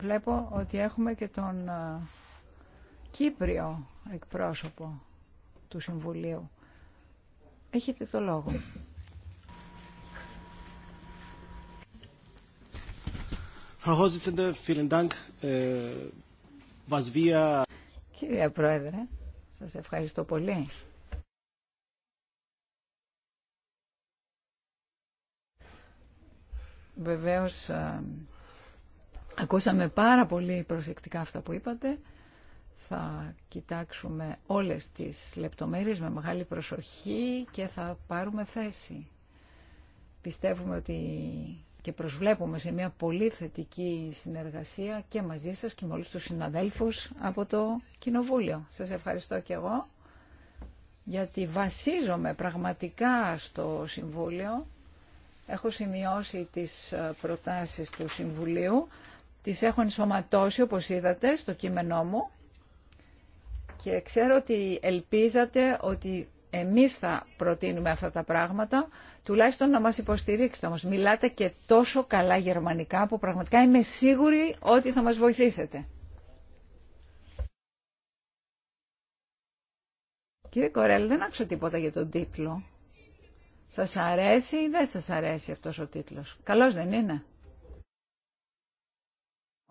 Βλέπω ότι έχουμε και τον ε, Κύπριο εκπρόσωπο του Συμβουλίου. Έχετε το λόγο. Äh, Κύριε Πρόεδρε, σας ευχαριστώ πολύ. Βεβαίως ε, Ακούσαμε πάρα πολύ προσεκτικά αυτά που είπατε. Θα κοιτάξουμε όλες τις λεπτομέρειες με μεγάλη προσοχή και θα πάρουμε θέση. Πιστεύουμε ότι και προσβλέπουμε σε μια πολύ θετική συνεργασία και μαζί σας και με όλους τους συναδέλφους από το Κοινοβούλιο. Σας ευχαριστώ και εγώ γιατί βασίζομαι πραγματικά στο Συμβούλιο. Έχω σημειώσει τις προτάσεις του Συμβουλίου. Τις έχω ενσωματώσει, όπως είδατε, στο κείμενό μου και ξέρω ότι ελπίζατε ότι εμείς θα προτείνουμε αυτά τα πράγματα, τουλάχιστον να μας υποστηρίξετε όμως. Μιλάτε και τόσο καλά γερμανικά που πραγματικά είμαι σίγουρη ότι θα μας βοηθήσετε. Κύριε Κορέλ, δεν άκουσα τίποτα για τον τίτλο. Σας αρέσει ή δεν σας αρέσει αυτός ο τίτλος. Καλός δεν είναι.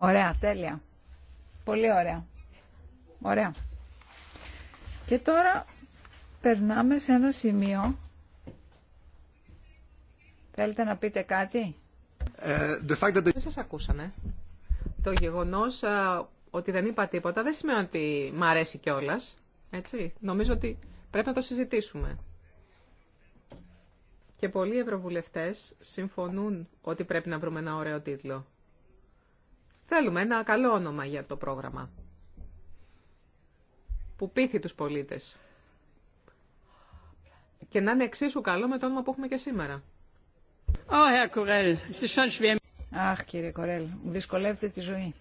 Ωραία, τέλεια. Πολύ ωραία. Ωραία. Και τώρα περνάμε σε ένα σημείο. Θέλετε να πείτε κάτι. Ε, δεν σας ακούσαμε. Το γεγονός ε, ότι δεν είπα τίποτα δεν σημαίνει ότι μ' αρέσει κιόλα. Έτσι. Νομίζω ότι πρέπει να το συζητήσουμε. Και πολλοί ευρωβουλευτές συμφωνούν ότι πρέπει να βρούμε ένα ωραίο τίτλο. Θέλουμε ένα καλό όνομα για το πρόγραμμα που πείθει τους πολίτες και να είναι εξίσου καλό με το όνομα που έχουμε και σήμερα. Αχ, κύριε Κορέλ, μου δυσκολεύετε τη ζωή.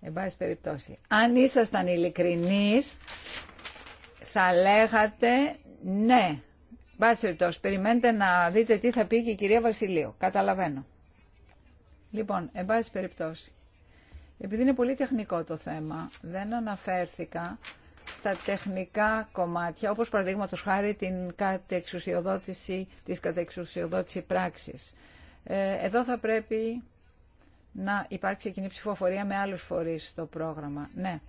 Εν πάση περιπτώσει, αν ήσασταν ειλικρινείς, θα λέγατε ναι, περιπτώσει, περιμένετε να δείτε τι θα πει και η κυρία Βασιλείο. Καταλαβαίνω. Λοιπόν, εν πάση περιπτώσει, επειδή είναι πολύ τεχνικό το θέμα, δεν αναφέρθηκα στα τεχνικά κομμάτια, όπως παραδείγματο χάρη την κατεξουσιοδότηση, της κατεξουσιοδότηση πράξης. Ε, εδώ θα πρέπει να υπάρξει κοινή ψηφοφορία με άλλους φορείς στο πρόγραμμα. Ναι,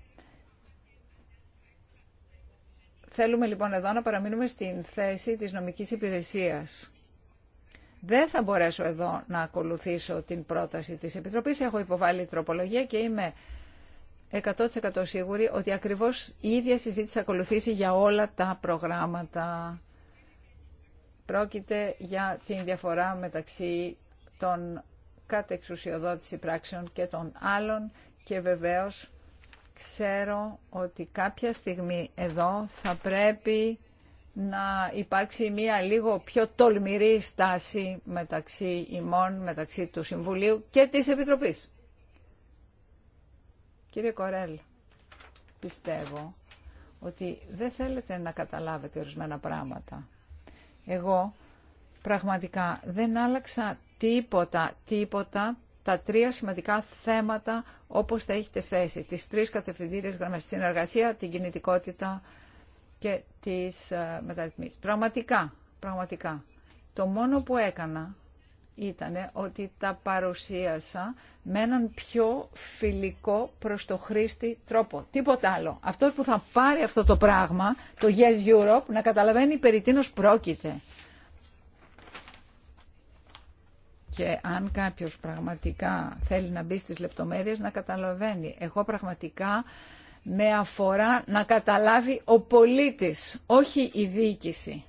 Θέλουμε λοιπόν εδώ να παραμείνουμε στην θέση της νομικής υπηρεσίας. Δεν θα μπορέσω εδώ να ακολουθήσω την πρόταση της Επιτροπής. Έχω υποβάλει τροπολογία και είμαι 100% σίγουρη ότι ακριβώς η ίδια συζήτηση θα ακολουθήσει για όλα τα προγράμματα. Πρόκειται για την διαφορά μεταξύ των κατεξουσιοδότηση πράξεων και των άλλων και βεβαίως Ξέρω ότι κάποια στιγμή εδώ θα πρέπει να υπάρξει μία λίγο πιο τολμηρή στάση μεταξύ ημών, μεταξύ του Συμβουλίου και της Επιτροπής. Κύριε Κορέλ, πιστεύω ότι δεν θέλετε να καταλάβετε ορισμένα πράγματα. Εγώ πραγματικά δεν άλλαξα τίποτα, τίποτα τα τρία σημαντικά θέματα όπως τα έχετε θέσει. Τις τρεις κατευθυντήριες γραμμές, τη συνεργασία, την κινητικότητα και τις ε, μεταρρυθμίσεις. Πραγματικά, πραγματικά. Το μόνο που έκανα ήταν ότι τα παρουσίασα με έναν πιο φιλικό προς το χρήστη τρόπο. Τίποτα άλλο. Αυτός που θα πάρει αυτό το πράγμα, το Yes Europe, να καταλαβαίνει περί τίνος πρόκειται. Και αν κάποιος πραγματικά θέλει να μπει στις λεπτομέρειες, να καταλαβαίνει. Εγώ πραγματικά με αφορά να καταλάβει ο πολίτης, όχι η διοίκηση.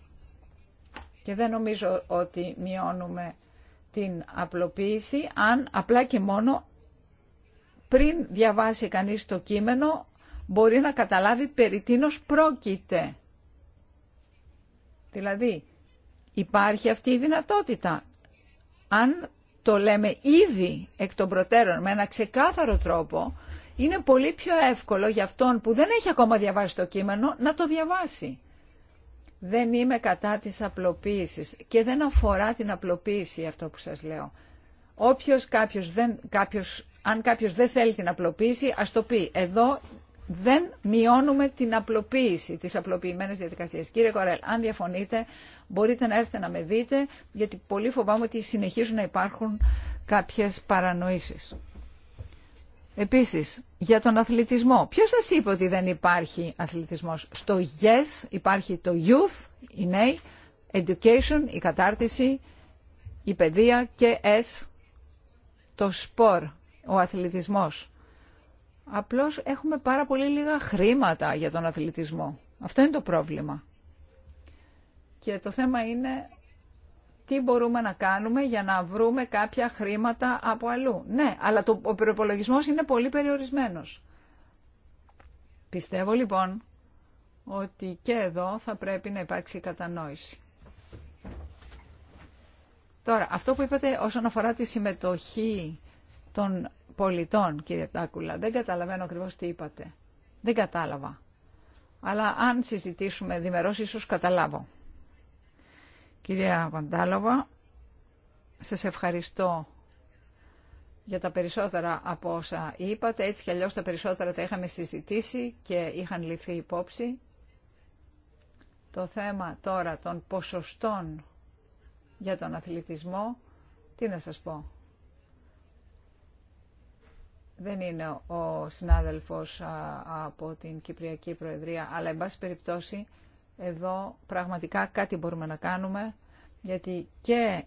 Και δεν νομίζω ότι μειώνουμε την απλοποίηση, αν απλά και μόνο πριν διαβάσει κανείς το κείμενο, μπορεί να καταλάβει περί τίνος πρόκειται. Δηλαδή, υπάρχει αυτή η δυνατότητα αν το λέμε ήδη εκ των προτέρων με ένα ξεκάθαρο τρόπο, είναι πολύ πιο εύκολο για αυτόν που δεν έχει ακόμα διαβάσει το κείμενο να το διαβάσει. Δεν είμαι κατά της απλοποίησης και δεν αφορά την απλοποίηση αυτό που σας λέω. Όποιος κάποιος, δεν, κάποιος αν κάποιος δεν θέλει την απλοποίηση, ας το πει. Εδώ δεν μειώνουμε την απλοποίηση, τις απλοποιημένες διαδικασίες. Κύριε Κορέλ, αν διαφωνείτε, μπορείτε να έρθετε να με δείτε, γιατί πολύ φοβάμαι ότι συνεχίζουν να υπάρχουν κάποιες παρανοήσεις. Επίσης, για τον αθλητισμό. Ποιος σας είπε ότι δεν υπάρχει αθλητισμός. Στο YES υπάρχει το youth, η νέη, education, η κατάρτιση, η παιδεία και S, το sport, ο αθλητισμός. Απλώς έχουμε πάρα πολύ λίγα χρήματα για τον αθλητισμό. Αυτό είναι το πρόβλημα. Και το θέμα είναι τι μπορούμε να κάνουμε για να βρούμε κάποια χρήματα από αλλού. Ναι, αλλά το, ο προπολογισμό είναι πολύ περιορισμένος. Πιστεύω λοιπόν ότι και εδώ θα πρέπει να υπάρξει κατανόηση. Τώρα, αυτό που είπατε όσον αφορά τη συμμετοχή των πολιτών, κύριε Τάκουλα. Δεν καταλαβαίνω ακριβώς τι είπατε. Δεν κατάλαβα. Αλλά αν συζητήσουμε διμερώς, ίσως καταλάβω. Κυρία Βαντάλοβα, σας ευχαριστώ για τα περισσότερα από όσα είπατε. Έτσι κι αλλιώς τα περισσότερα τα είχαμε συζητήσει και είχαν ληφθεί υπόψη. Το θέμα τώρα των ποσοστών για τον αθλητισμό, τι να σας πω, δεν είναι ο συνάδελφος από την Κυπριακή Προεδρία, αλλά εν πάση περιπτώσει εδώ πραγματικά κάτι μπορούμε να κάνουμε, γιατί και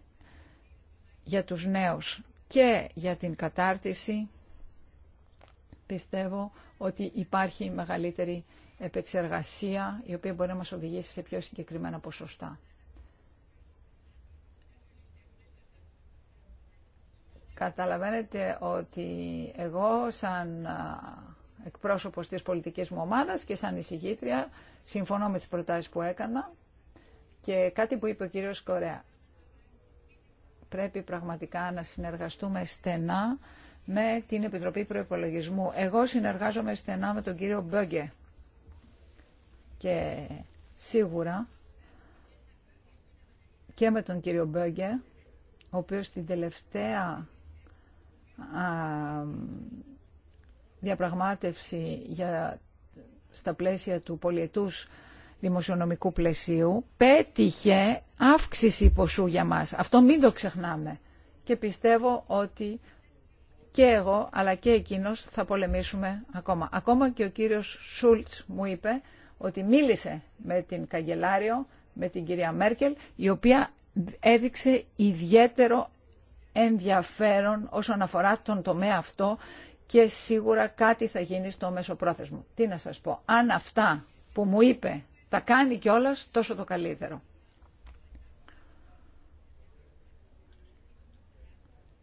για τους νέους και για την κατάρτιση πιστεύω ότι υπάρχει μεγαλύτερη επεξεργασία η οποία μπορεί να μας οδηγήσει σε πιο συγκεκριμένα ποσοστά. Καταλαβαίνετε ότι εγώ σαν εκπρόσωπος της πολιτικής μου ομάδας και σαν εισηγήτρια συμφωνώ με τις προτάσεις που έκανα και κάτι που είπε ο κύριος Κορέα. Πρέπει πραγματικά να συνεργαστούμε στενά με την Επιτροπή Προϋπολογισμού. Εγώ συνεργάζομαι στενά με τον κύριο Μπέγκε και σίγουρα και με τον κύριο Μπέγκε, ο οποίος την τελευταία διαπραγμάτευση για, στα πλαίσια του πολιετούς δημοσιονομικού πλαισίου πέτυχε αύξηση ποσού για μας. Αυτό μην το ξεχνάμε. Και πιστεύω ότι και εγώ αλλά και εκείνος θα πολεμήσουμε ακόμα. Ακόμα και ο κύριος Σούλτς μου είπε ότι μίλησε με την καγκελάριο, με την κυρία Μέρκελ, η οποία έδειξε ιδιαίτερο ενδιαφέρον όσον αφορά τον τομέα αυτό και σίγουρα κάτι θα γίνει στο μέσο πρόθεσμο. Τι να σας πω, αν αυτά που μου είπε τα κάνει κιόλα τόσο το καλύτερο.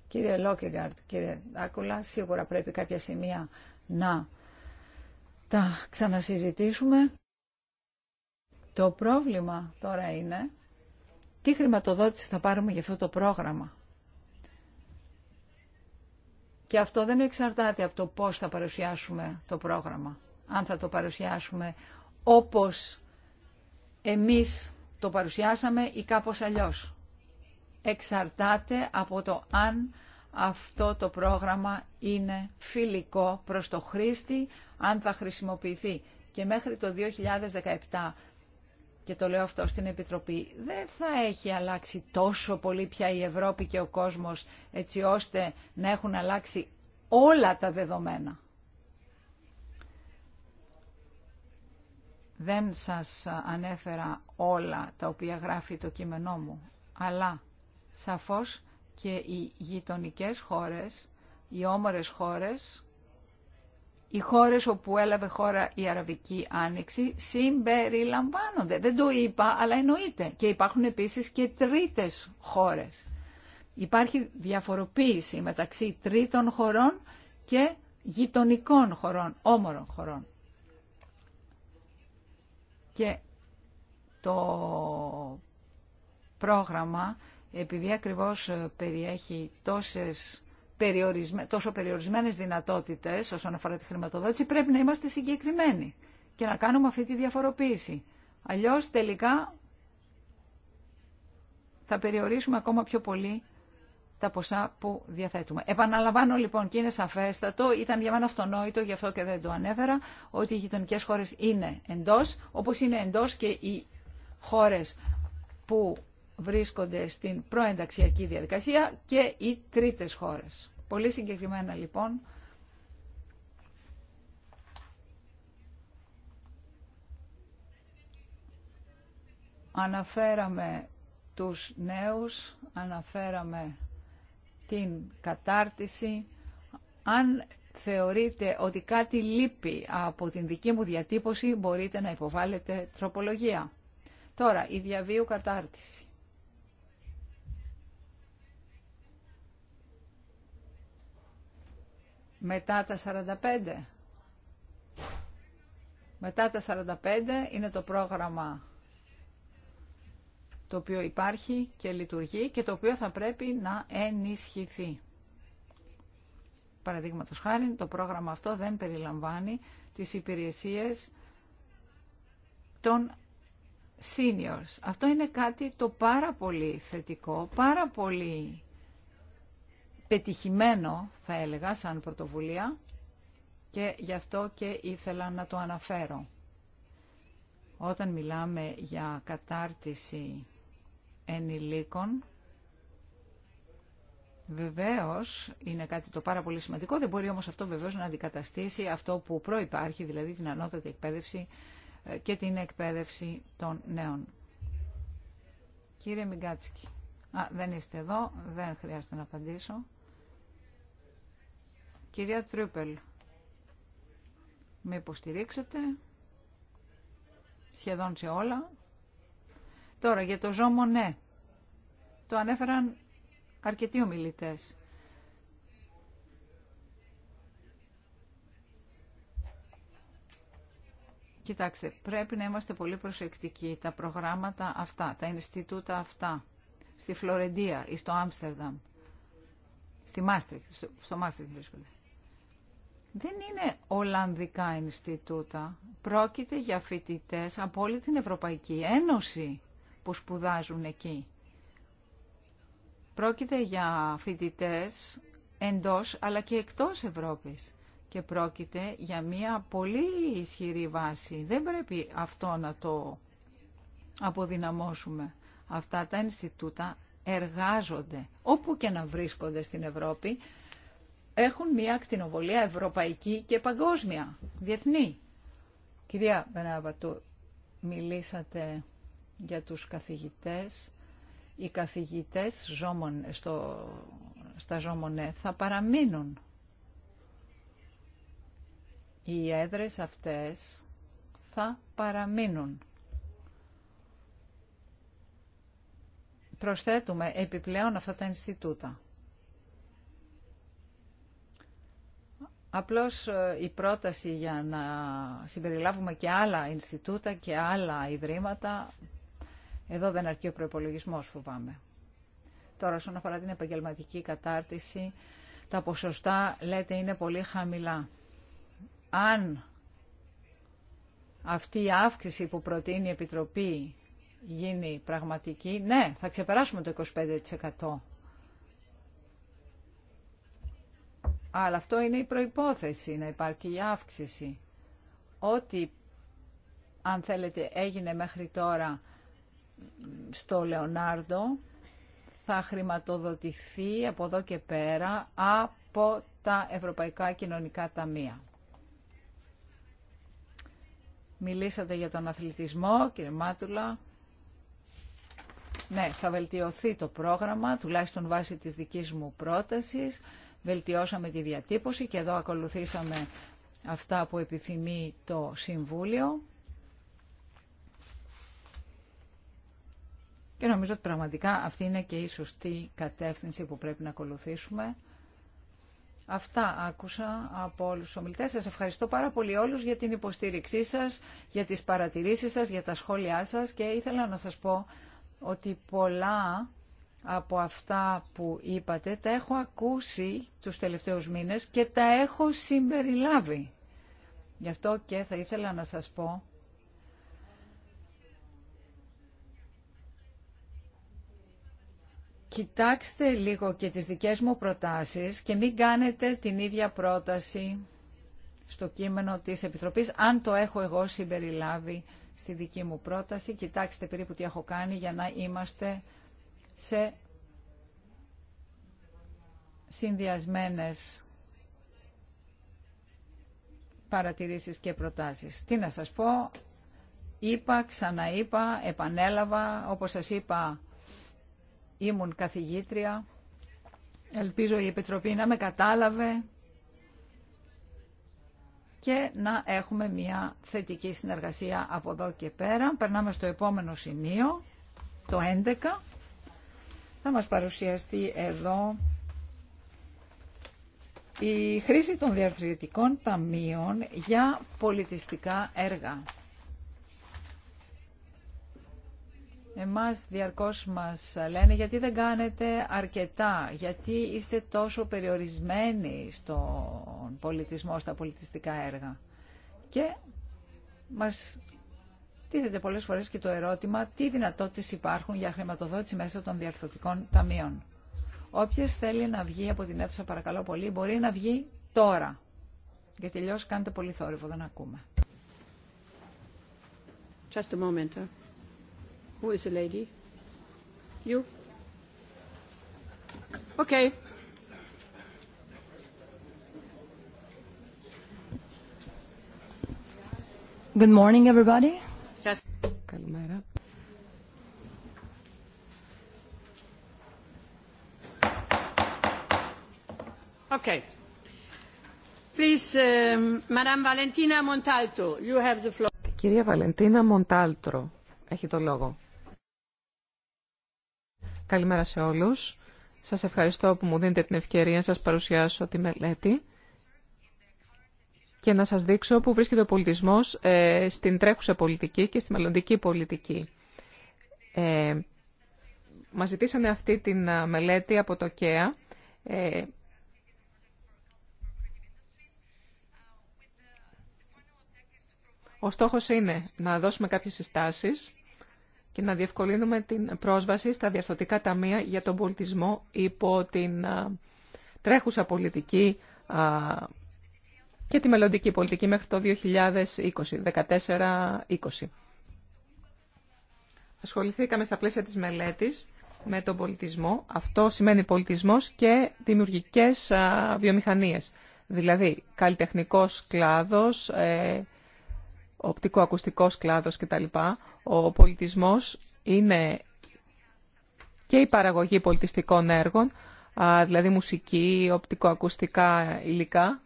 Κύριε Λόκεγκαρτ, κύριε Δάκουλα, σίγουρα πρέπει κάποια σημεία να τα ξανασυζητήσουμε. Το πρόβλημα τώρα είναι τι χρηματοδότηση θα πάρουμε για αυτό το πρόγραμμα. Και αυτό δεν εξαρτάται από το πώς θα παρουσιάσουμε το πρόγραμμα. Αν θα το παρουσιάσουμε όπως εμείς το παρουσιάσαμε ή κάπως αλλιώς. Εξαρτάται από το αν αυτό το πρόγραμμα είναι φιλικό προς το χρήστη, αν θα χρησιμοποιηθεί. Και μέχρι το 2017 και το λέω αυτό στην Επιτροπή, δεν θα έχει αλλάξει τόσο πολύ πια η Ευρώπη και ο κόσμος έτσι ώστε να έχουν αλλάξει όλα τα δεδομένα. Δεν σας ανέφερα όλα τα οποία γράφει το κείμενό μου, αλλά σαφώς και οι γειτονικές χώρες, οι όμορες χώρες οι χώρες όπου έλαβε χώρα η Αραβική Άνοιξη συμπεριλαμβάνονται. Δεν το είπα, αλλά εννοείται. Και υπάρχουν επίσης και τρίτες χώρες. Υπάρχει διαφοροποίηση μεταξύ τρίτων χωρών και γειτονικών χωρών, όμορων χωρών. Και το πρόγραμμα, επειδή ακριβώς περιέχει τόσες τόσο περιορισμένες δυνατότητες όσον αφορά τη χρηματοδότηση, πρέπει να είμαστε συγκεκριμένοι και να κάνουμε αυτή τη διαφοροποίηση. Αλλιώς τελικά θα περιορίσουμε ακόμα πιο πολύ τα ποσά που διαθέτουμε. Επαναλαμβάνω λοιπόν και είναι σαφέστατο, ήταν για μένα αυτονόητο, γι' αυτό και δεν το ανέφερα, ότι οι γειτονικέ χώρε είναι εντό, όπω είναι εντό και οι χώρε που βρίσκονται στην προενταξιακή διαδικασία και οι τρίτες χώρες. Πολύ συγκεκριμένα λοιπόν αναφέραμε τους νέους, αναφέραμε την κατάρτιση. Αν θεωρείτε ότι κάτι λείπει από την δική μου διατύπωση, μπορείτε να υποβάλλετε τροπολογία. Τώρα, η διαβίου κατάρτιση. μετά τα 45. Μετά τα 45 είναι το πρόγραμμα το οποίο υπάρχει και λειτουργεί και το οποίο θα πρέπει να ενισχυθεί. Παραδείγματος χάρη, το πρόγραμμα αυτό δεν περιλαμβάνει τις υπηρεσίες των seniors. Αυτό είναι κάτι το πάρα πολύ θετικό, πάρα πολύ πετυχημένο θα έλεγα σαν πρωτοβουλία και γι' αυτό και ήθελα να το αναφέρω. Όταν μιλάμε για κατάρτιση ενηλίκων, βεβαίως είναι κάτι το πάρα πολύ σημαντικό, δεν μπορεί όμως αυτό βεβαίως να αντικαταστήσει αυτό που προϋπάρχει, δηλαδή την ανώτατη εκπαίδευση ε, και την εκπαίδευση των νέων. Κύριε Μιγκάτσικη, δεν είστε εδώ, δεν χρειάζεται να απαντήσω. Κυρία Τρίπελ, με υποστηρίξετε σχεδόν σε όλα. Τώρα για το ζώμο ναι. Το ανέφεραν αρκετοί ομιλητές. Κοιτάξτε, πρέπει να είμαστε πολύ προσεκτικοί. Τα προγράμματα αυτά, τα Ινστιτούτα αυτά, στη Φλωρεντία ή στο Άμστερνταμ, στη Μάστρικ, στο, στο Μάστρικ βρίσκονται δεν είναι Ολλανδικά Ινστιτούτα. Πρόκειται για φοιτητέ από όλη την Ευρωπαϊκή Ένωση που σπουδάζουν εκεί. Πρόκειται για φοιτητέ εντός αλλά και εκτός Ευρώπης και πρόκειται για μια πολύ ισχυρή βάση. Δεν πρέπει αυτό να το αποδυναμώσουμε. Αυτά τα Ινστιτούτα εργάζονται όπου και να βρίσκονται στην Ευρώπη έχουν μια ακτινοβολία ευρωπαϊκή και παγκόσμια, διεθνή. Κυρία Μπενάβατου, μιλήσατε για τους καθηγητές. Οι καθηγητές ζώμων, στο, στα Ζώμονε θα παραμείνουν. Οι έδρες αυτές θα παραμείνουν. Προσθέτουμε επιπλέον αυτά τα Ινστιτούτα. Απλώς ε, η πρόταση για να συμπεριλάβουμε και άλλα Ινστιτούτα και άλλα Ιδρύματα, εδώ δεν αρκεί ο προπολογισμό φοβάμαι. Τώρα, όσον αφορά την επαγγελματική κατάρτιση, τα ποσοστά, λέτε, είναι πολύ χαμηλά. Αν αυτή η αύξηση που προτείνει η Επιτροπή γίνει πραγματική, ναι, θα ξεπεράσουμε το 25%. Αλλά αυτό είναι η προϋπόθεση, να υπάρχει η αύξηση. Ό,τι, αν θέλετε, έγινε μέχρι τώρα στο Λεωνάρντο, θα χρηματοδοτηθεί από εδώ και πέρα από τα Ευρωπαϊκά Κοινωνικά Ταμεία. Μιλήσατε για τον αθλητισμό, κύριε Μάτουλα. Ναι, θα βελτιωθεί το πρόγραμμα, τουλάχιστον βάσει της δικής μου πρότασης βελτιώσαμε τη διατύπωση και εδώ ακολουθήσαμε αυτά που επιθυμεί το Συμβούλιο. Και νομίζω ότι πραγματικά αυτή είναι και η σωστή κατεύθυνση που πρέπει να ακολουθήσουμε. Αυτά άκουσα από όλους τους ομιλητές. Σας ευχαριστώ πάρα πολύ όλους για την υποστήριξή σας, για τις παρατηρήσεις σας, για τα σχόλιά σας και ήθελα να σας πω ότι πολλά από αυτά που είπατε τα έχω ακούσει τους τελευταίους μήνες και τα έχω συμπεριλάβει. Γι' αυτό και θα ήθελα να σας πω Κοιτάξτε λίγο και τις δικές μου προτάσεις και μην κάνετε την ίδια πρόταση στο κείμενο της Επιτροπής, αν το έχω εγώ συμπεριλάβει στη δική μου πρόταση. Κοιτάξτε περίπου τι έχω κάνει για να είμαστε σε συνδυασμένες παρατηρήσεις και προτάσεις. Τι να σας πω, είπα, ξαναείπα, επανέλαβα, όπως σας είπα ήμουν καθηγήτρια, ελπίζω η Επιτροπή να με κατάλαβε και να έχουμε μια θετική συνεργασία από εδώ και πέρα. Περνάμε στο επόμενο σημείο, το 11 θα μας παρουσιαστεί εδώ η χρήση των διαρθρωτικών ταμείων για πολιτιστικά έργα. Εμάς διαρκώς μας λένε γιατί δεν κάνετε αρκετά, γιατί είστε τόσο περιορισμένοι στον πολιτισμό, στα πολιτιστικά έργα. Και μας τίθεται πολλέ φορέ και το ερώτημα τι δυνατότητε υπάρχουν για χρηματοδότηση μέσω των διαρθωτικών ταμείων. Όποιο θέλει να βγει από την αίθουσα παρακαλώ πολύ μπορεί να βγει τώρα. Γιατί αλλιώ κάνετε πολύ θόρυβο, δεν ακούμε. Just a moment. Who is the lady? You? Okay. Good morning, everybody. Καλημέρα. Okay. Please, eh, Madame Valentina Montalto, you have the floor. κυρία Βαλεντίνα Μοντάλτρο, έχει το λόγο. Καλημέρα σε όλους. Σας ευχαριστώ που μου δίνετε την ευκαιρία να σας παρουσιάσω τη μελέτη και να σας δείξω πού βρίσκεται ο πολιτισμός ε, στην τρέχουσα πολιτική και στη μελλοντική πολιτική. Ε, μας ζητήσανε αυτή την ε, μελέτη από το ΚΕΑ. Ε, ο στόχος είναι να δώσουμε κάποιες συστάσεις και να διευκολύνουμε την πρόσβαση στα διαρθωτικά ταμεία για τον πολιτισμό υπό την τρέχουσα πολιτική και τη μελλοντική πολιτική μέχρι το 2020, 14-20. Ασχοληθήκαμε στα πλαίσια της μελέτης με τον πολιτισμό. Αυτό σημαίνει πολιτισμός και δημιουργικές βιομηχανίες. Δηλαδή, καλλιτεχνικός κλάδος, ε, οπτικοακουστικός κλάδος κτλ. Ο πολιτισμός είναι και η παραγωγή πολιτιστικών έργων, δηλαδή μουσική, οπτικοακουστικά υλικά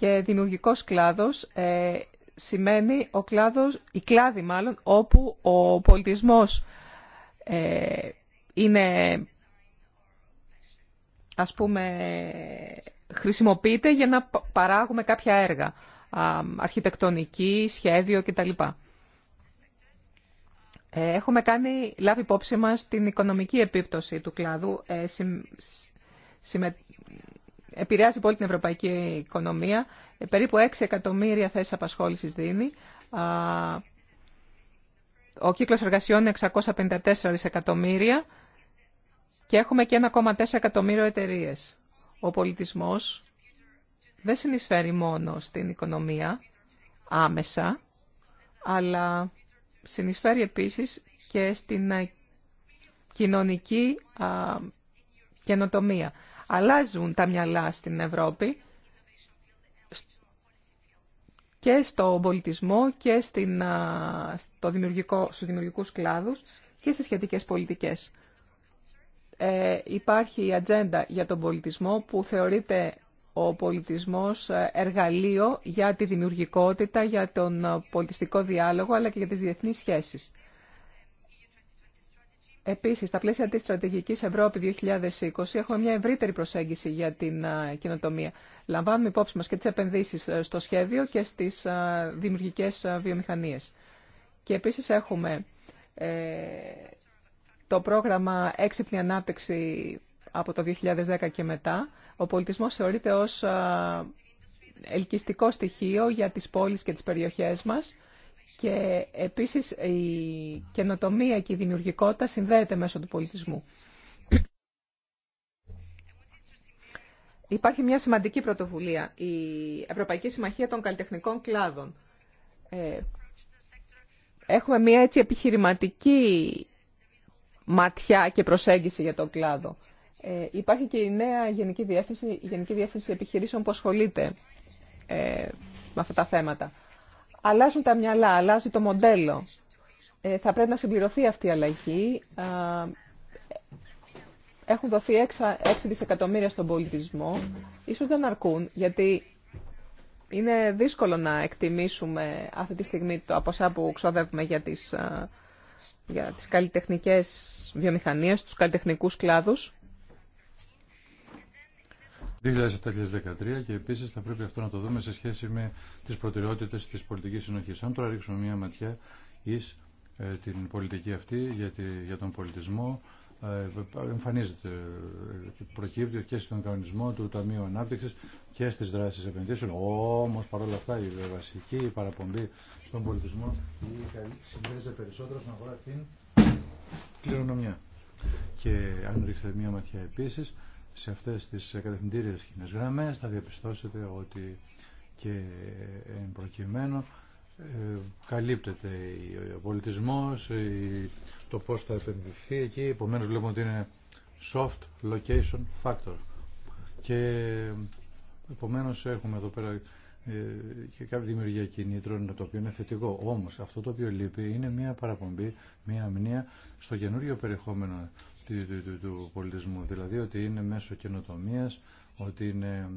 και δημιουργικός κλάδος ε, σημαίνει ο κλάδος, η κλάδη μάλλον, όπου ο πολιτισμός ε, είναι, ας πούμε, χρησιμοποιείται για να παράγουμε κάποια έργα, αρχιτεκτονική, σχέδιο κτλ. Ε, έχουμε κάνει, λάβει υπόψη μας την οικονομική επίπτωση του κλάδου. Ε, επηρεάζει πολύ την ευρωπαϊκή οικονομία. Ε, περίπου 6 εκατομμύρια θέσεις απασχόλησης δίνει. Ο κύκλος εργασιών είναι 654 εκατομμύρια και έχουμε και 1,4 εκατομμύριο εταιρείε. Ο πολιτισμός δεν συνεισφέρει μόνο στην οικονομία άμεσα, αλλά συνεισφέρει επίσης και στην ε, κοινωνική καινοτομία. Αλλάζουν τα μυαλά στην Ευρώπη και στον πολιτισμό και στην, στο δημιουργικό, στους δημιουργικούς κλάδους και στις σχετικές πολιτικές. Ε, υπάρχει η ατζέντα για τον πολιτισμό που θεωρείται ο πολιτισμός εργαλείο για τη δημιουργικότητα, για τον πολιτιστικό διάλογο αλλά και για τις διεθνείς σχέσεις. Επίσης, στα πλαίσια της στρατηγικής Ευρώπη 2020 έχουμε μια ευρύτερη προσέγγιση για την κοινοτομία. Λαμβάνουμε υπόψη μας και τις επενδύσεις στο σχέδιο και στις δημιουργικές βιομηχανίες. Και επίσης έχουμε ε, το πρόγραμμα Έξυπνη Ανάπτυξη από το 2010 και μετά. Ο πολιτισμός θεωρείται ως ελκυστικό στοιχείο για τις πόλεις και τις περιοχές μας και επίσης η καινοτομία και η δημιουργικότητα συνδέεται μέσω του πολιτισμού. Υπάρχει μια σημαντική πρωτοβουλία, η Ευρωπαϊκή Συμμαχία των Καλλιτεχνικών Κλάδων. Ε, έχουμε μια έτσι επιχειρηματική ματιά και προσέγγιση για τον κλάδο. Ε, υπάρχει και η νέα Γενική Διεύθυνση, η Γενική Διεύθυνση Επιχειρήσεων που ασχολείται ε, με αυτά τα θέματα αλλάζουν τα μυαλά, αλλάζει το μοντέλο. Ε, θα πρέπει να συμπληρωθεί αυτή η αλλαγή. Έχουν δοθεί 6, δισεκατομμύρια στον πολιτισμό. Ίσως δεν αρκούν, γιατί είναι δύσκολο να εκτιμήσουμε αυτή τη στιγμή το ποσά που ξοδεύουμε για τις, για τις καλλιτεχνικές βιομηχανίες, τους καλλιτεχνικούς κλάδους. 2007-2013 και επίση θα πρέπει αυτό να το δούμε σε σχέση με τι προτεραιότητε τη πολιτική συνοχή. Αν τώρα ρίξουμε μία ματιά ει ε, την πολιτική αυτή για, για τον πολιτισμό, ε, εμφανίζεται, ε, προκύπτει και στον κανονισμό του Ταμείου Ανάπτυξη και στι δράσει επενδύσεων. Όμω παρόλα αυτά η βασική παραπομπή στον πολιτισμό συνδέεται περισσότερο στον αφορά την κληρονομιά. Και αν ρίξετε μία ματιά επίση, σε αυτές τις κατευθυντήριες κοινές γραμμές θα διαπιστώσετε ότι και εν προκειμένου ε, καλύπτεται ο πολιτισμός, το πώς θα επενδυθεί εκεί, επομένως βλέπουμε ότι είναι soft location factor. Και επομένως έχουμε εδώ πέρα ε, και κάποια δημιουργία κινήτρων το οποίο είναι θετικό. Όμως αυτό το οποίο λείπει είναι μια παραπομπή, μια αμνία στο καινούριο περιεχόμενο του, του, πολιτισμού. Δηλαδή ότι είναι μέσω καινοτομία, ότι είναι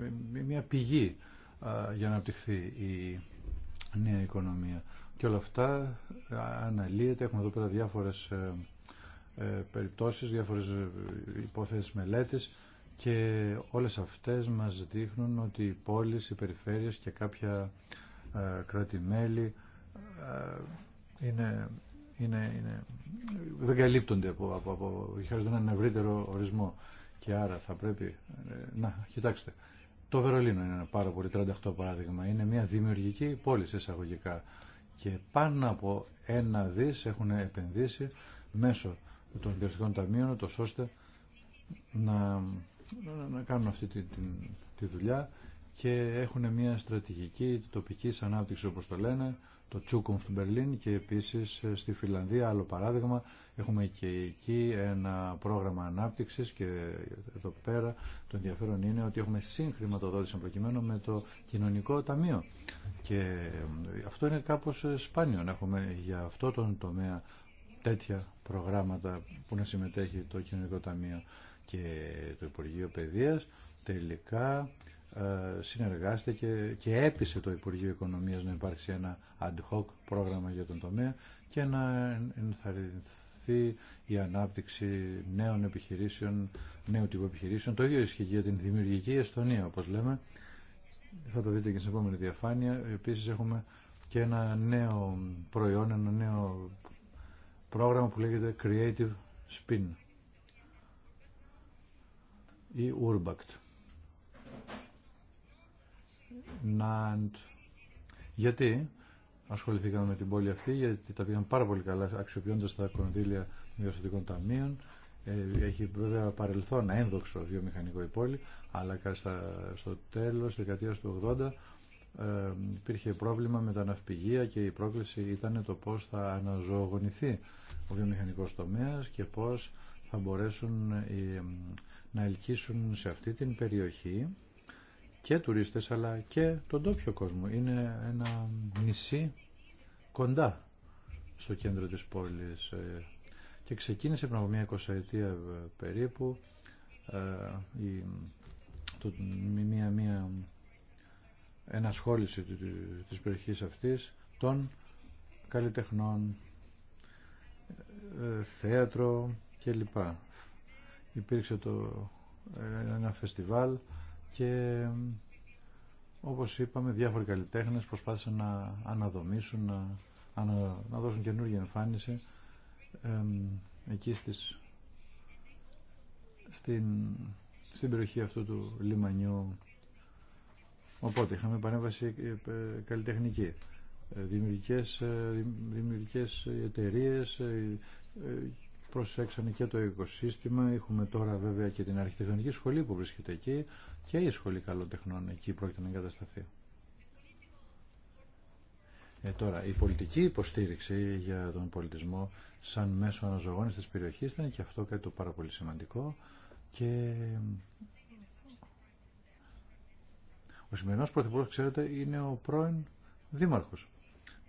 ε, μια πηγή για να απτυχθεί η νέα οικονομία. Και όλα αυτά ε, αναλύεται. Έχουμε εδώ πέρα διάφορες ε, ε περιπτώσεις, διάφορες υπόθεσεις μελέτης και όλες αυτές μας δείχνουν ότι οι πόλεις, οι περιφέρειες και κάποια κράτη-μέλη είναι είναι, είναι, δεν καλύπτονται από, από, από έναν ευρύτερο ορισμό. Και άρα θα πρέπει, ε, να, κοιτάξτε, το Βερολίνο είναι ένα πάρα πολύ 38 παράδειγμα. Είναι μια δημιουργική πόλη σε εισαγωγικά. Και πάνω από ένα δις έχουν επενδύσει μέσω των διευθυντικών ταμείων, τόσο ώστε να, να κάνουν αυτή τη, τη, τη δουλειά και έχουν μια στρατηγική τοπικής ανάπτυξης όπως το λένε το Τσούκουμ του Μπερλίν και επίσης ε, στη Φιλανδία, άλλο παράδειγμα, έχουμε και εκεί ένα πρόγραμμα ανάπτυξης και εδώ πέρα το ενδιαφέρον είναι ότι έχουμε συγχρηματοδότηση προκειμένου με το κοινωνικό ταμείο. Και ε, αυτό είναι κάπως ε, σπάνιο να έχουμε για αυτό τον τομέα τέτοια προγράμματα που να συμμετέχει το κοινωνικό ταμείο και το Υπουργείο Παιδείας τελικά ε, συνεργάστηκε και έπεισε το Υπουργείο Οικονομίας να υπάρξει ένα ad hoc πρόγραμμα για τον τομέα και να ενθαρρυνθεί η ανάπτυξη νέων επιχειρήσεων, νέου τύπου επιχειρήσεων. Το ίδιο ισχύει για την δημιουργική Εστονία, όπως λέμε. Θα το δείτε και στην επόμενη διαφάνεια. Επίσης έχουμε και ένα νέο προϊόν, ένα νέο πρόγραμμα που λέγεται Creative Spin ή Urbact. Ναντ. Γιατί ασχοληθήκαμε με την πόλη αυτή, γιατί τα πήγαν πάρα πολύ καλά αξιοποιώντα τα κονδύλια των διαστατικών ταμείων. Ε, έχει βέβαια παρελθόν ένδοξο βιομηχανικό η πόλη, αλλά στο τέλο τη δεκαετία του 80 ε, υπήρχε πρόβλημα με τα ναυπηγεία και η πρόκληση ήταν το πώς θα αναζωογονηθεί ο βιομηχανικό τομέα και πώ θα μπορέσουν ε, να ελκύσουν σε αυτή την περιοχή και τουρίστες αλλά και τον τόπιο κόσμο. Είναι ένα νησί κοντά στο κέντρο της πόλης ε, και ξεκίνησε πριν από μια εικοσαετία ε, περίπου ε, η, το, μια, μια ενασχόληση της περιοχής αυτής των καλλιτεχνών, θέατρο κλπ. Υπήρξε το, ένα φεστιβάλ και όπως είπαμε διάφοροι καλλιτέχνες προσπάθησαν να αναδομήσουν, να, να, δώσουν καινούργια εμφάνιση ε, εκεί στην, στην περιοχή αυτού του λιμανιού. Οπότε είχαμε επανέβαση ε, ε, καλλιτεχνική, ε, δημιουργικές, δημιουργικές εταιρείες προσέξανε και το οικοσύστημα. Έχουμε τώρα βέβαια και την αρχιτεχνική σχολή που βρίσκεται εκεί και η σχολή καλοτεχνών εκεί πρόκειται να εγκατασταθεί. Ε, τώρα, η πολιτική υποστήριξη για τον πολιτισμό σαν μέσο αναζωγόνης της περιοχής ήταν και αυτό κάτι το πάρα πολύ σημαντικό και ο σημερινός πρωθυπουργός, ξέρετε, είναι ο πρώην δήμαρχος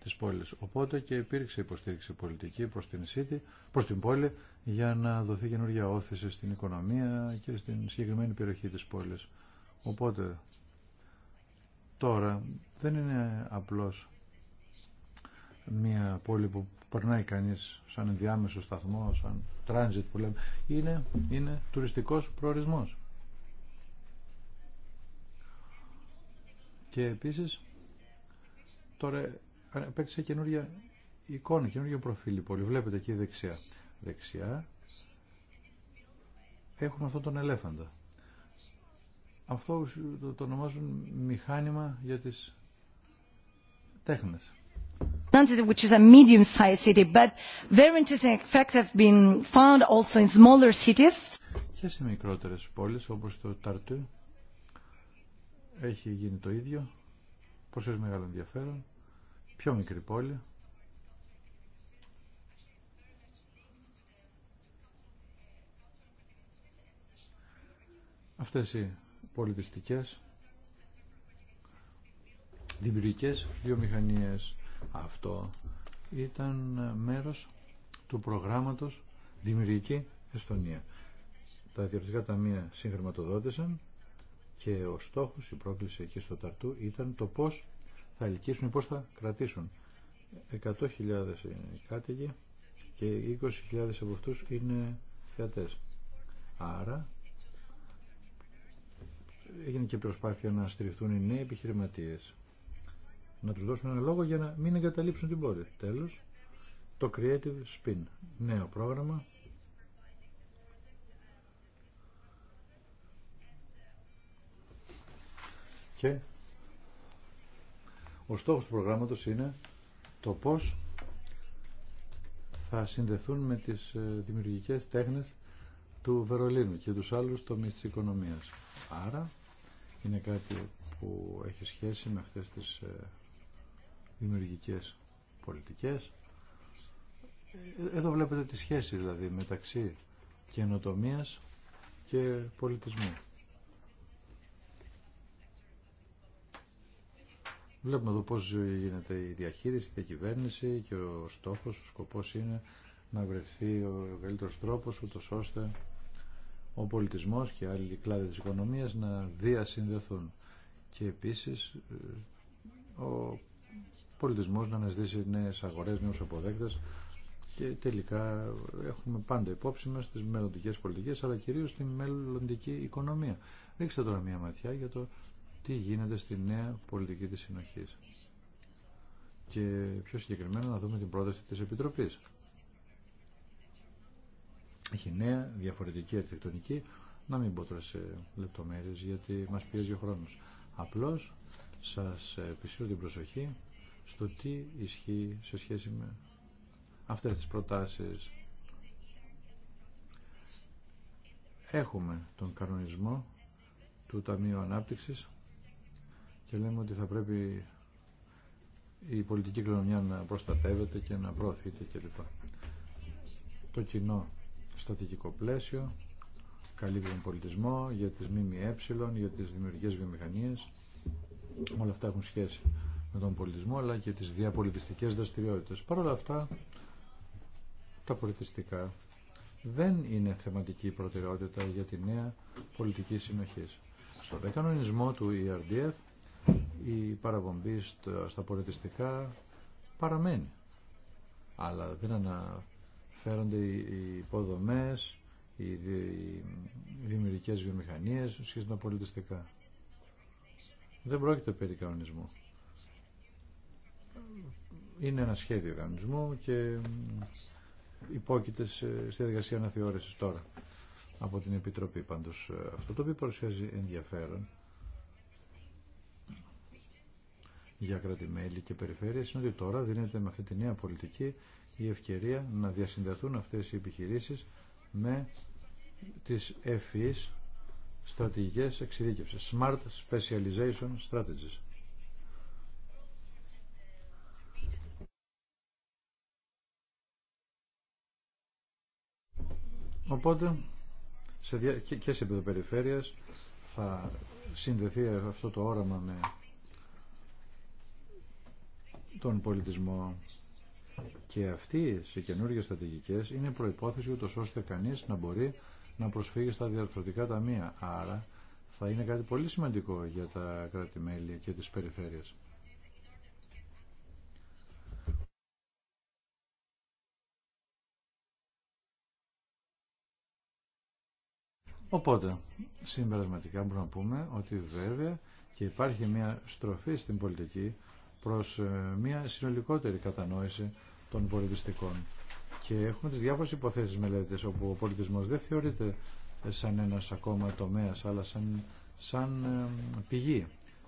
της πόλης. Οπότε και υπήρξε υποστήριξη πολιτική προς την, την πόλη για να δοθεί καινούργια όθηση στην οικονομία και στην συγκεκριμένη περιοχή της πόλης. Οπότε τώρα δεν είναι απλώς μια πόλη που περνάει κανείς σαν ενδιάμεσο σταθμό, σαν transit που λέμε. Είναι, είναι τουριστικός προορισμός. Και επίσης τώρα παίξει καινούργια εικόνα, καινούργιο προφίλ πολύ. Βλέπετε εκεί δεξιά. Δεξιά έχουμε αυτόν τον ελέφαντα. Αυτό το, το ονομάζουν μηχάνημα για τις τέχνες. Which is a medium-sized but have been found also in smaller cities. Και σε μικρότερες πόλεις όπως το Ταρτού έχει γίνει το ίδιο. Πόσο μεγάλο ενδιαφέρον πιο μικρή πόλη. Αυτές οι πολιτιστικές δημιουργικές βιομηχανίες αυτό ήταν μέρος του προγράμματος Δημιουργική Εστονία. Τα διευθυντικά ταμεία συγχρηματοδότησαν και ο στόχος, η πρόκληση εκεί στο Ταρτού ήταν το πώς θα ελκύσουν ή πώς θα κρατήσουν. 100.000 είναι οι κάτοικοι και 20.000 από αυτούς είναι θεατές. Άρα έγινε και προσπάθεια να στηριχθούν οι νέοι επιχειρηματίες. Να τους δώσουν ένα λόγο για να μην εγκαταλείψουν την πόλη. Τέλος, το Creative Spin. Νέο πρόγραμμα. Και ο στόχος του προγράμματος είναι το πώς θα συνδεθούν με τις ε, δημιουργικές τέχνες του Βερολίνου και τους άλλους τομείς της οικονομίας. Άρα είναι κάτι που έχει σχέση με αυτές τις ε, δημιουργικές πολιτικές. Ε, εδώ βλέπετε τη σχέση δηλαδή μεταξύ καινοτομίας και πολιτισμού. Βλέπουμε εδώ πώς γίνεται η διαχείριση, η διακυβέρνηση και ο στόχος, ο σκοπός είναι να βρεθεί ο καλύτερος τρόπος ούτως ώστε ο πολιτισμός και άλλοι κλάδοι της οικονομίας να διασυνδεθούν και επίσης ε, ο πολιτισμός να αναζητήσει νέες αγορές, νέους αποδέκτες και τελικά έχουμε πάντα υπόψη μας τις μελλοντικές πολιτικές αλλά κυρίως τη μελλοντική οικονομία. Ρίξτε τώρα μια ματιά για το τι γίνεται στη νέα πολιτική της συνοχής. Και πιο συγκεκριμένα να δούμε την πρόταση της Επιτροπής. Έχει νέα, διαφορετική αρχιτεκτονική, να μην πω τώρα σε λεπτομέρειες γιατί μας πιέζει ο χρόνος. Απλώς σας επισύρω την προσοχή στο τι ισχύει σε σχέση με αυτές τις προτάσεις. Έχουμε τον κανονισμό του Ταμείου Ανάπτυξης και λέμε ότι θα πρέπει η πολιτική κοινωνία να προστατεύεται και να προωθείται κλπ. Το κοινό στατικικό πλαίσιο, καλύπτει τον πολιτισμό, για τις ΜΜΕ, για τις δημιουργικές βιομηχανίες, όλα αυτά έχουν σχέση με τον πολιτισμό αλλά και τις διαπολιτιστικές δραστηριότητες. Παρ' όλα αυτά, τα πολιτιστικά δεν είναι θεματική προτεραιότητα για τη νέα πολιτική συνοχή. Στον δε του ERDF η παραπομπή στα πολιτιστικά παραμένει. Αλλά δεν αναφέρονται οι υποδομές, οι δημιουργικές βιομηχανίες σχετικά με τα πολιτιστικά. Δεν πρόκειται περί κανονισμού. Είναι ένα σχέδιο κανονισμού και υπόκειται στη διαδικασία αναθεώρησης τώρα από την Επιτροπή. Πάντως αυτό το οποίο παρουσιάζει ενδιαφέρον για κρατημέλη και περιφέρειες είναι ότι τώρα δίνεται με αυτή τη νέα πολιτική η ευκαιρία να διασυνδεθούν αυτές οι επιχειρήσεις με τις ευφυείς στρατηγικές εξειδίκευσης, smart specialization strategies. Οπότε και σε επίπεδο θα συνδεθεί αυτό το όραμα με τον πολιτισμό. Και αυτοί σε καινούργιε στρατηγικέ είναι προπόθεση ούτω ώστε κανεί να μπορεί να προσφύγει στα διαρθρωτικά ταμεία. Άρα θα είναι κάτι πολύ σημαντικό για τα κράτη-μέλη και τις περιφέρειες. Οπότε, συμπερασματικά μπορούμε να πούμε ότι βέβαια και υπάρχει μια στροφή στην πολιτική προς ε, μια συνολικότερη κατανόηση των πολιτιστικών. Και έχουμε τις διάφορες υποθέσεις μελέτες όπου ο πολιτισμός δεν θεωρείται σαν ένας ακόμα τομέας αλλά σαν, σαν ε, πηγή.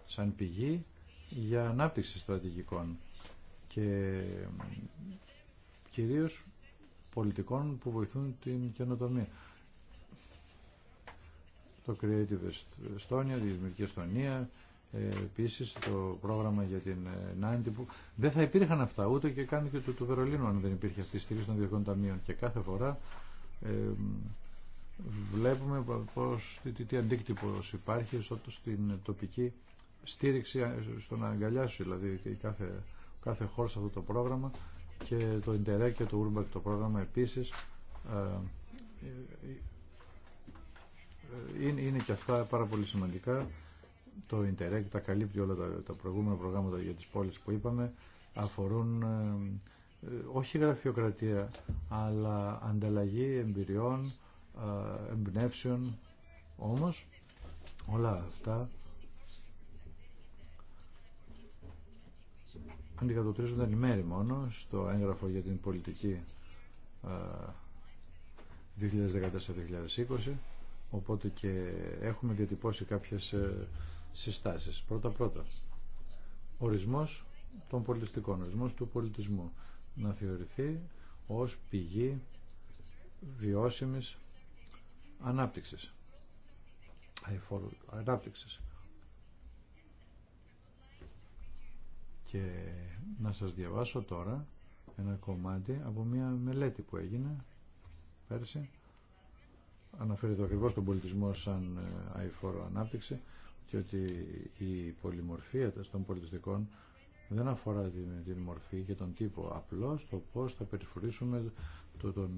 Σαν πηγή για ανάπτυξη στρατηγικών και ε, κυρίως πολιτικών που βοηθούν την καινοτομία. Το Creative Estonia, τη Δημιουργική Εστονία, επίσης το πρόγραμμα για την Νάντι που δεν θα υπήρχαν αυτά ούτε και καν και το του Βερολίνου αν δεν υπήρχε αυτή η στήριξη των διεθνών ταμείων και κάθε φορά ε, βλέπουμε πώς, τι, τι αντίκτυπος υπάρχει στην τοπική στήριξη στον να σου, δηλαδή κάθε, κάθε χώρο σε αυτό το πρόγραμμα και το Ιντερέ και το Ούρμπακ το πρόγραμμα επίσης ε, είναι, και αυτά πάρα πολύ σημαντικά το Interreg τα καλύπτει όλα τα, προηγούμενα προγράμματα για τις πόλεις που είπαμε, αφορούν ε, ε, όχι γραφειοκρατία, αλλά ανταλλαγή εμπειριών, ε, εμπνεύσεων, όμως όλα αυτά αντικατοπτρίζονταν μέρη μόνο στο έγγραφο για την πολιτική ε, 2014-2020 οπότε και έχουμε διατυπώσει κάποιες ε, συστάσεις. Πρώτα-πρώτα, ορισμός των πολιτιστικών, ορισμός του πολιτισμού να θεωρηθεί ως πηγή βιώσιμης ανάπτυξης. ανάπτυξης. Και να σας διαβάσω τώρα ένα κομμάτι από μια μελέτη που έγινε πέρσι. Αναφέρεται ακριβώς τον πολιτισμό σαν αηφόρο ε, ανάπτυξη και ότι η πολυμορφία των πολιτιστικών δεν αφορά την, την μορφή και τον τύπο, απλώς το πώς θα περιφορήσουμε το, τον,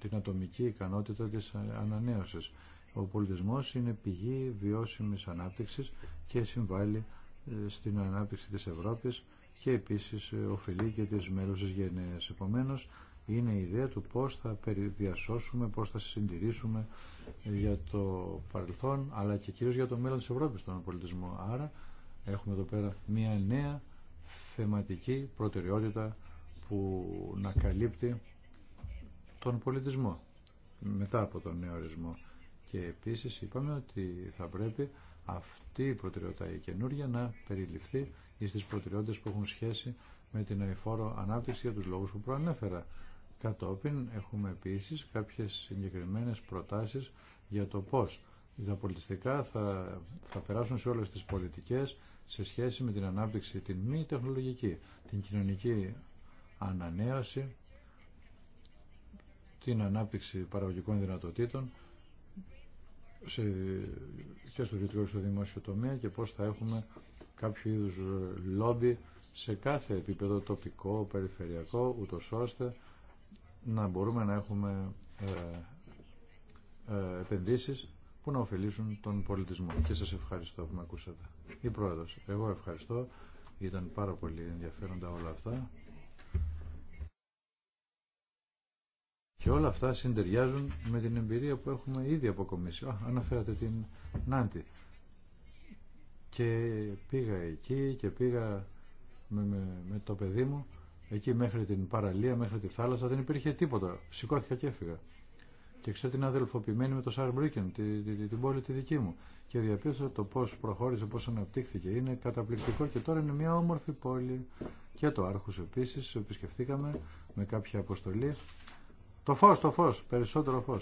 την ατομική ικανότητα της ανανέωσης. Ο πολιτισμός είναι πηγή βιώσιμης ανάπτυξης και συμβάλλει ε, στην ανάπτυξη της Ευρώπης και επίσης ε, οφείλει και τις μέλους της γενναίας. Επομένως, είναι η ιδέα του πώς θα διασώσουμε, πώς θα συντηρήσουμε για το παρελθόν, αλλά και κυρίως για το μέλλον της Ευρώπης τον πολιτισμό. Άρα έχουμε εδώ πέρα μια νέα θεματική προτεραιότητα που να καλύπτει τον πολιτισμό μετά από τον νέο ορισμό. Και επίσης είπαμε ότι θα πρέπει αυτή η προτεραιότητα η καινούργια να περιληφθεί στις προτεραιότητες που έχουν σχέση με την αηφόρο ανάπτυξη για τους λόγους που προανέφερα. Κατόπιν έχουμε επίσης κάποιες συγκεκριμένες προτάσεις για το πώς τα πολιτιστικά θα, θα περάσουν σε όλες τις πολιτικές σε σχέση με την ανάπτυξη, την μη τεχνολογική, την κοινωνική ανανέωση, την ανάπτυξη παραγωγικών δυνατοτήτων σε, και στο ιδιωτικό και στο δημόσιο τομέα και πώς θα έχουμε κάποιο είδους λόμπι σε κάθε επίπεδο τοπικό, περιφερειακό, ούτω ώστε να μπορούμε να έχουμε ε, ε, επενδύσεις που να ωφελήσουν τον πολιτισμό. Και σας ευχαριστώ που με ακούσατε. Η Πρόεδρος, εγώ ευχαριστώ. Ήταν πάρα πολύ ενδιαφέροντα όλα αυτά. Και όλα αυτά συντεριάζουν με την εμπειρία που έχουμε ήδη αποκομίσει. αναφέρατε την Νάντι. Και πήγα εκεί και πήγα με, με το παιδί μου Εκεί μέχρι την παραλία, μέχρι τη θάλασσα δεν υπήρχε τίποτα. Σηκώθηκα και έφυγα. Και ξέρω την αδελφοποιημένη με το Σαρμπρίκεν, την πόλη τη δική μου. Και διαπίστωσα το πώ προχώρησε, πώ αναπτύχθηκε. Είναι καταπληκτικό και τώρα είναι μια όμορφη πόλη. Και το Άρχου επίση επισκεφτήκαμε με κάποια αποστολή. Το φω, το φω, περισσότερο φω.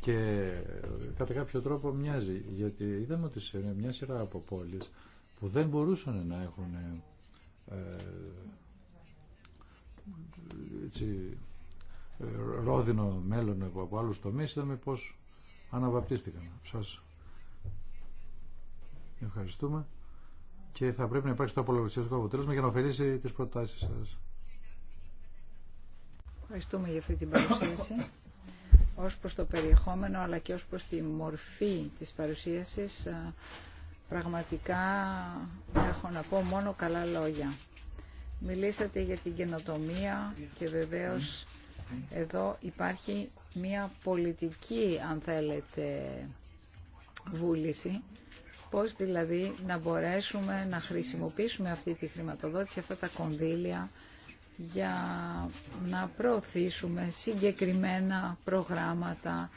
Και ε, κατά κάποιο τρόπο μοιάζει, γιατί είδαμε ότι σε μια σειρά από πόλει που δεν μπορούσαν να έχουν ε, έτσι, ε, ρόδινο μέλλον από, από άλλους τομείς είδαμε πως αναβαπτίστηκαν. Σας ευχαριστούμε και θα πρέπει να υπάρξει το απολογιστικό αποτέλεσμα για να ωφελήσει τις προτάσεις σας. Ευχαριστούμε για αυτή την παρουσίαση. Ως προς το περιεχόμενο αλλά και ως προς τη μορφή της παρουσίασης πραγματικά έχω να πω μόνο καλά λόγια. Μιλήσατε για την καινοτομία και βεβαίως εδώ υπάρχει μια πολιτική, αν θέλετε, βούληση. Πώς δηλαδή να μπορέσουμε να χρησιμοποιήσουμε αυτή τη χρηματοδότηση, αυτά τα κονδύλια για να προωθήσουμε συγκεκριμένα προγράμματα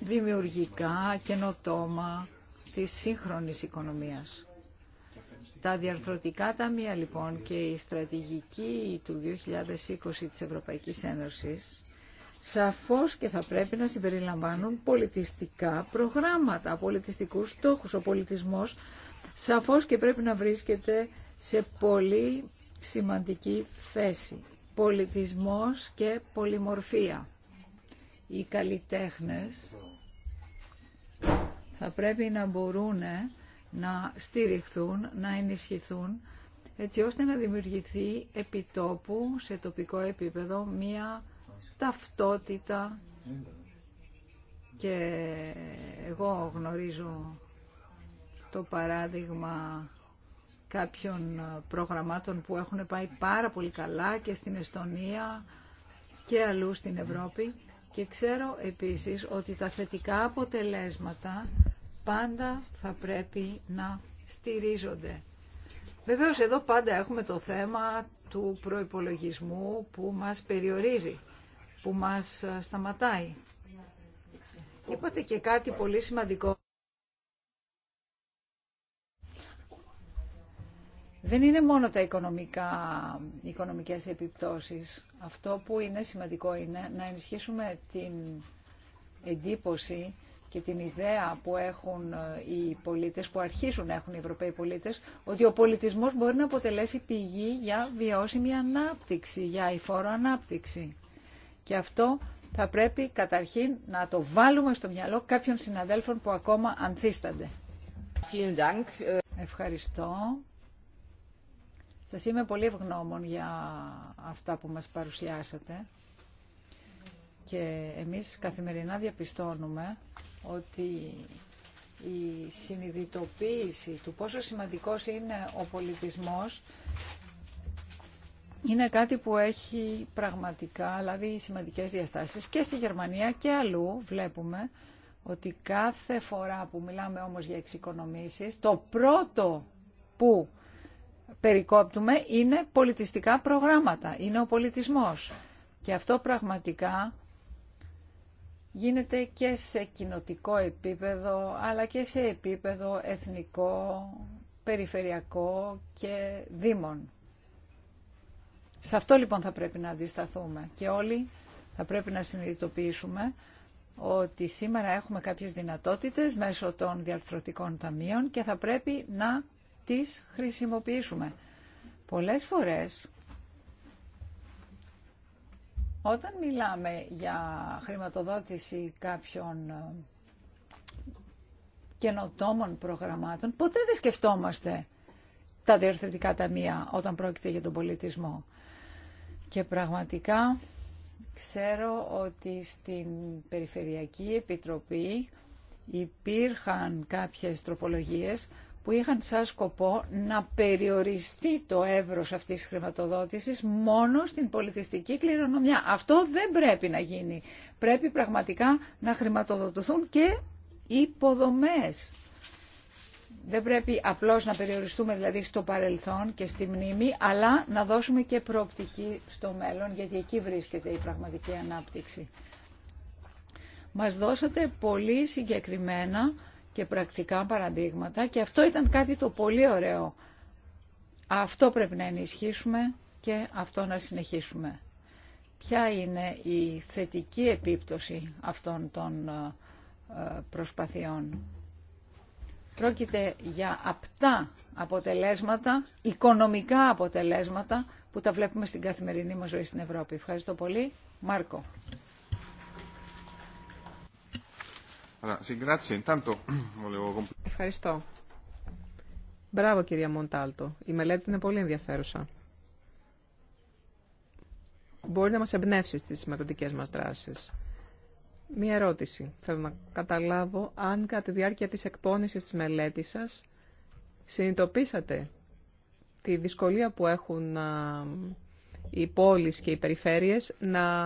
δημιουργικά, καινοτόμα, της σύγχρονης οικονομίας. Τα διαρθρωτικά ταμεία λοιπόν και η στρατηγική του 2020 της Ευρωπαϊκής Ένωσης σαφώς και θα πρέπει να συμπεριλαμβάνουν πολιτιστικά προγράμματα, πολιτιστικούς στόχους. Ο πολιτισμός σαφώς και πρέπει να βρίσκεται σε πολύ σημαντική θέση. Πολιτισμός και πολυμορφία. Οι καλλιτέχνες θα πρέπει να μπορούν να στηριχθούν, να ενισχυθούν, έτσι ώστε να δημιουργηθεί επιτόπου, σε τοπικό επίπεδο, μία ταυτότητα και εγώ γνωρίζω το παράδειγμα κάποιων προγραμμάτων που έχουν πάει πάρα πολύ καλά και στην Εστονία και αλλού στην Ευρώπη και ξέρω επίσης ότι τα θετικά αποτελέσματα πάντα θα πρέπει να στηρίζονται. Βεβαίως εδώ πάντα έχουμε το θέμα του προϋπολογισμού που μας περιορίζει, που μας ε, σταματάει. Είπατε και κάτι πολύ σημαντικό Δεν είναι μόνο τα οικονομικά, οι οικονομικές επιπτώσεις. Αυτό που είναι σημαντικό είναι να ενισχύσουμε την εντύπωση και την ιδέα που έχουν ε, οι πολίτες, που αρχίζουν να έχουν οι Ευρωπαίοι πολίτες, ότι ο πολιτισμός μπορεί να αποτελέσει πηγή για βιώσιμη ανάπτυξη, για υφόρο ανάπτυξη. Και αυτό θα πρέπει καταρχήν να το βάλουμε στο μυαλό κάποιων συναδέλφων που ακόμα ανθίστανται. Ευχαριστώ. Σας είμαι πολύ ευγνώμων για αυτά που μας παρουσιάσατε και εμείς καθημερινά διαπιστώνουμε ότι η συνειδητοποίηση του πόσο σημαντικός είναι ο πολιτισμός είναι κάτι που έχει πραγματικά λάβει σημαντικές διαστάσεις και στη Γερμανία και αλλού βλέπουμε ότι κάθε φορά που μιλάμε όμως για εξοικονομήσεις το πρώτο που περικόπτουμε είναι πολιτιστικά προγράμματα, είναι ο πολιτισμός. Και αυτό πραγματικά γίνεται και σε κοινοτικό επίπεδο, αλλά και σε επίπεδο εθνικό, περιφερειακό και δήμων. Σε αυτό λοιπόν θα πρέπει να αντισταθούμε και όλοι θα πρέπει να συνειδητοποιήσουμε ότι σήμερα έχουμε κάποιες δυνατότητες μέσω των διαρθρωτικών ταμείων και θα πρέπει να τις χρησιμοποιήσουμε. Πολλές φορές, όταν μιλάμε για χρηματοδότηση κάποιων ε, καινοτόμων προγραμμάτων, ποτέ δεν σκεφτόμαστε τα διορθωτικά ταμεία όταν πρόκειται για τον πολιτισμό. Και πραγματικά ξέρω ότι στην Περιφερειακή Επιτροπή υπήρχαν κάποιες τροπολογίες που είχαν σαν σκοπό να περιοριστεί το εύρος αυτής της χρηματοδότησης μόνο στην πολιτιστική κληρονομιά. Αυτό δεν πρέπει να γίνει. Πρέπει πραγματικά να χρηματοδοτηθούν και υποδομές. Δεν πρέπει απλώς να περιοριστούμε δηλαδή στο παρελθόν και στη μνήμη, αλλά να δώσουμε και προοπτική στο μέλλον, γιατί εκεί βρίσκεται η πραγματική ανάπτυξη. Μας δώσατε πολύ συγκεκριμένα και πρακτικά παραδείγματα και αυτό ήταν κάτι το πολύ ωραίο. Αυτό πρέπει να ενισχύσουμε και αυτό να συνεχίσουμε. Ποια είναι η θετική επίπτωση αυτών των ε, προσπαθειών. Πρόκειται για απτά αποτελέσματα, οικονομικά αποτελέσματα που τα βλέπουμε στην καθημερινή μας ζωή στην Ευρώπη. Ευχαριστώ πολύ. Μάρκο. Ευχαριστώ. Μπράβο κυρία Μοντάλτο. Η μελέτη είναι πολύ ενδιαφέρουσα. Μπορεί να μας εμπνεύσει στις μελλοντικέ μας δράσεις. Μία ερώτηση. Θέλω να καταλάβω αν κατά τη διάρκεια της εκπόνησης της μελέτης σας συνειδητοποίησατε τη δυσκολία που έχουν οι πόλεις και οι περιφέρειες να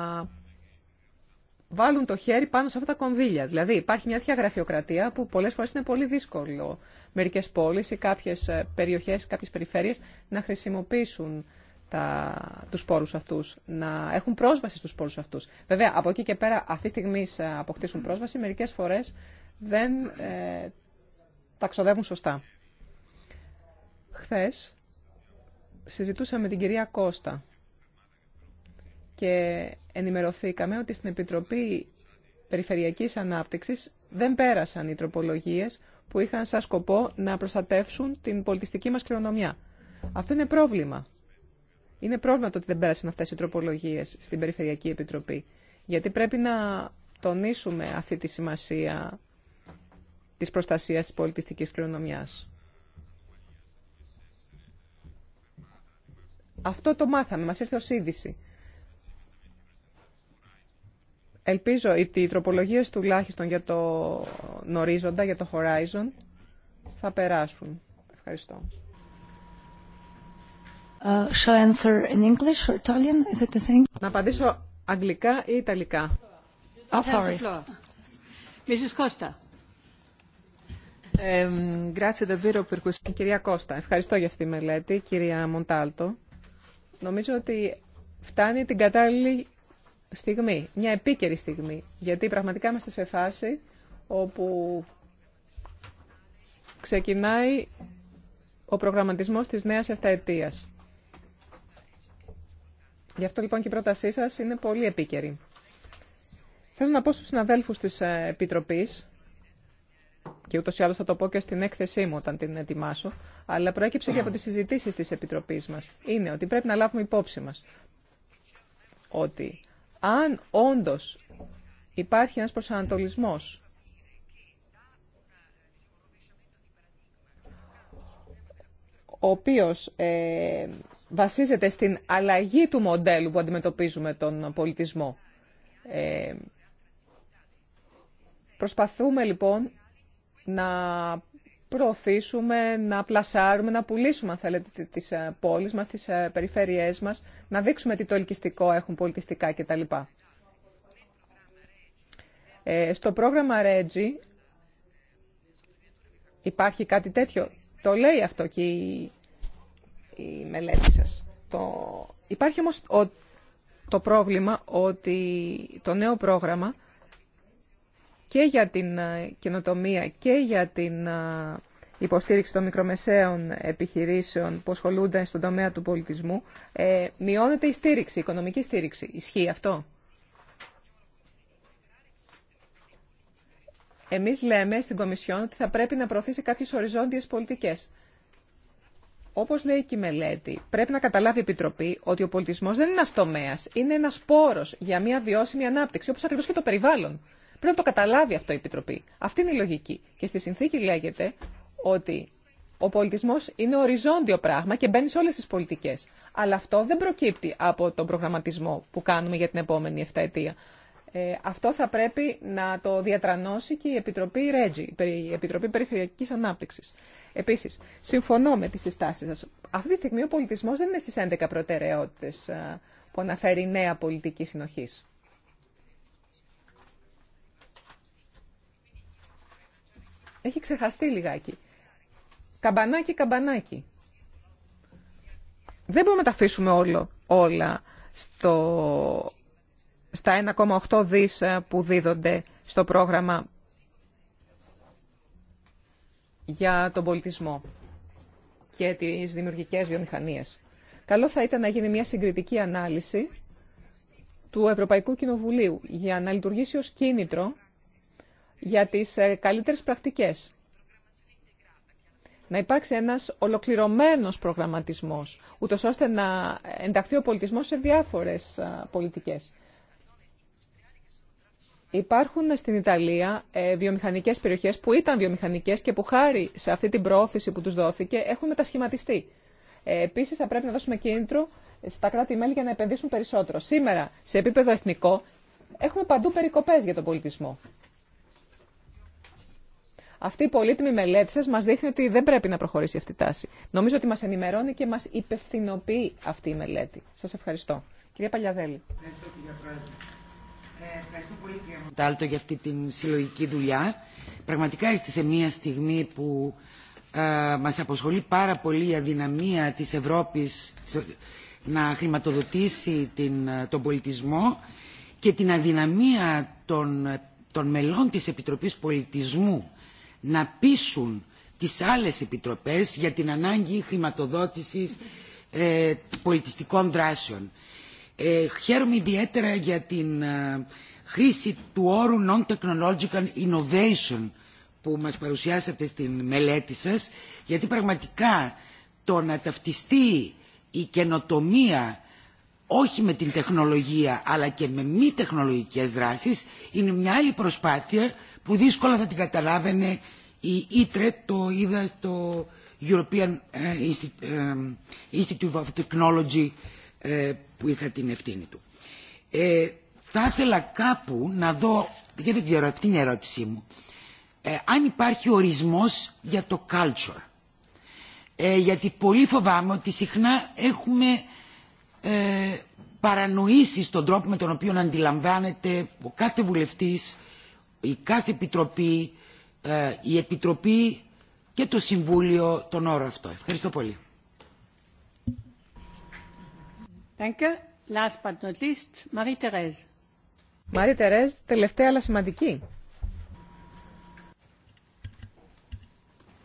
βάλουν το χέρι πάνω σε αυτά τα κονδύλια. Δηλαδή υπάρχει μια τέτοια γραφειοκρατία που πολλέ φορέ είναι πολύ δύσκολο μερικέ πόλει ή κάποιε περιοχέ, κάποιε περιφέρειες να χρησιμοποιήσουν του τους αυτού. αυτούς, να έχουν πρόσβαση στους πόρους αυτούς. Βέβαια, από εκεί και πέρα αυτή τη στιγμή ε, αποκτήσουν πρόσβαση, μερικέ φορέ δεν ε, τα ξοδεύουν σωστά. Χθε, συζητούσα με την κυρία Κώστα και ενημερωθήκαμε ότι στην Επιτροπή Περιφερειακής Ανάπτυξης δεν πέρασαν οι τροπολογίες που είχαν σαν σκοπό να προστατεύσουν την πολιτιστική μας κληρονομιά. Αυτό είναι πρόβλημα. Είναι πρόβλημα το ότι δεν πέρασαν αυτές οι τροπολογίες στην Περιφερειακή Επιτροπή. Γιατί πρέπει να τονίσουμε αυτή τη σημασία της προστασίας της πολιτιστικής κληρονομιάς. Αυτό το μάθαμε, μας ήρθε ως είδηση. Ελπίζω ότι οι τροπολογίε τουλάχιστον για το νορίζοντα, για το horizon, θα περάσουν. Ευχαριστώ. Να απαντήσω αγγλικά ή ιταλικά. Oh, sorry. Mrs. Costa. κυρία Κώστα, ευχαριστώ για αυτή τη μελέτη, κυρία Μοντάλτο. Νομίζω ότι φτάνει την κατάλληλη στιγμή, μια επίκαιρη στιγμή, γιατί πραγματικά είμαστε σε φάση όπου ξεκινάει ο προγραμματισμός της νέας εφταετίας. Γι' αυτό λοιπόν και η πρότασή σας είναι πολύ επίκαιρη. Θέλω να πω στους συναδέλφους της ε, Επιτροπής, και ούτως ή άλλως θα το πω και στην έκθεσή μου όταν την ετοιμάσω, αλλά προέκυψε και από τις συζητήσεις της Επιτροπής μας, είναι ότι πρέπει να λάβουμε υπόψη μας ότι αν όντως υπάρχει ένας προσανατολισμός ο οποίος ε, βασίζεται στην αλλαγή του μοντέλου που αντιμετωπίζουμε τον πολιτισμό. Ε, προσπαθούμε λοιπόν να προωθήσουμε, να πλασάρουμε, να πουλήσουμε, αν θέλετε, τις ε, πόλεις μας, τις ε, περιφέρειές μας, να δείξουμε τι το ελκυστικό έχουν πολιτιστικά κτλ. Ε, στο πρόγραμμα Regi υπάρχει κάτι τέτοιο. Το λέει αυτό και η, μελέτη σας. Το... Υπάρχει όμως το πρόβλημα ότι το νέο πρόγραμμα και για την ε, καινοτομία και για την ε, υποστήριξη των μικρομεσαίων επιχειρήσεων που ασχολούνται στον τομέα του πολιτισμού, ε, μειώνεται η στήριξη, η οικονομική στήριξη. Ισχύει αυτό. Εμείς λέμε στην Κομισιόν ότι θα πρέπει να προωθήσει κάποιες οριζόντιες πολιτικές. Όπως λέει και η μελέτη, πρέπει να καταλάβει η Επιτροπή ότι ο πολιτισμός δεν είναι ένας τομέας, είναι ένας πόρος για μια βιώσιμη ανάπτυξη, όπως ακριβώς και το περιβάλλον. Πρέπει να το καταλάβει αυτό η Επιτροπή. Αυτή είναι η λογική. Και στη συνθήκη λέγεται ότι ο πολιτισμό είναι οριζόντιο πράγμα και μπαίνει σε όλε τι πολιτικέ. Αλλά αυτό δεν προκύπτει από τον προγραμματισμό που κάνουμε για την επόμενη 7 ετία. Ε, αυτό θα πρέπει να το διατρανώσει και η Επιτροπή Ρέτζι, η Επιτροπή Περιφερειακής Ανάπτυξης. Επίσης, συμφωνώ με τις συστάσεις σας. Αυτή τη στιγμή ο πολιτισμός δεν είναι στις 11 προτεραιότητες ε, που αναφέρει η νέα πολιτική συνοχή. έχει ξεχαστεί λιγάκι. Καμπανάκι, καμπανάκι. Δεν μπορούμε να τα αφήσουμε όλο, όλα στο, στα 1,8 δις ε, που δίδονται στο πρόγραμμα για τον πολιτισμό και τις δημιουργικές βιομηχανίες. Καλό θα ήταν να γίνει μια συγκριτική ανάλυση του Ευρωπαϊκού Κοινοβουλίου για να λειτουργήσει ως κίνητρο για τις ε, καλύτερες πρακτικές. Να υπάρξει ένας ολοκληρωμένος προγραμματισμός, ούτως ώστε να ενταχθεί ο πολιτισμός σε διάφορες πολιτικές. Υπάρχουν στην Ιταλία ε, βιομηχανικές περιοχές που ήταν βιομηχανικές και που χάρη σε αυτή την προώθηση που τους δόθηκε έχουν μετασχηματιστεί. Ε, επίσης θα πρέπει να δώσουμε κίνητρο στα κράτη-μέλη για να επενδύσουν περισσότερο. Σήμερα, σε επίπεδο εθνικό, έχουμε παντού περικοπές για τον πολιτισμό. Αυτή η πολύτιμη μελέτη σα μα δείχνει ότι δεν πρέπει να προχωρήσει αυτή η τάση. Νομίζω ότι μα ενημερώνει και μα υπευθυνοποιεί αυτή η μελέτη. Σα ευχαριστώ. Κυρία Παλιαδέλη. Ευχαριστώ Πρόεδρε. Ε, πολύ κύριε Μοντάλτο για αυτή την συλλογική δουλειά. Πραγματικά ήρθε σε μια στιγμή που ε, μας αποσχολεί πάρα πολύ η αδυναμία της Ευρώπης να χρηματοδοτήσει την, ε, τον πολιτισμό και την αδυναμία των, ε, των μελών της Επιτροπής Πολιτισμού να πείσουν τις άλλες επιτροπές για την ανάγκη χρηματοδότησης ε, πολιτιστικών δράσεων. Ε, χαίρομαι ιδιαίτερα για την ε, χρήση του όρου Non-Technological Innovation που μας παρουσιάσατε στην μελέτη σας, γιατί πραγματικά το να ταυτιστεί η καινοτομία όχι με την τεχνολογία αλλά και με μη τεχνολογικές δράσεις είναι μια άλλη προσπάθεια που δύσκολα θα την καταλάβαινε η ΙΤΡΕ, το είδα στο European ε, ε, Institute of Technology ε, που είχα την ευθύνη του. Ε, θα ήθελα κάπου να δω, γιατί δεν ξέρω, αυτή είναι η ερώτησή μου, αν υπάρχει ορισμός για το culture. Ε, γιατί πολύ φοβάμαι ότι συχνά έχουμε παρανοήσει στον τρόπο με τον οποίο αντιλαμβάνεται ο κάθε βουλευτής η κάθε επιτροπή, ε, η επιτροπή και το Συμβούλιο τον όρο αυτό. Ευχαριστώ πολύ. Last but Marie Therese. Marie Therese, τελευταία αλλά σημαντική.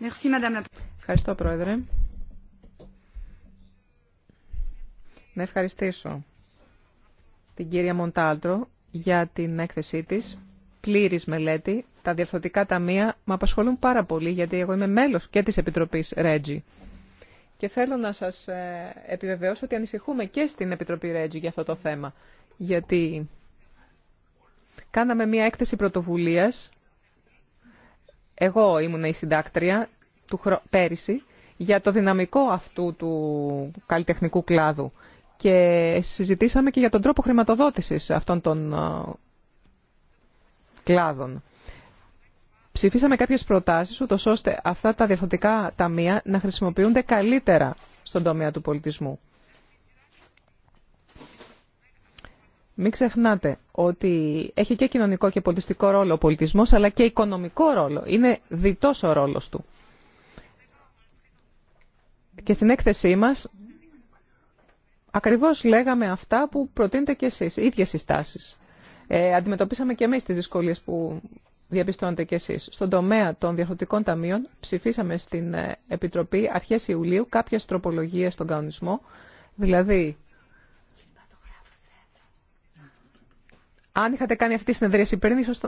Merci, Madame. Ευχαριστώ, Πρόεδρε. Να ευχαριστήσω την κυρία Μοντάλτρο για την έκθεσή της Πλήρη μελέτη. Τα διαρθρωτικά ταμεία με απασχολούν πάρα πολύ γιατί εγώ είμαι μέλος και της Επιτροπής Ρέτζι. Και θέλω να σας ε, επιβεβαιώσω ότι ανησυχούμε και στην Επιτροπή Ρέτζι για αυτό το θέμα. Γιατί κάναμε μια έκθεση πρωτοβουλία, εγώ ήμουν η συντάκτρια του χρο... πέρυσι, για το δυναμικό αυτού του καλλιτεχνικού κλάδου. Και συζητήσαμε και για τον τρόπο χρηματοδότησης αυτών των ε, κλάδων. Ψηφίσαμε κάποιες προτάσεις, ούτω ώστε αυτά τα διαφορετικά ταμεία να χρησιμοποιούνται καλύτερα στον τομέα του πολιτισμού. Μην ξεχνάτε ότι έχει και κοινωνικό και πολιτιστικό ρόλο ο πολιτισμός, αλλά και οικονομικό ρόλο. Είναι διτός ο ρόλος του. Και στην έκθεσή μας ακριβώς λέγαμε αυτά που προτείνετε και εσείς, ίδιες συστάσεις ε, αντιμετωπίσαμε και εμείς τις δυσκολίες που διαπιστώνετε και εσείς. Στον τομέα των διαχωτικών ταμείων ψηφίσαμε στην ε, Επιτροπή αρχές Ιουλίου κάποιες τροπολογίες στον κανονισμό, δηλαδή... Αν είχατε κάνει αυτή τη συνεδρίαση πριν, ίσως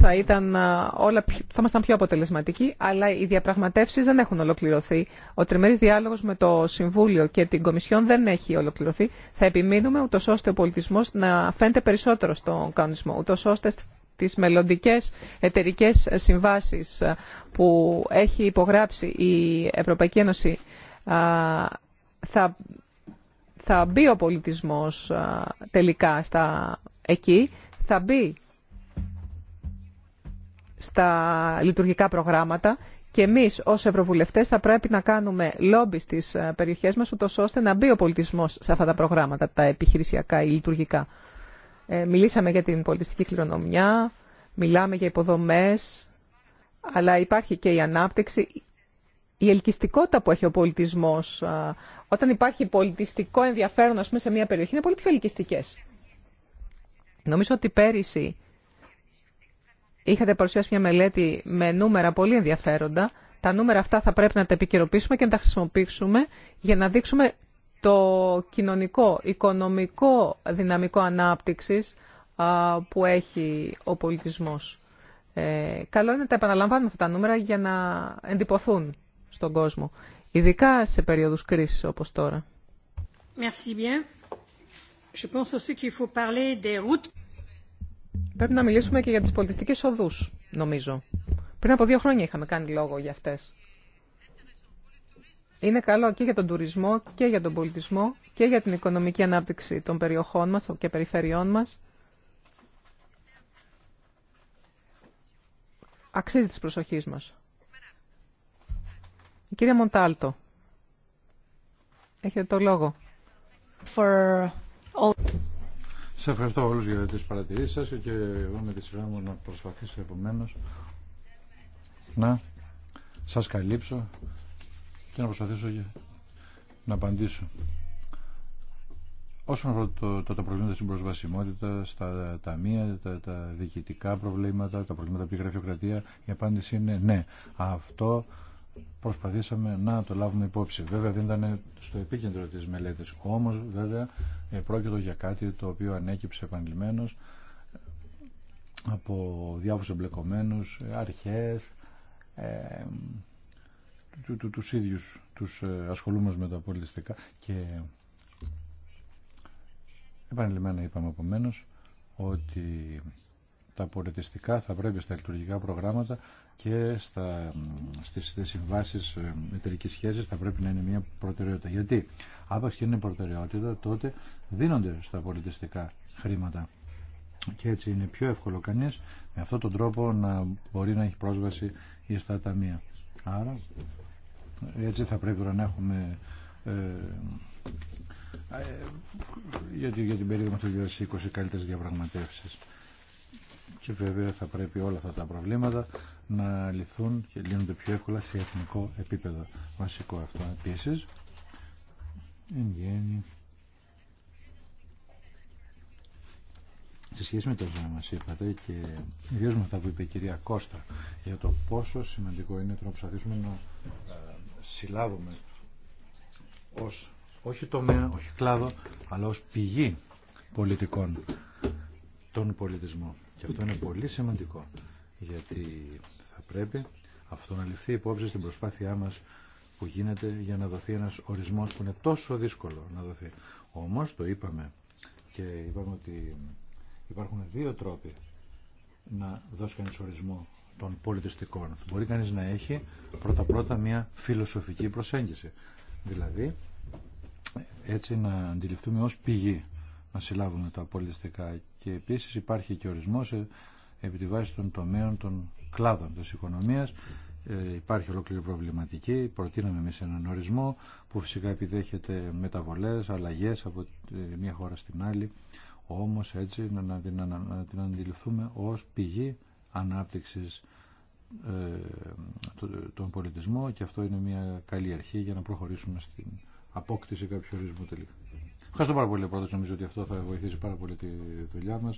θα, ήταν όλα, θα ήμασταν πιο αποτελεσματικοί, αλλά οι διαπραγματεύσει δεν έχουν ολοκληρωθεί. Ο τριμερής διάλογος με το Συμβούλιο και την Κομισιόν δεν έχει ολοκληρωθεί. Θα επιμείνουμε ούτω ώστε ο πολιτισμό να φαίνεται περισσότερο στον κανονισμό, ούτω ώστε τις μελλοντικέ εταιρικέ συμβάσει που έχει υπογράψει η Ευρωπαϊκή Ένωση θα, θα μπει ο πολιτισμός τελικά στα, εκεί, θα μπει στα λειτουργικά προγράμματα και εμείς ως Ευρωβουλευτές θα πρέπει να κάνουμε λόμπι στι ε, περιοχέ μας ούτω ώστε να μπει ο πολιτισμό σε αυτά τα προγράμματα, τα επιχειρησιακά ή λειτουργικά. Ε, μιλήσαμε για την πολιτιστική κληρονομιά, μιλάμε για υποδομέ, αλλά υπάρχει και η ανάπτυξη, η ελκυστικότητα που έχει ο πολιτισμό. Ε, όταν υπάρχει πολιτιστικό ενδιαφέρον ας πούμε, σε μια περιοχή είναι πολύ πιο ελκυστικέ. Νομίζω ότι πέρυσι Είχατε παρουσιάσει μια μελέτη με νούμερα πολύ ενδιαφέροντα. Τα νούμερα αυτά θα πρέπει να τα επικαιροποιήσουμε και να τα χρησιμοποιήσουμε για να δείξουμε το κοινωνικό, οικονομικό δυναμικό ανάπτυξης που έχει ο πολιτισμός. Ε, καλό είναι να τα επαναλαμβάνουμε αυτά τα νούμερα για να εντυπωθούν στον κόσμο, ειδικά σε περίοδους κρίσης όπως τώρα. Merci Je pense aussi qu'il faut parler des routes. Πρέπει να μιλήσουμε και για τις πολιτιστικές οδούς, νομίζω. Πριν από δύο χρόνια είχαμε κάνει λόγο για αυτές. Είναι καλό και για τον τουρισμό και για τον πολιτισμό και για την οικονομική ανάπτυξη των περιοχών μας και περιφερειών μας. Αξίζει της προσοχής μας. Η κυρία Μοντάλτο, έχετε το λόγο. For all... Σε ευχαριστώ όλους για τις παρατηρήσεις σας και εγώ με τη σειρά μου να προσπαθήσω επομένως να σας καλύψω και να προσπαθήσω να απαντήσω. Όσον αφορά το, το, τα προβλήματα στην προσβασιμότητα, στα ταμεία, τα, τα διοικητικά προβλήματα, τα προβλήματα από τη γραφειοκρατία, η απάντηση είναι ναι. Αυτό προσπαθήσαμε να το λάβουμε υπόψη. Βέβαια δεν ήταν στο επίκεντρο της μελέτης, όμως βέβαια ε, πρόκειτο για κάτι το οποίο ανέκυψε επανειλημμένος από διάφορους εμπλεκομένους, αρχές, ε, του, του, τους ίδιους τους ε, ασχολούμενους με τα πολιτιστικά και επανειλημμένα είπαμε απομένως ότι τα πολιτιστικά θα πρέπει στα λειτουργικά προγράμματα και στα, στις συμβάσεις ε, εταιρικής σχέσης θα πρέπει να είναι μια προτεραιότητα. Γιατί άπαξ και είναι προτεραιότητα τότε δίνονται στα πολιτιστικά χρήματα. Και έτσι είναι πιο εύκολο κανείς με αυτόν τον τρόπο να μπορεί να έχει πρόσβαση στα ταμεία. Άρα έτσι θα πρέπει να έχουμε ε, ε για, την περίοδο του 2020 καλύτερες διαπραγματεύσεις και βέβαια θα πρέπει όλα αυτά τα προβλήματα να λυθούν και λύνονται πιο εύκολα σε εθνικό επίπεδο. Βασικό αυτό επίση. Εν γέννη. Σε σχέση με το μας είπατε και ιδίω με αυτά που είπε η κυρία Κώστα για το πόσο σημαντικό είναι το να προσπαθήσουμε να ε, συλλάβουμε ω όχι τομέα, όχι κλάδο, αλλά ως πηγή πολιτικών τον πολιτισμό. Και αυτό είναι πολύ σημαντικό, γιατί θα πρέπει αυτό να ληφθεί υπόψη στην προσπάθειά μας που γίνεται για να δοθεί ένας ορισμός που είναι τόσο δύσκολο να δοθεί. Όμως το είπαμε και είπαμε ότι υπάρχουν δύο τρόποι να δώσει κανείς ορισμό των πολιτιστικών. Μπορεί κανείς να έχει πρώτα-πρώτα μια φιλοσοφική προσέγγιση. Δηλαδή, έτσι να αντιληφθούμε ως πηγή να συλλάβουμε τα πολιτιστικά και επίσης υπάρχει και ορισμός ε, επί τη βάση των τομέων των κλάδων της οικονομίας ε, υπάρχει ολόκληρη προβληματική προτείναμε εμείς έναν ορισμό που φυσικά επιδέχεται μεταβολές αλλαγές από μια χώρα στην άλλη όμως έτσι να, την, την αντιληφθούμε ως πηγή ανάπτυξης ε, το, τον πολιτισμό και αυτό είναι μια καλή αρχή για να προχωρήσουμε στην απόκτηση κάποιου ορισμού τελικά. Ευχαριστώ πάρα πολύ, πρώτα Νομίζω ότι αυτό θα βοηθήσει πάρα πολύ τη δουλειά μα.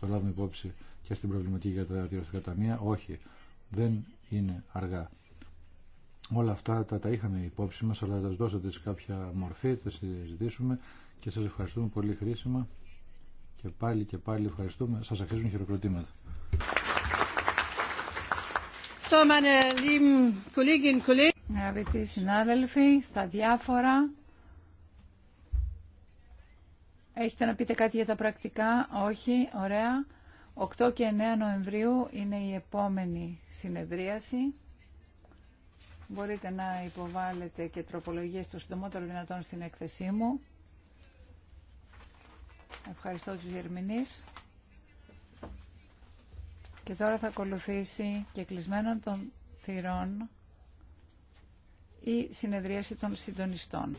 Το λάβουμε υπόψη και στην προβληματική για τα διορθωτικά ταμεία. Όχι, δεν είναι αργά. Όλα αυτά τα, τα είχαμε υπόψη μα, αλλά τα δώσατε σε κάποια μορφή, θα συζητήσουμε και σα ευχαριστούμε πολύ χρήσιμα. Και πάλι και πάλι ευχαριστούμε. Σα αξίζουν χειροκροτήματα. Αγαπητοί συνάδελφοι, στα διάφορα Έχετε να πείτε κάτι για τα πρακτικά. Όχι. Ωραία. 8 και 9 Νοεμβρίου είναι η επόμενη συνεδρίαση. Μπορείτε να υποβάλλετε και τροπολογίες το συντομότερο δυνατόν στην έκθεσή μου. Ευχαριστώ τους Γερμηνείς. Και τώρα θα ακολουθήσει και κλεισμένων των θυρών η συνεδρίαση των συντονιστών.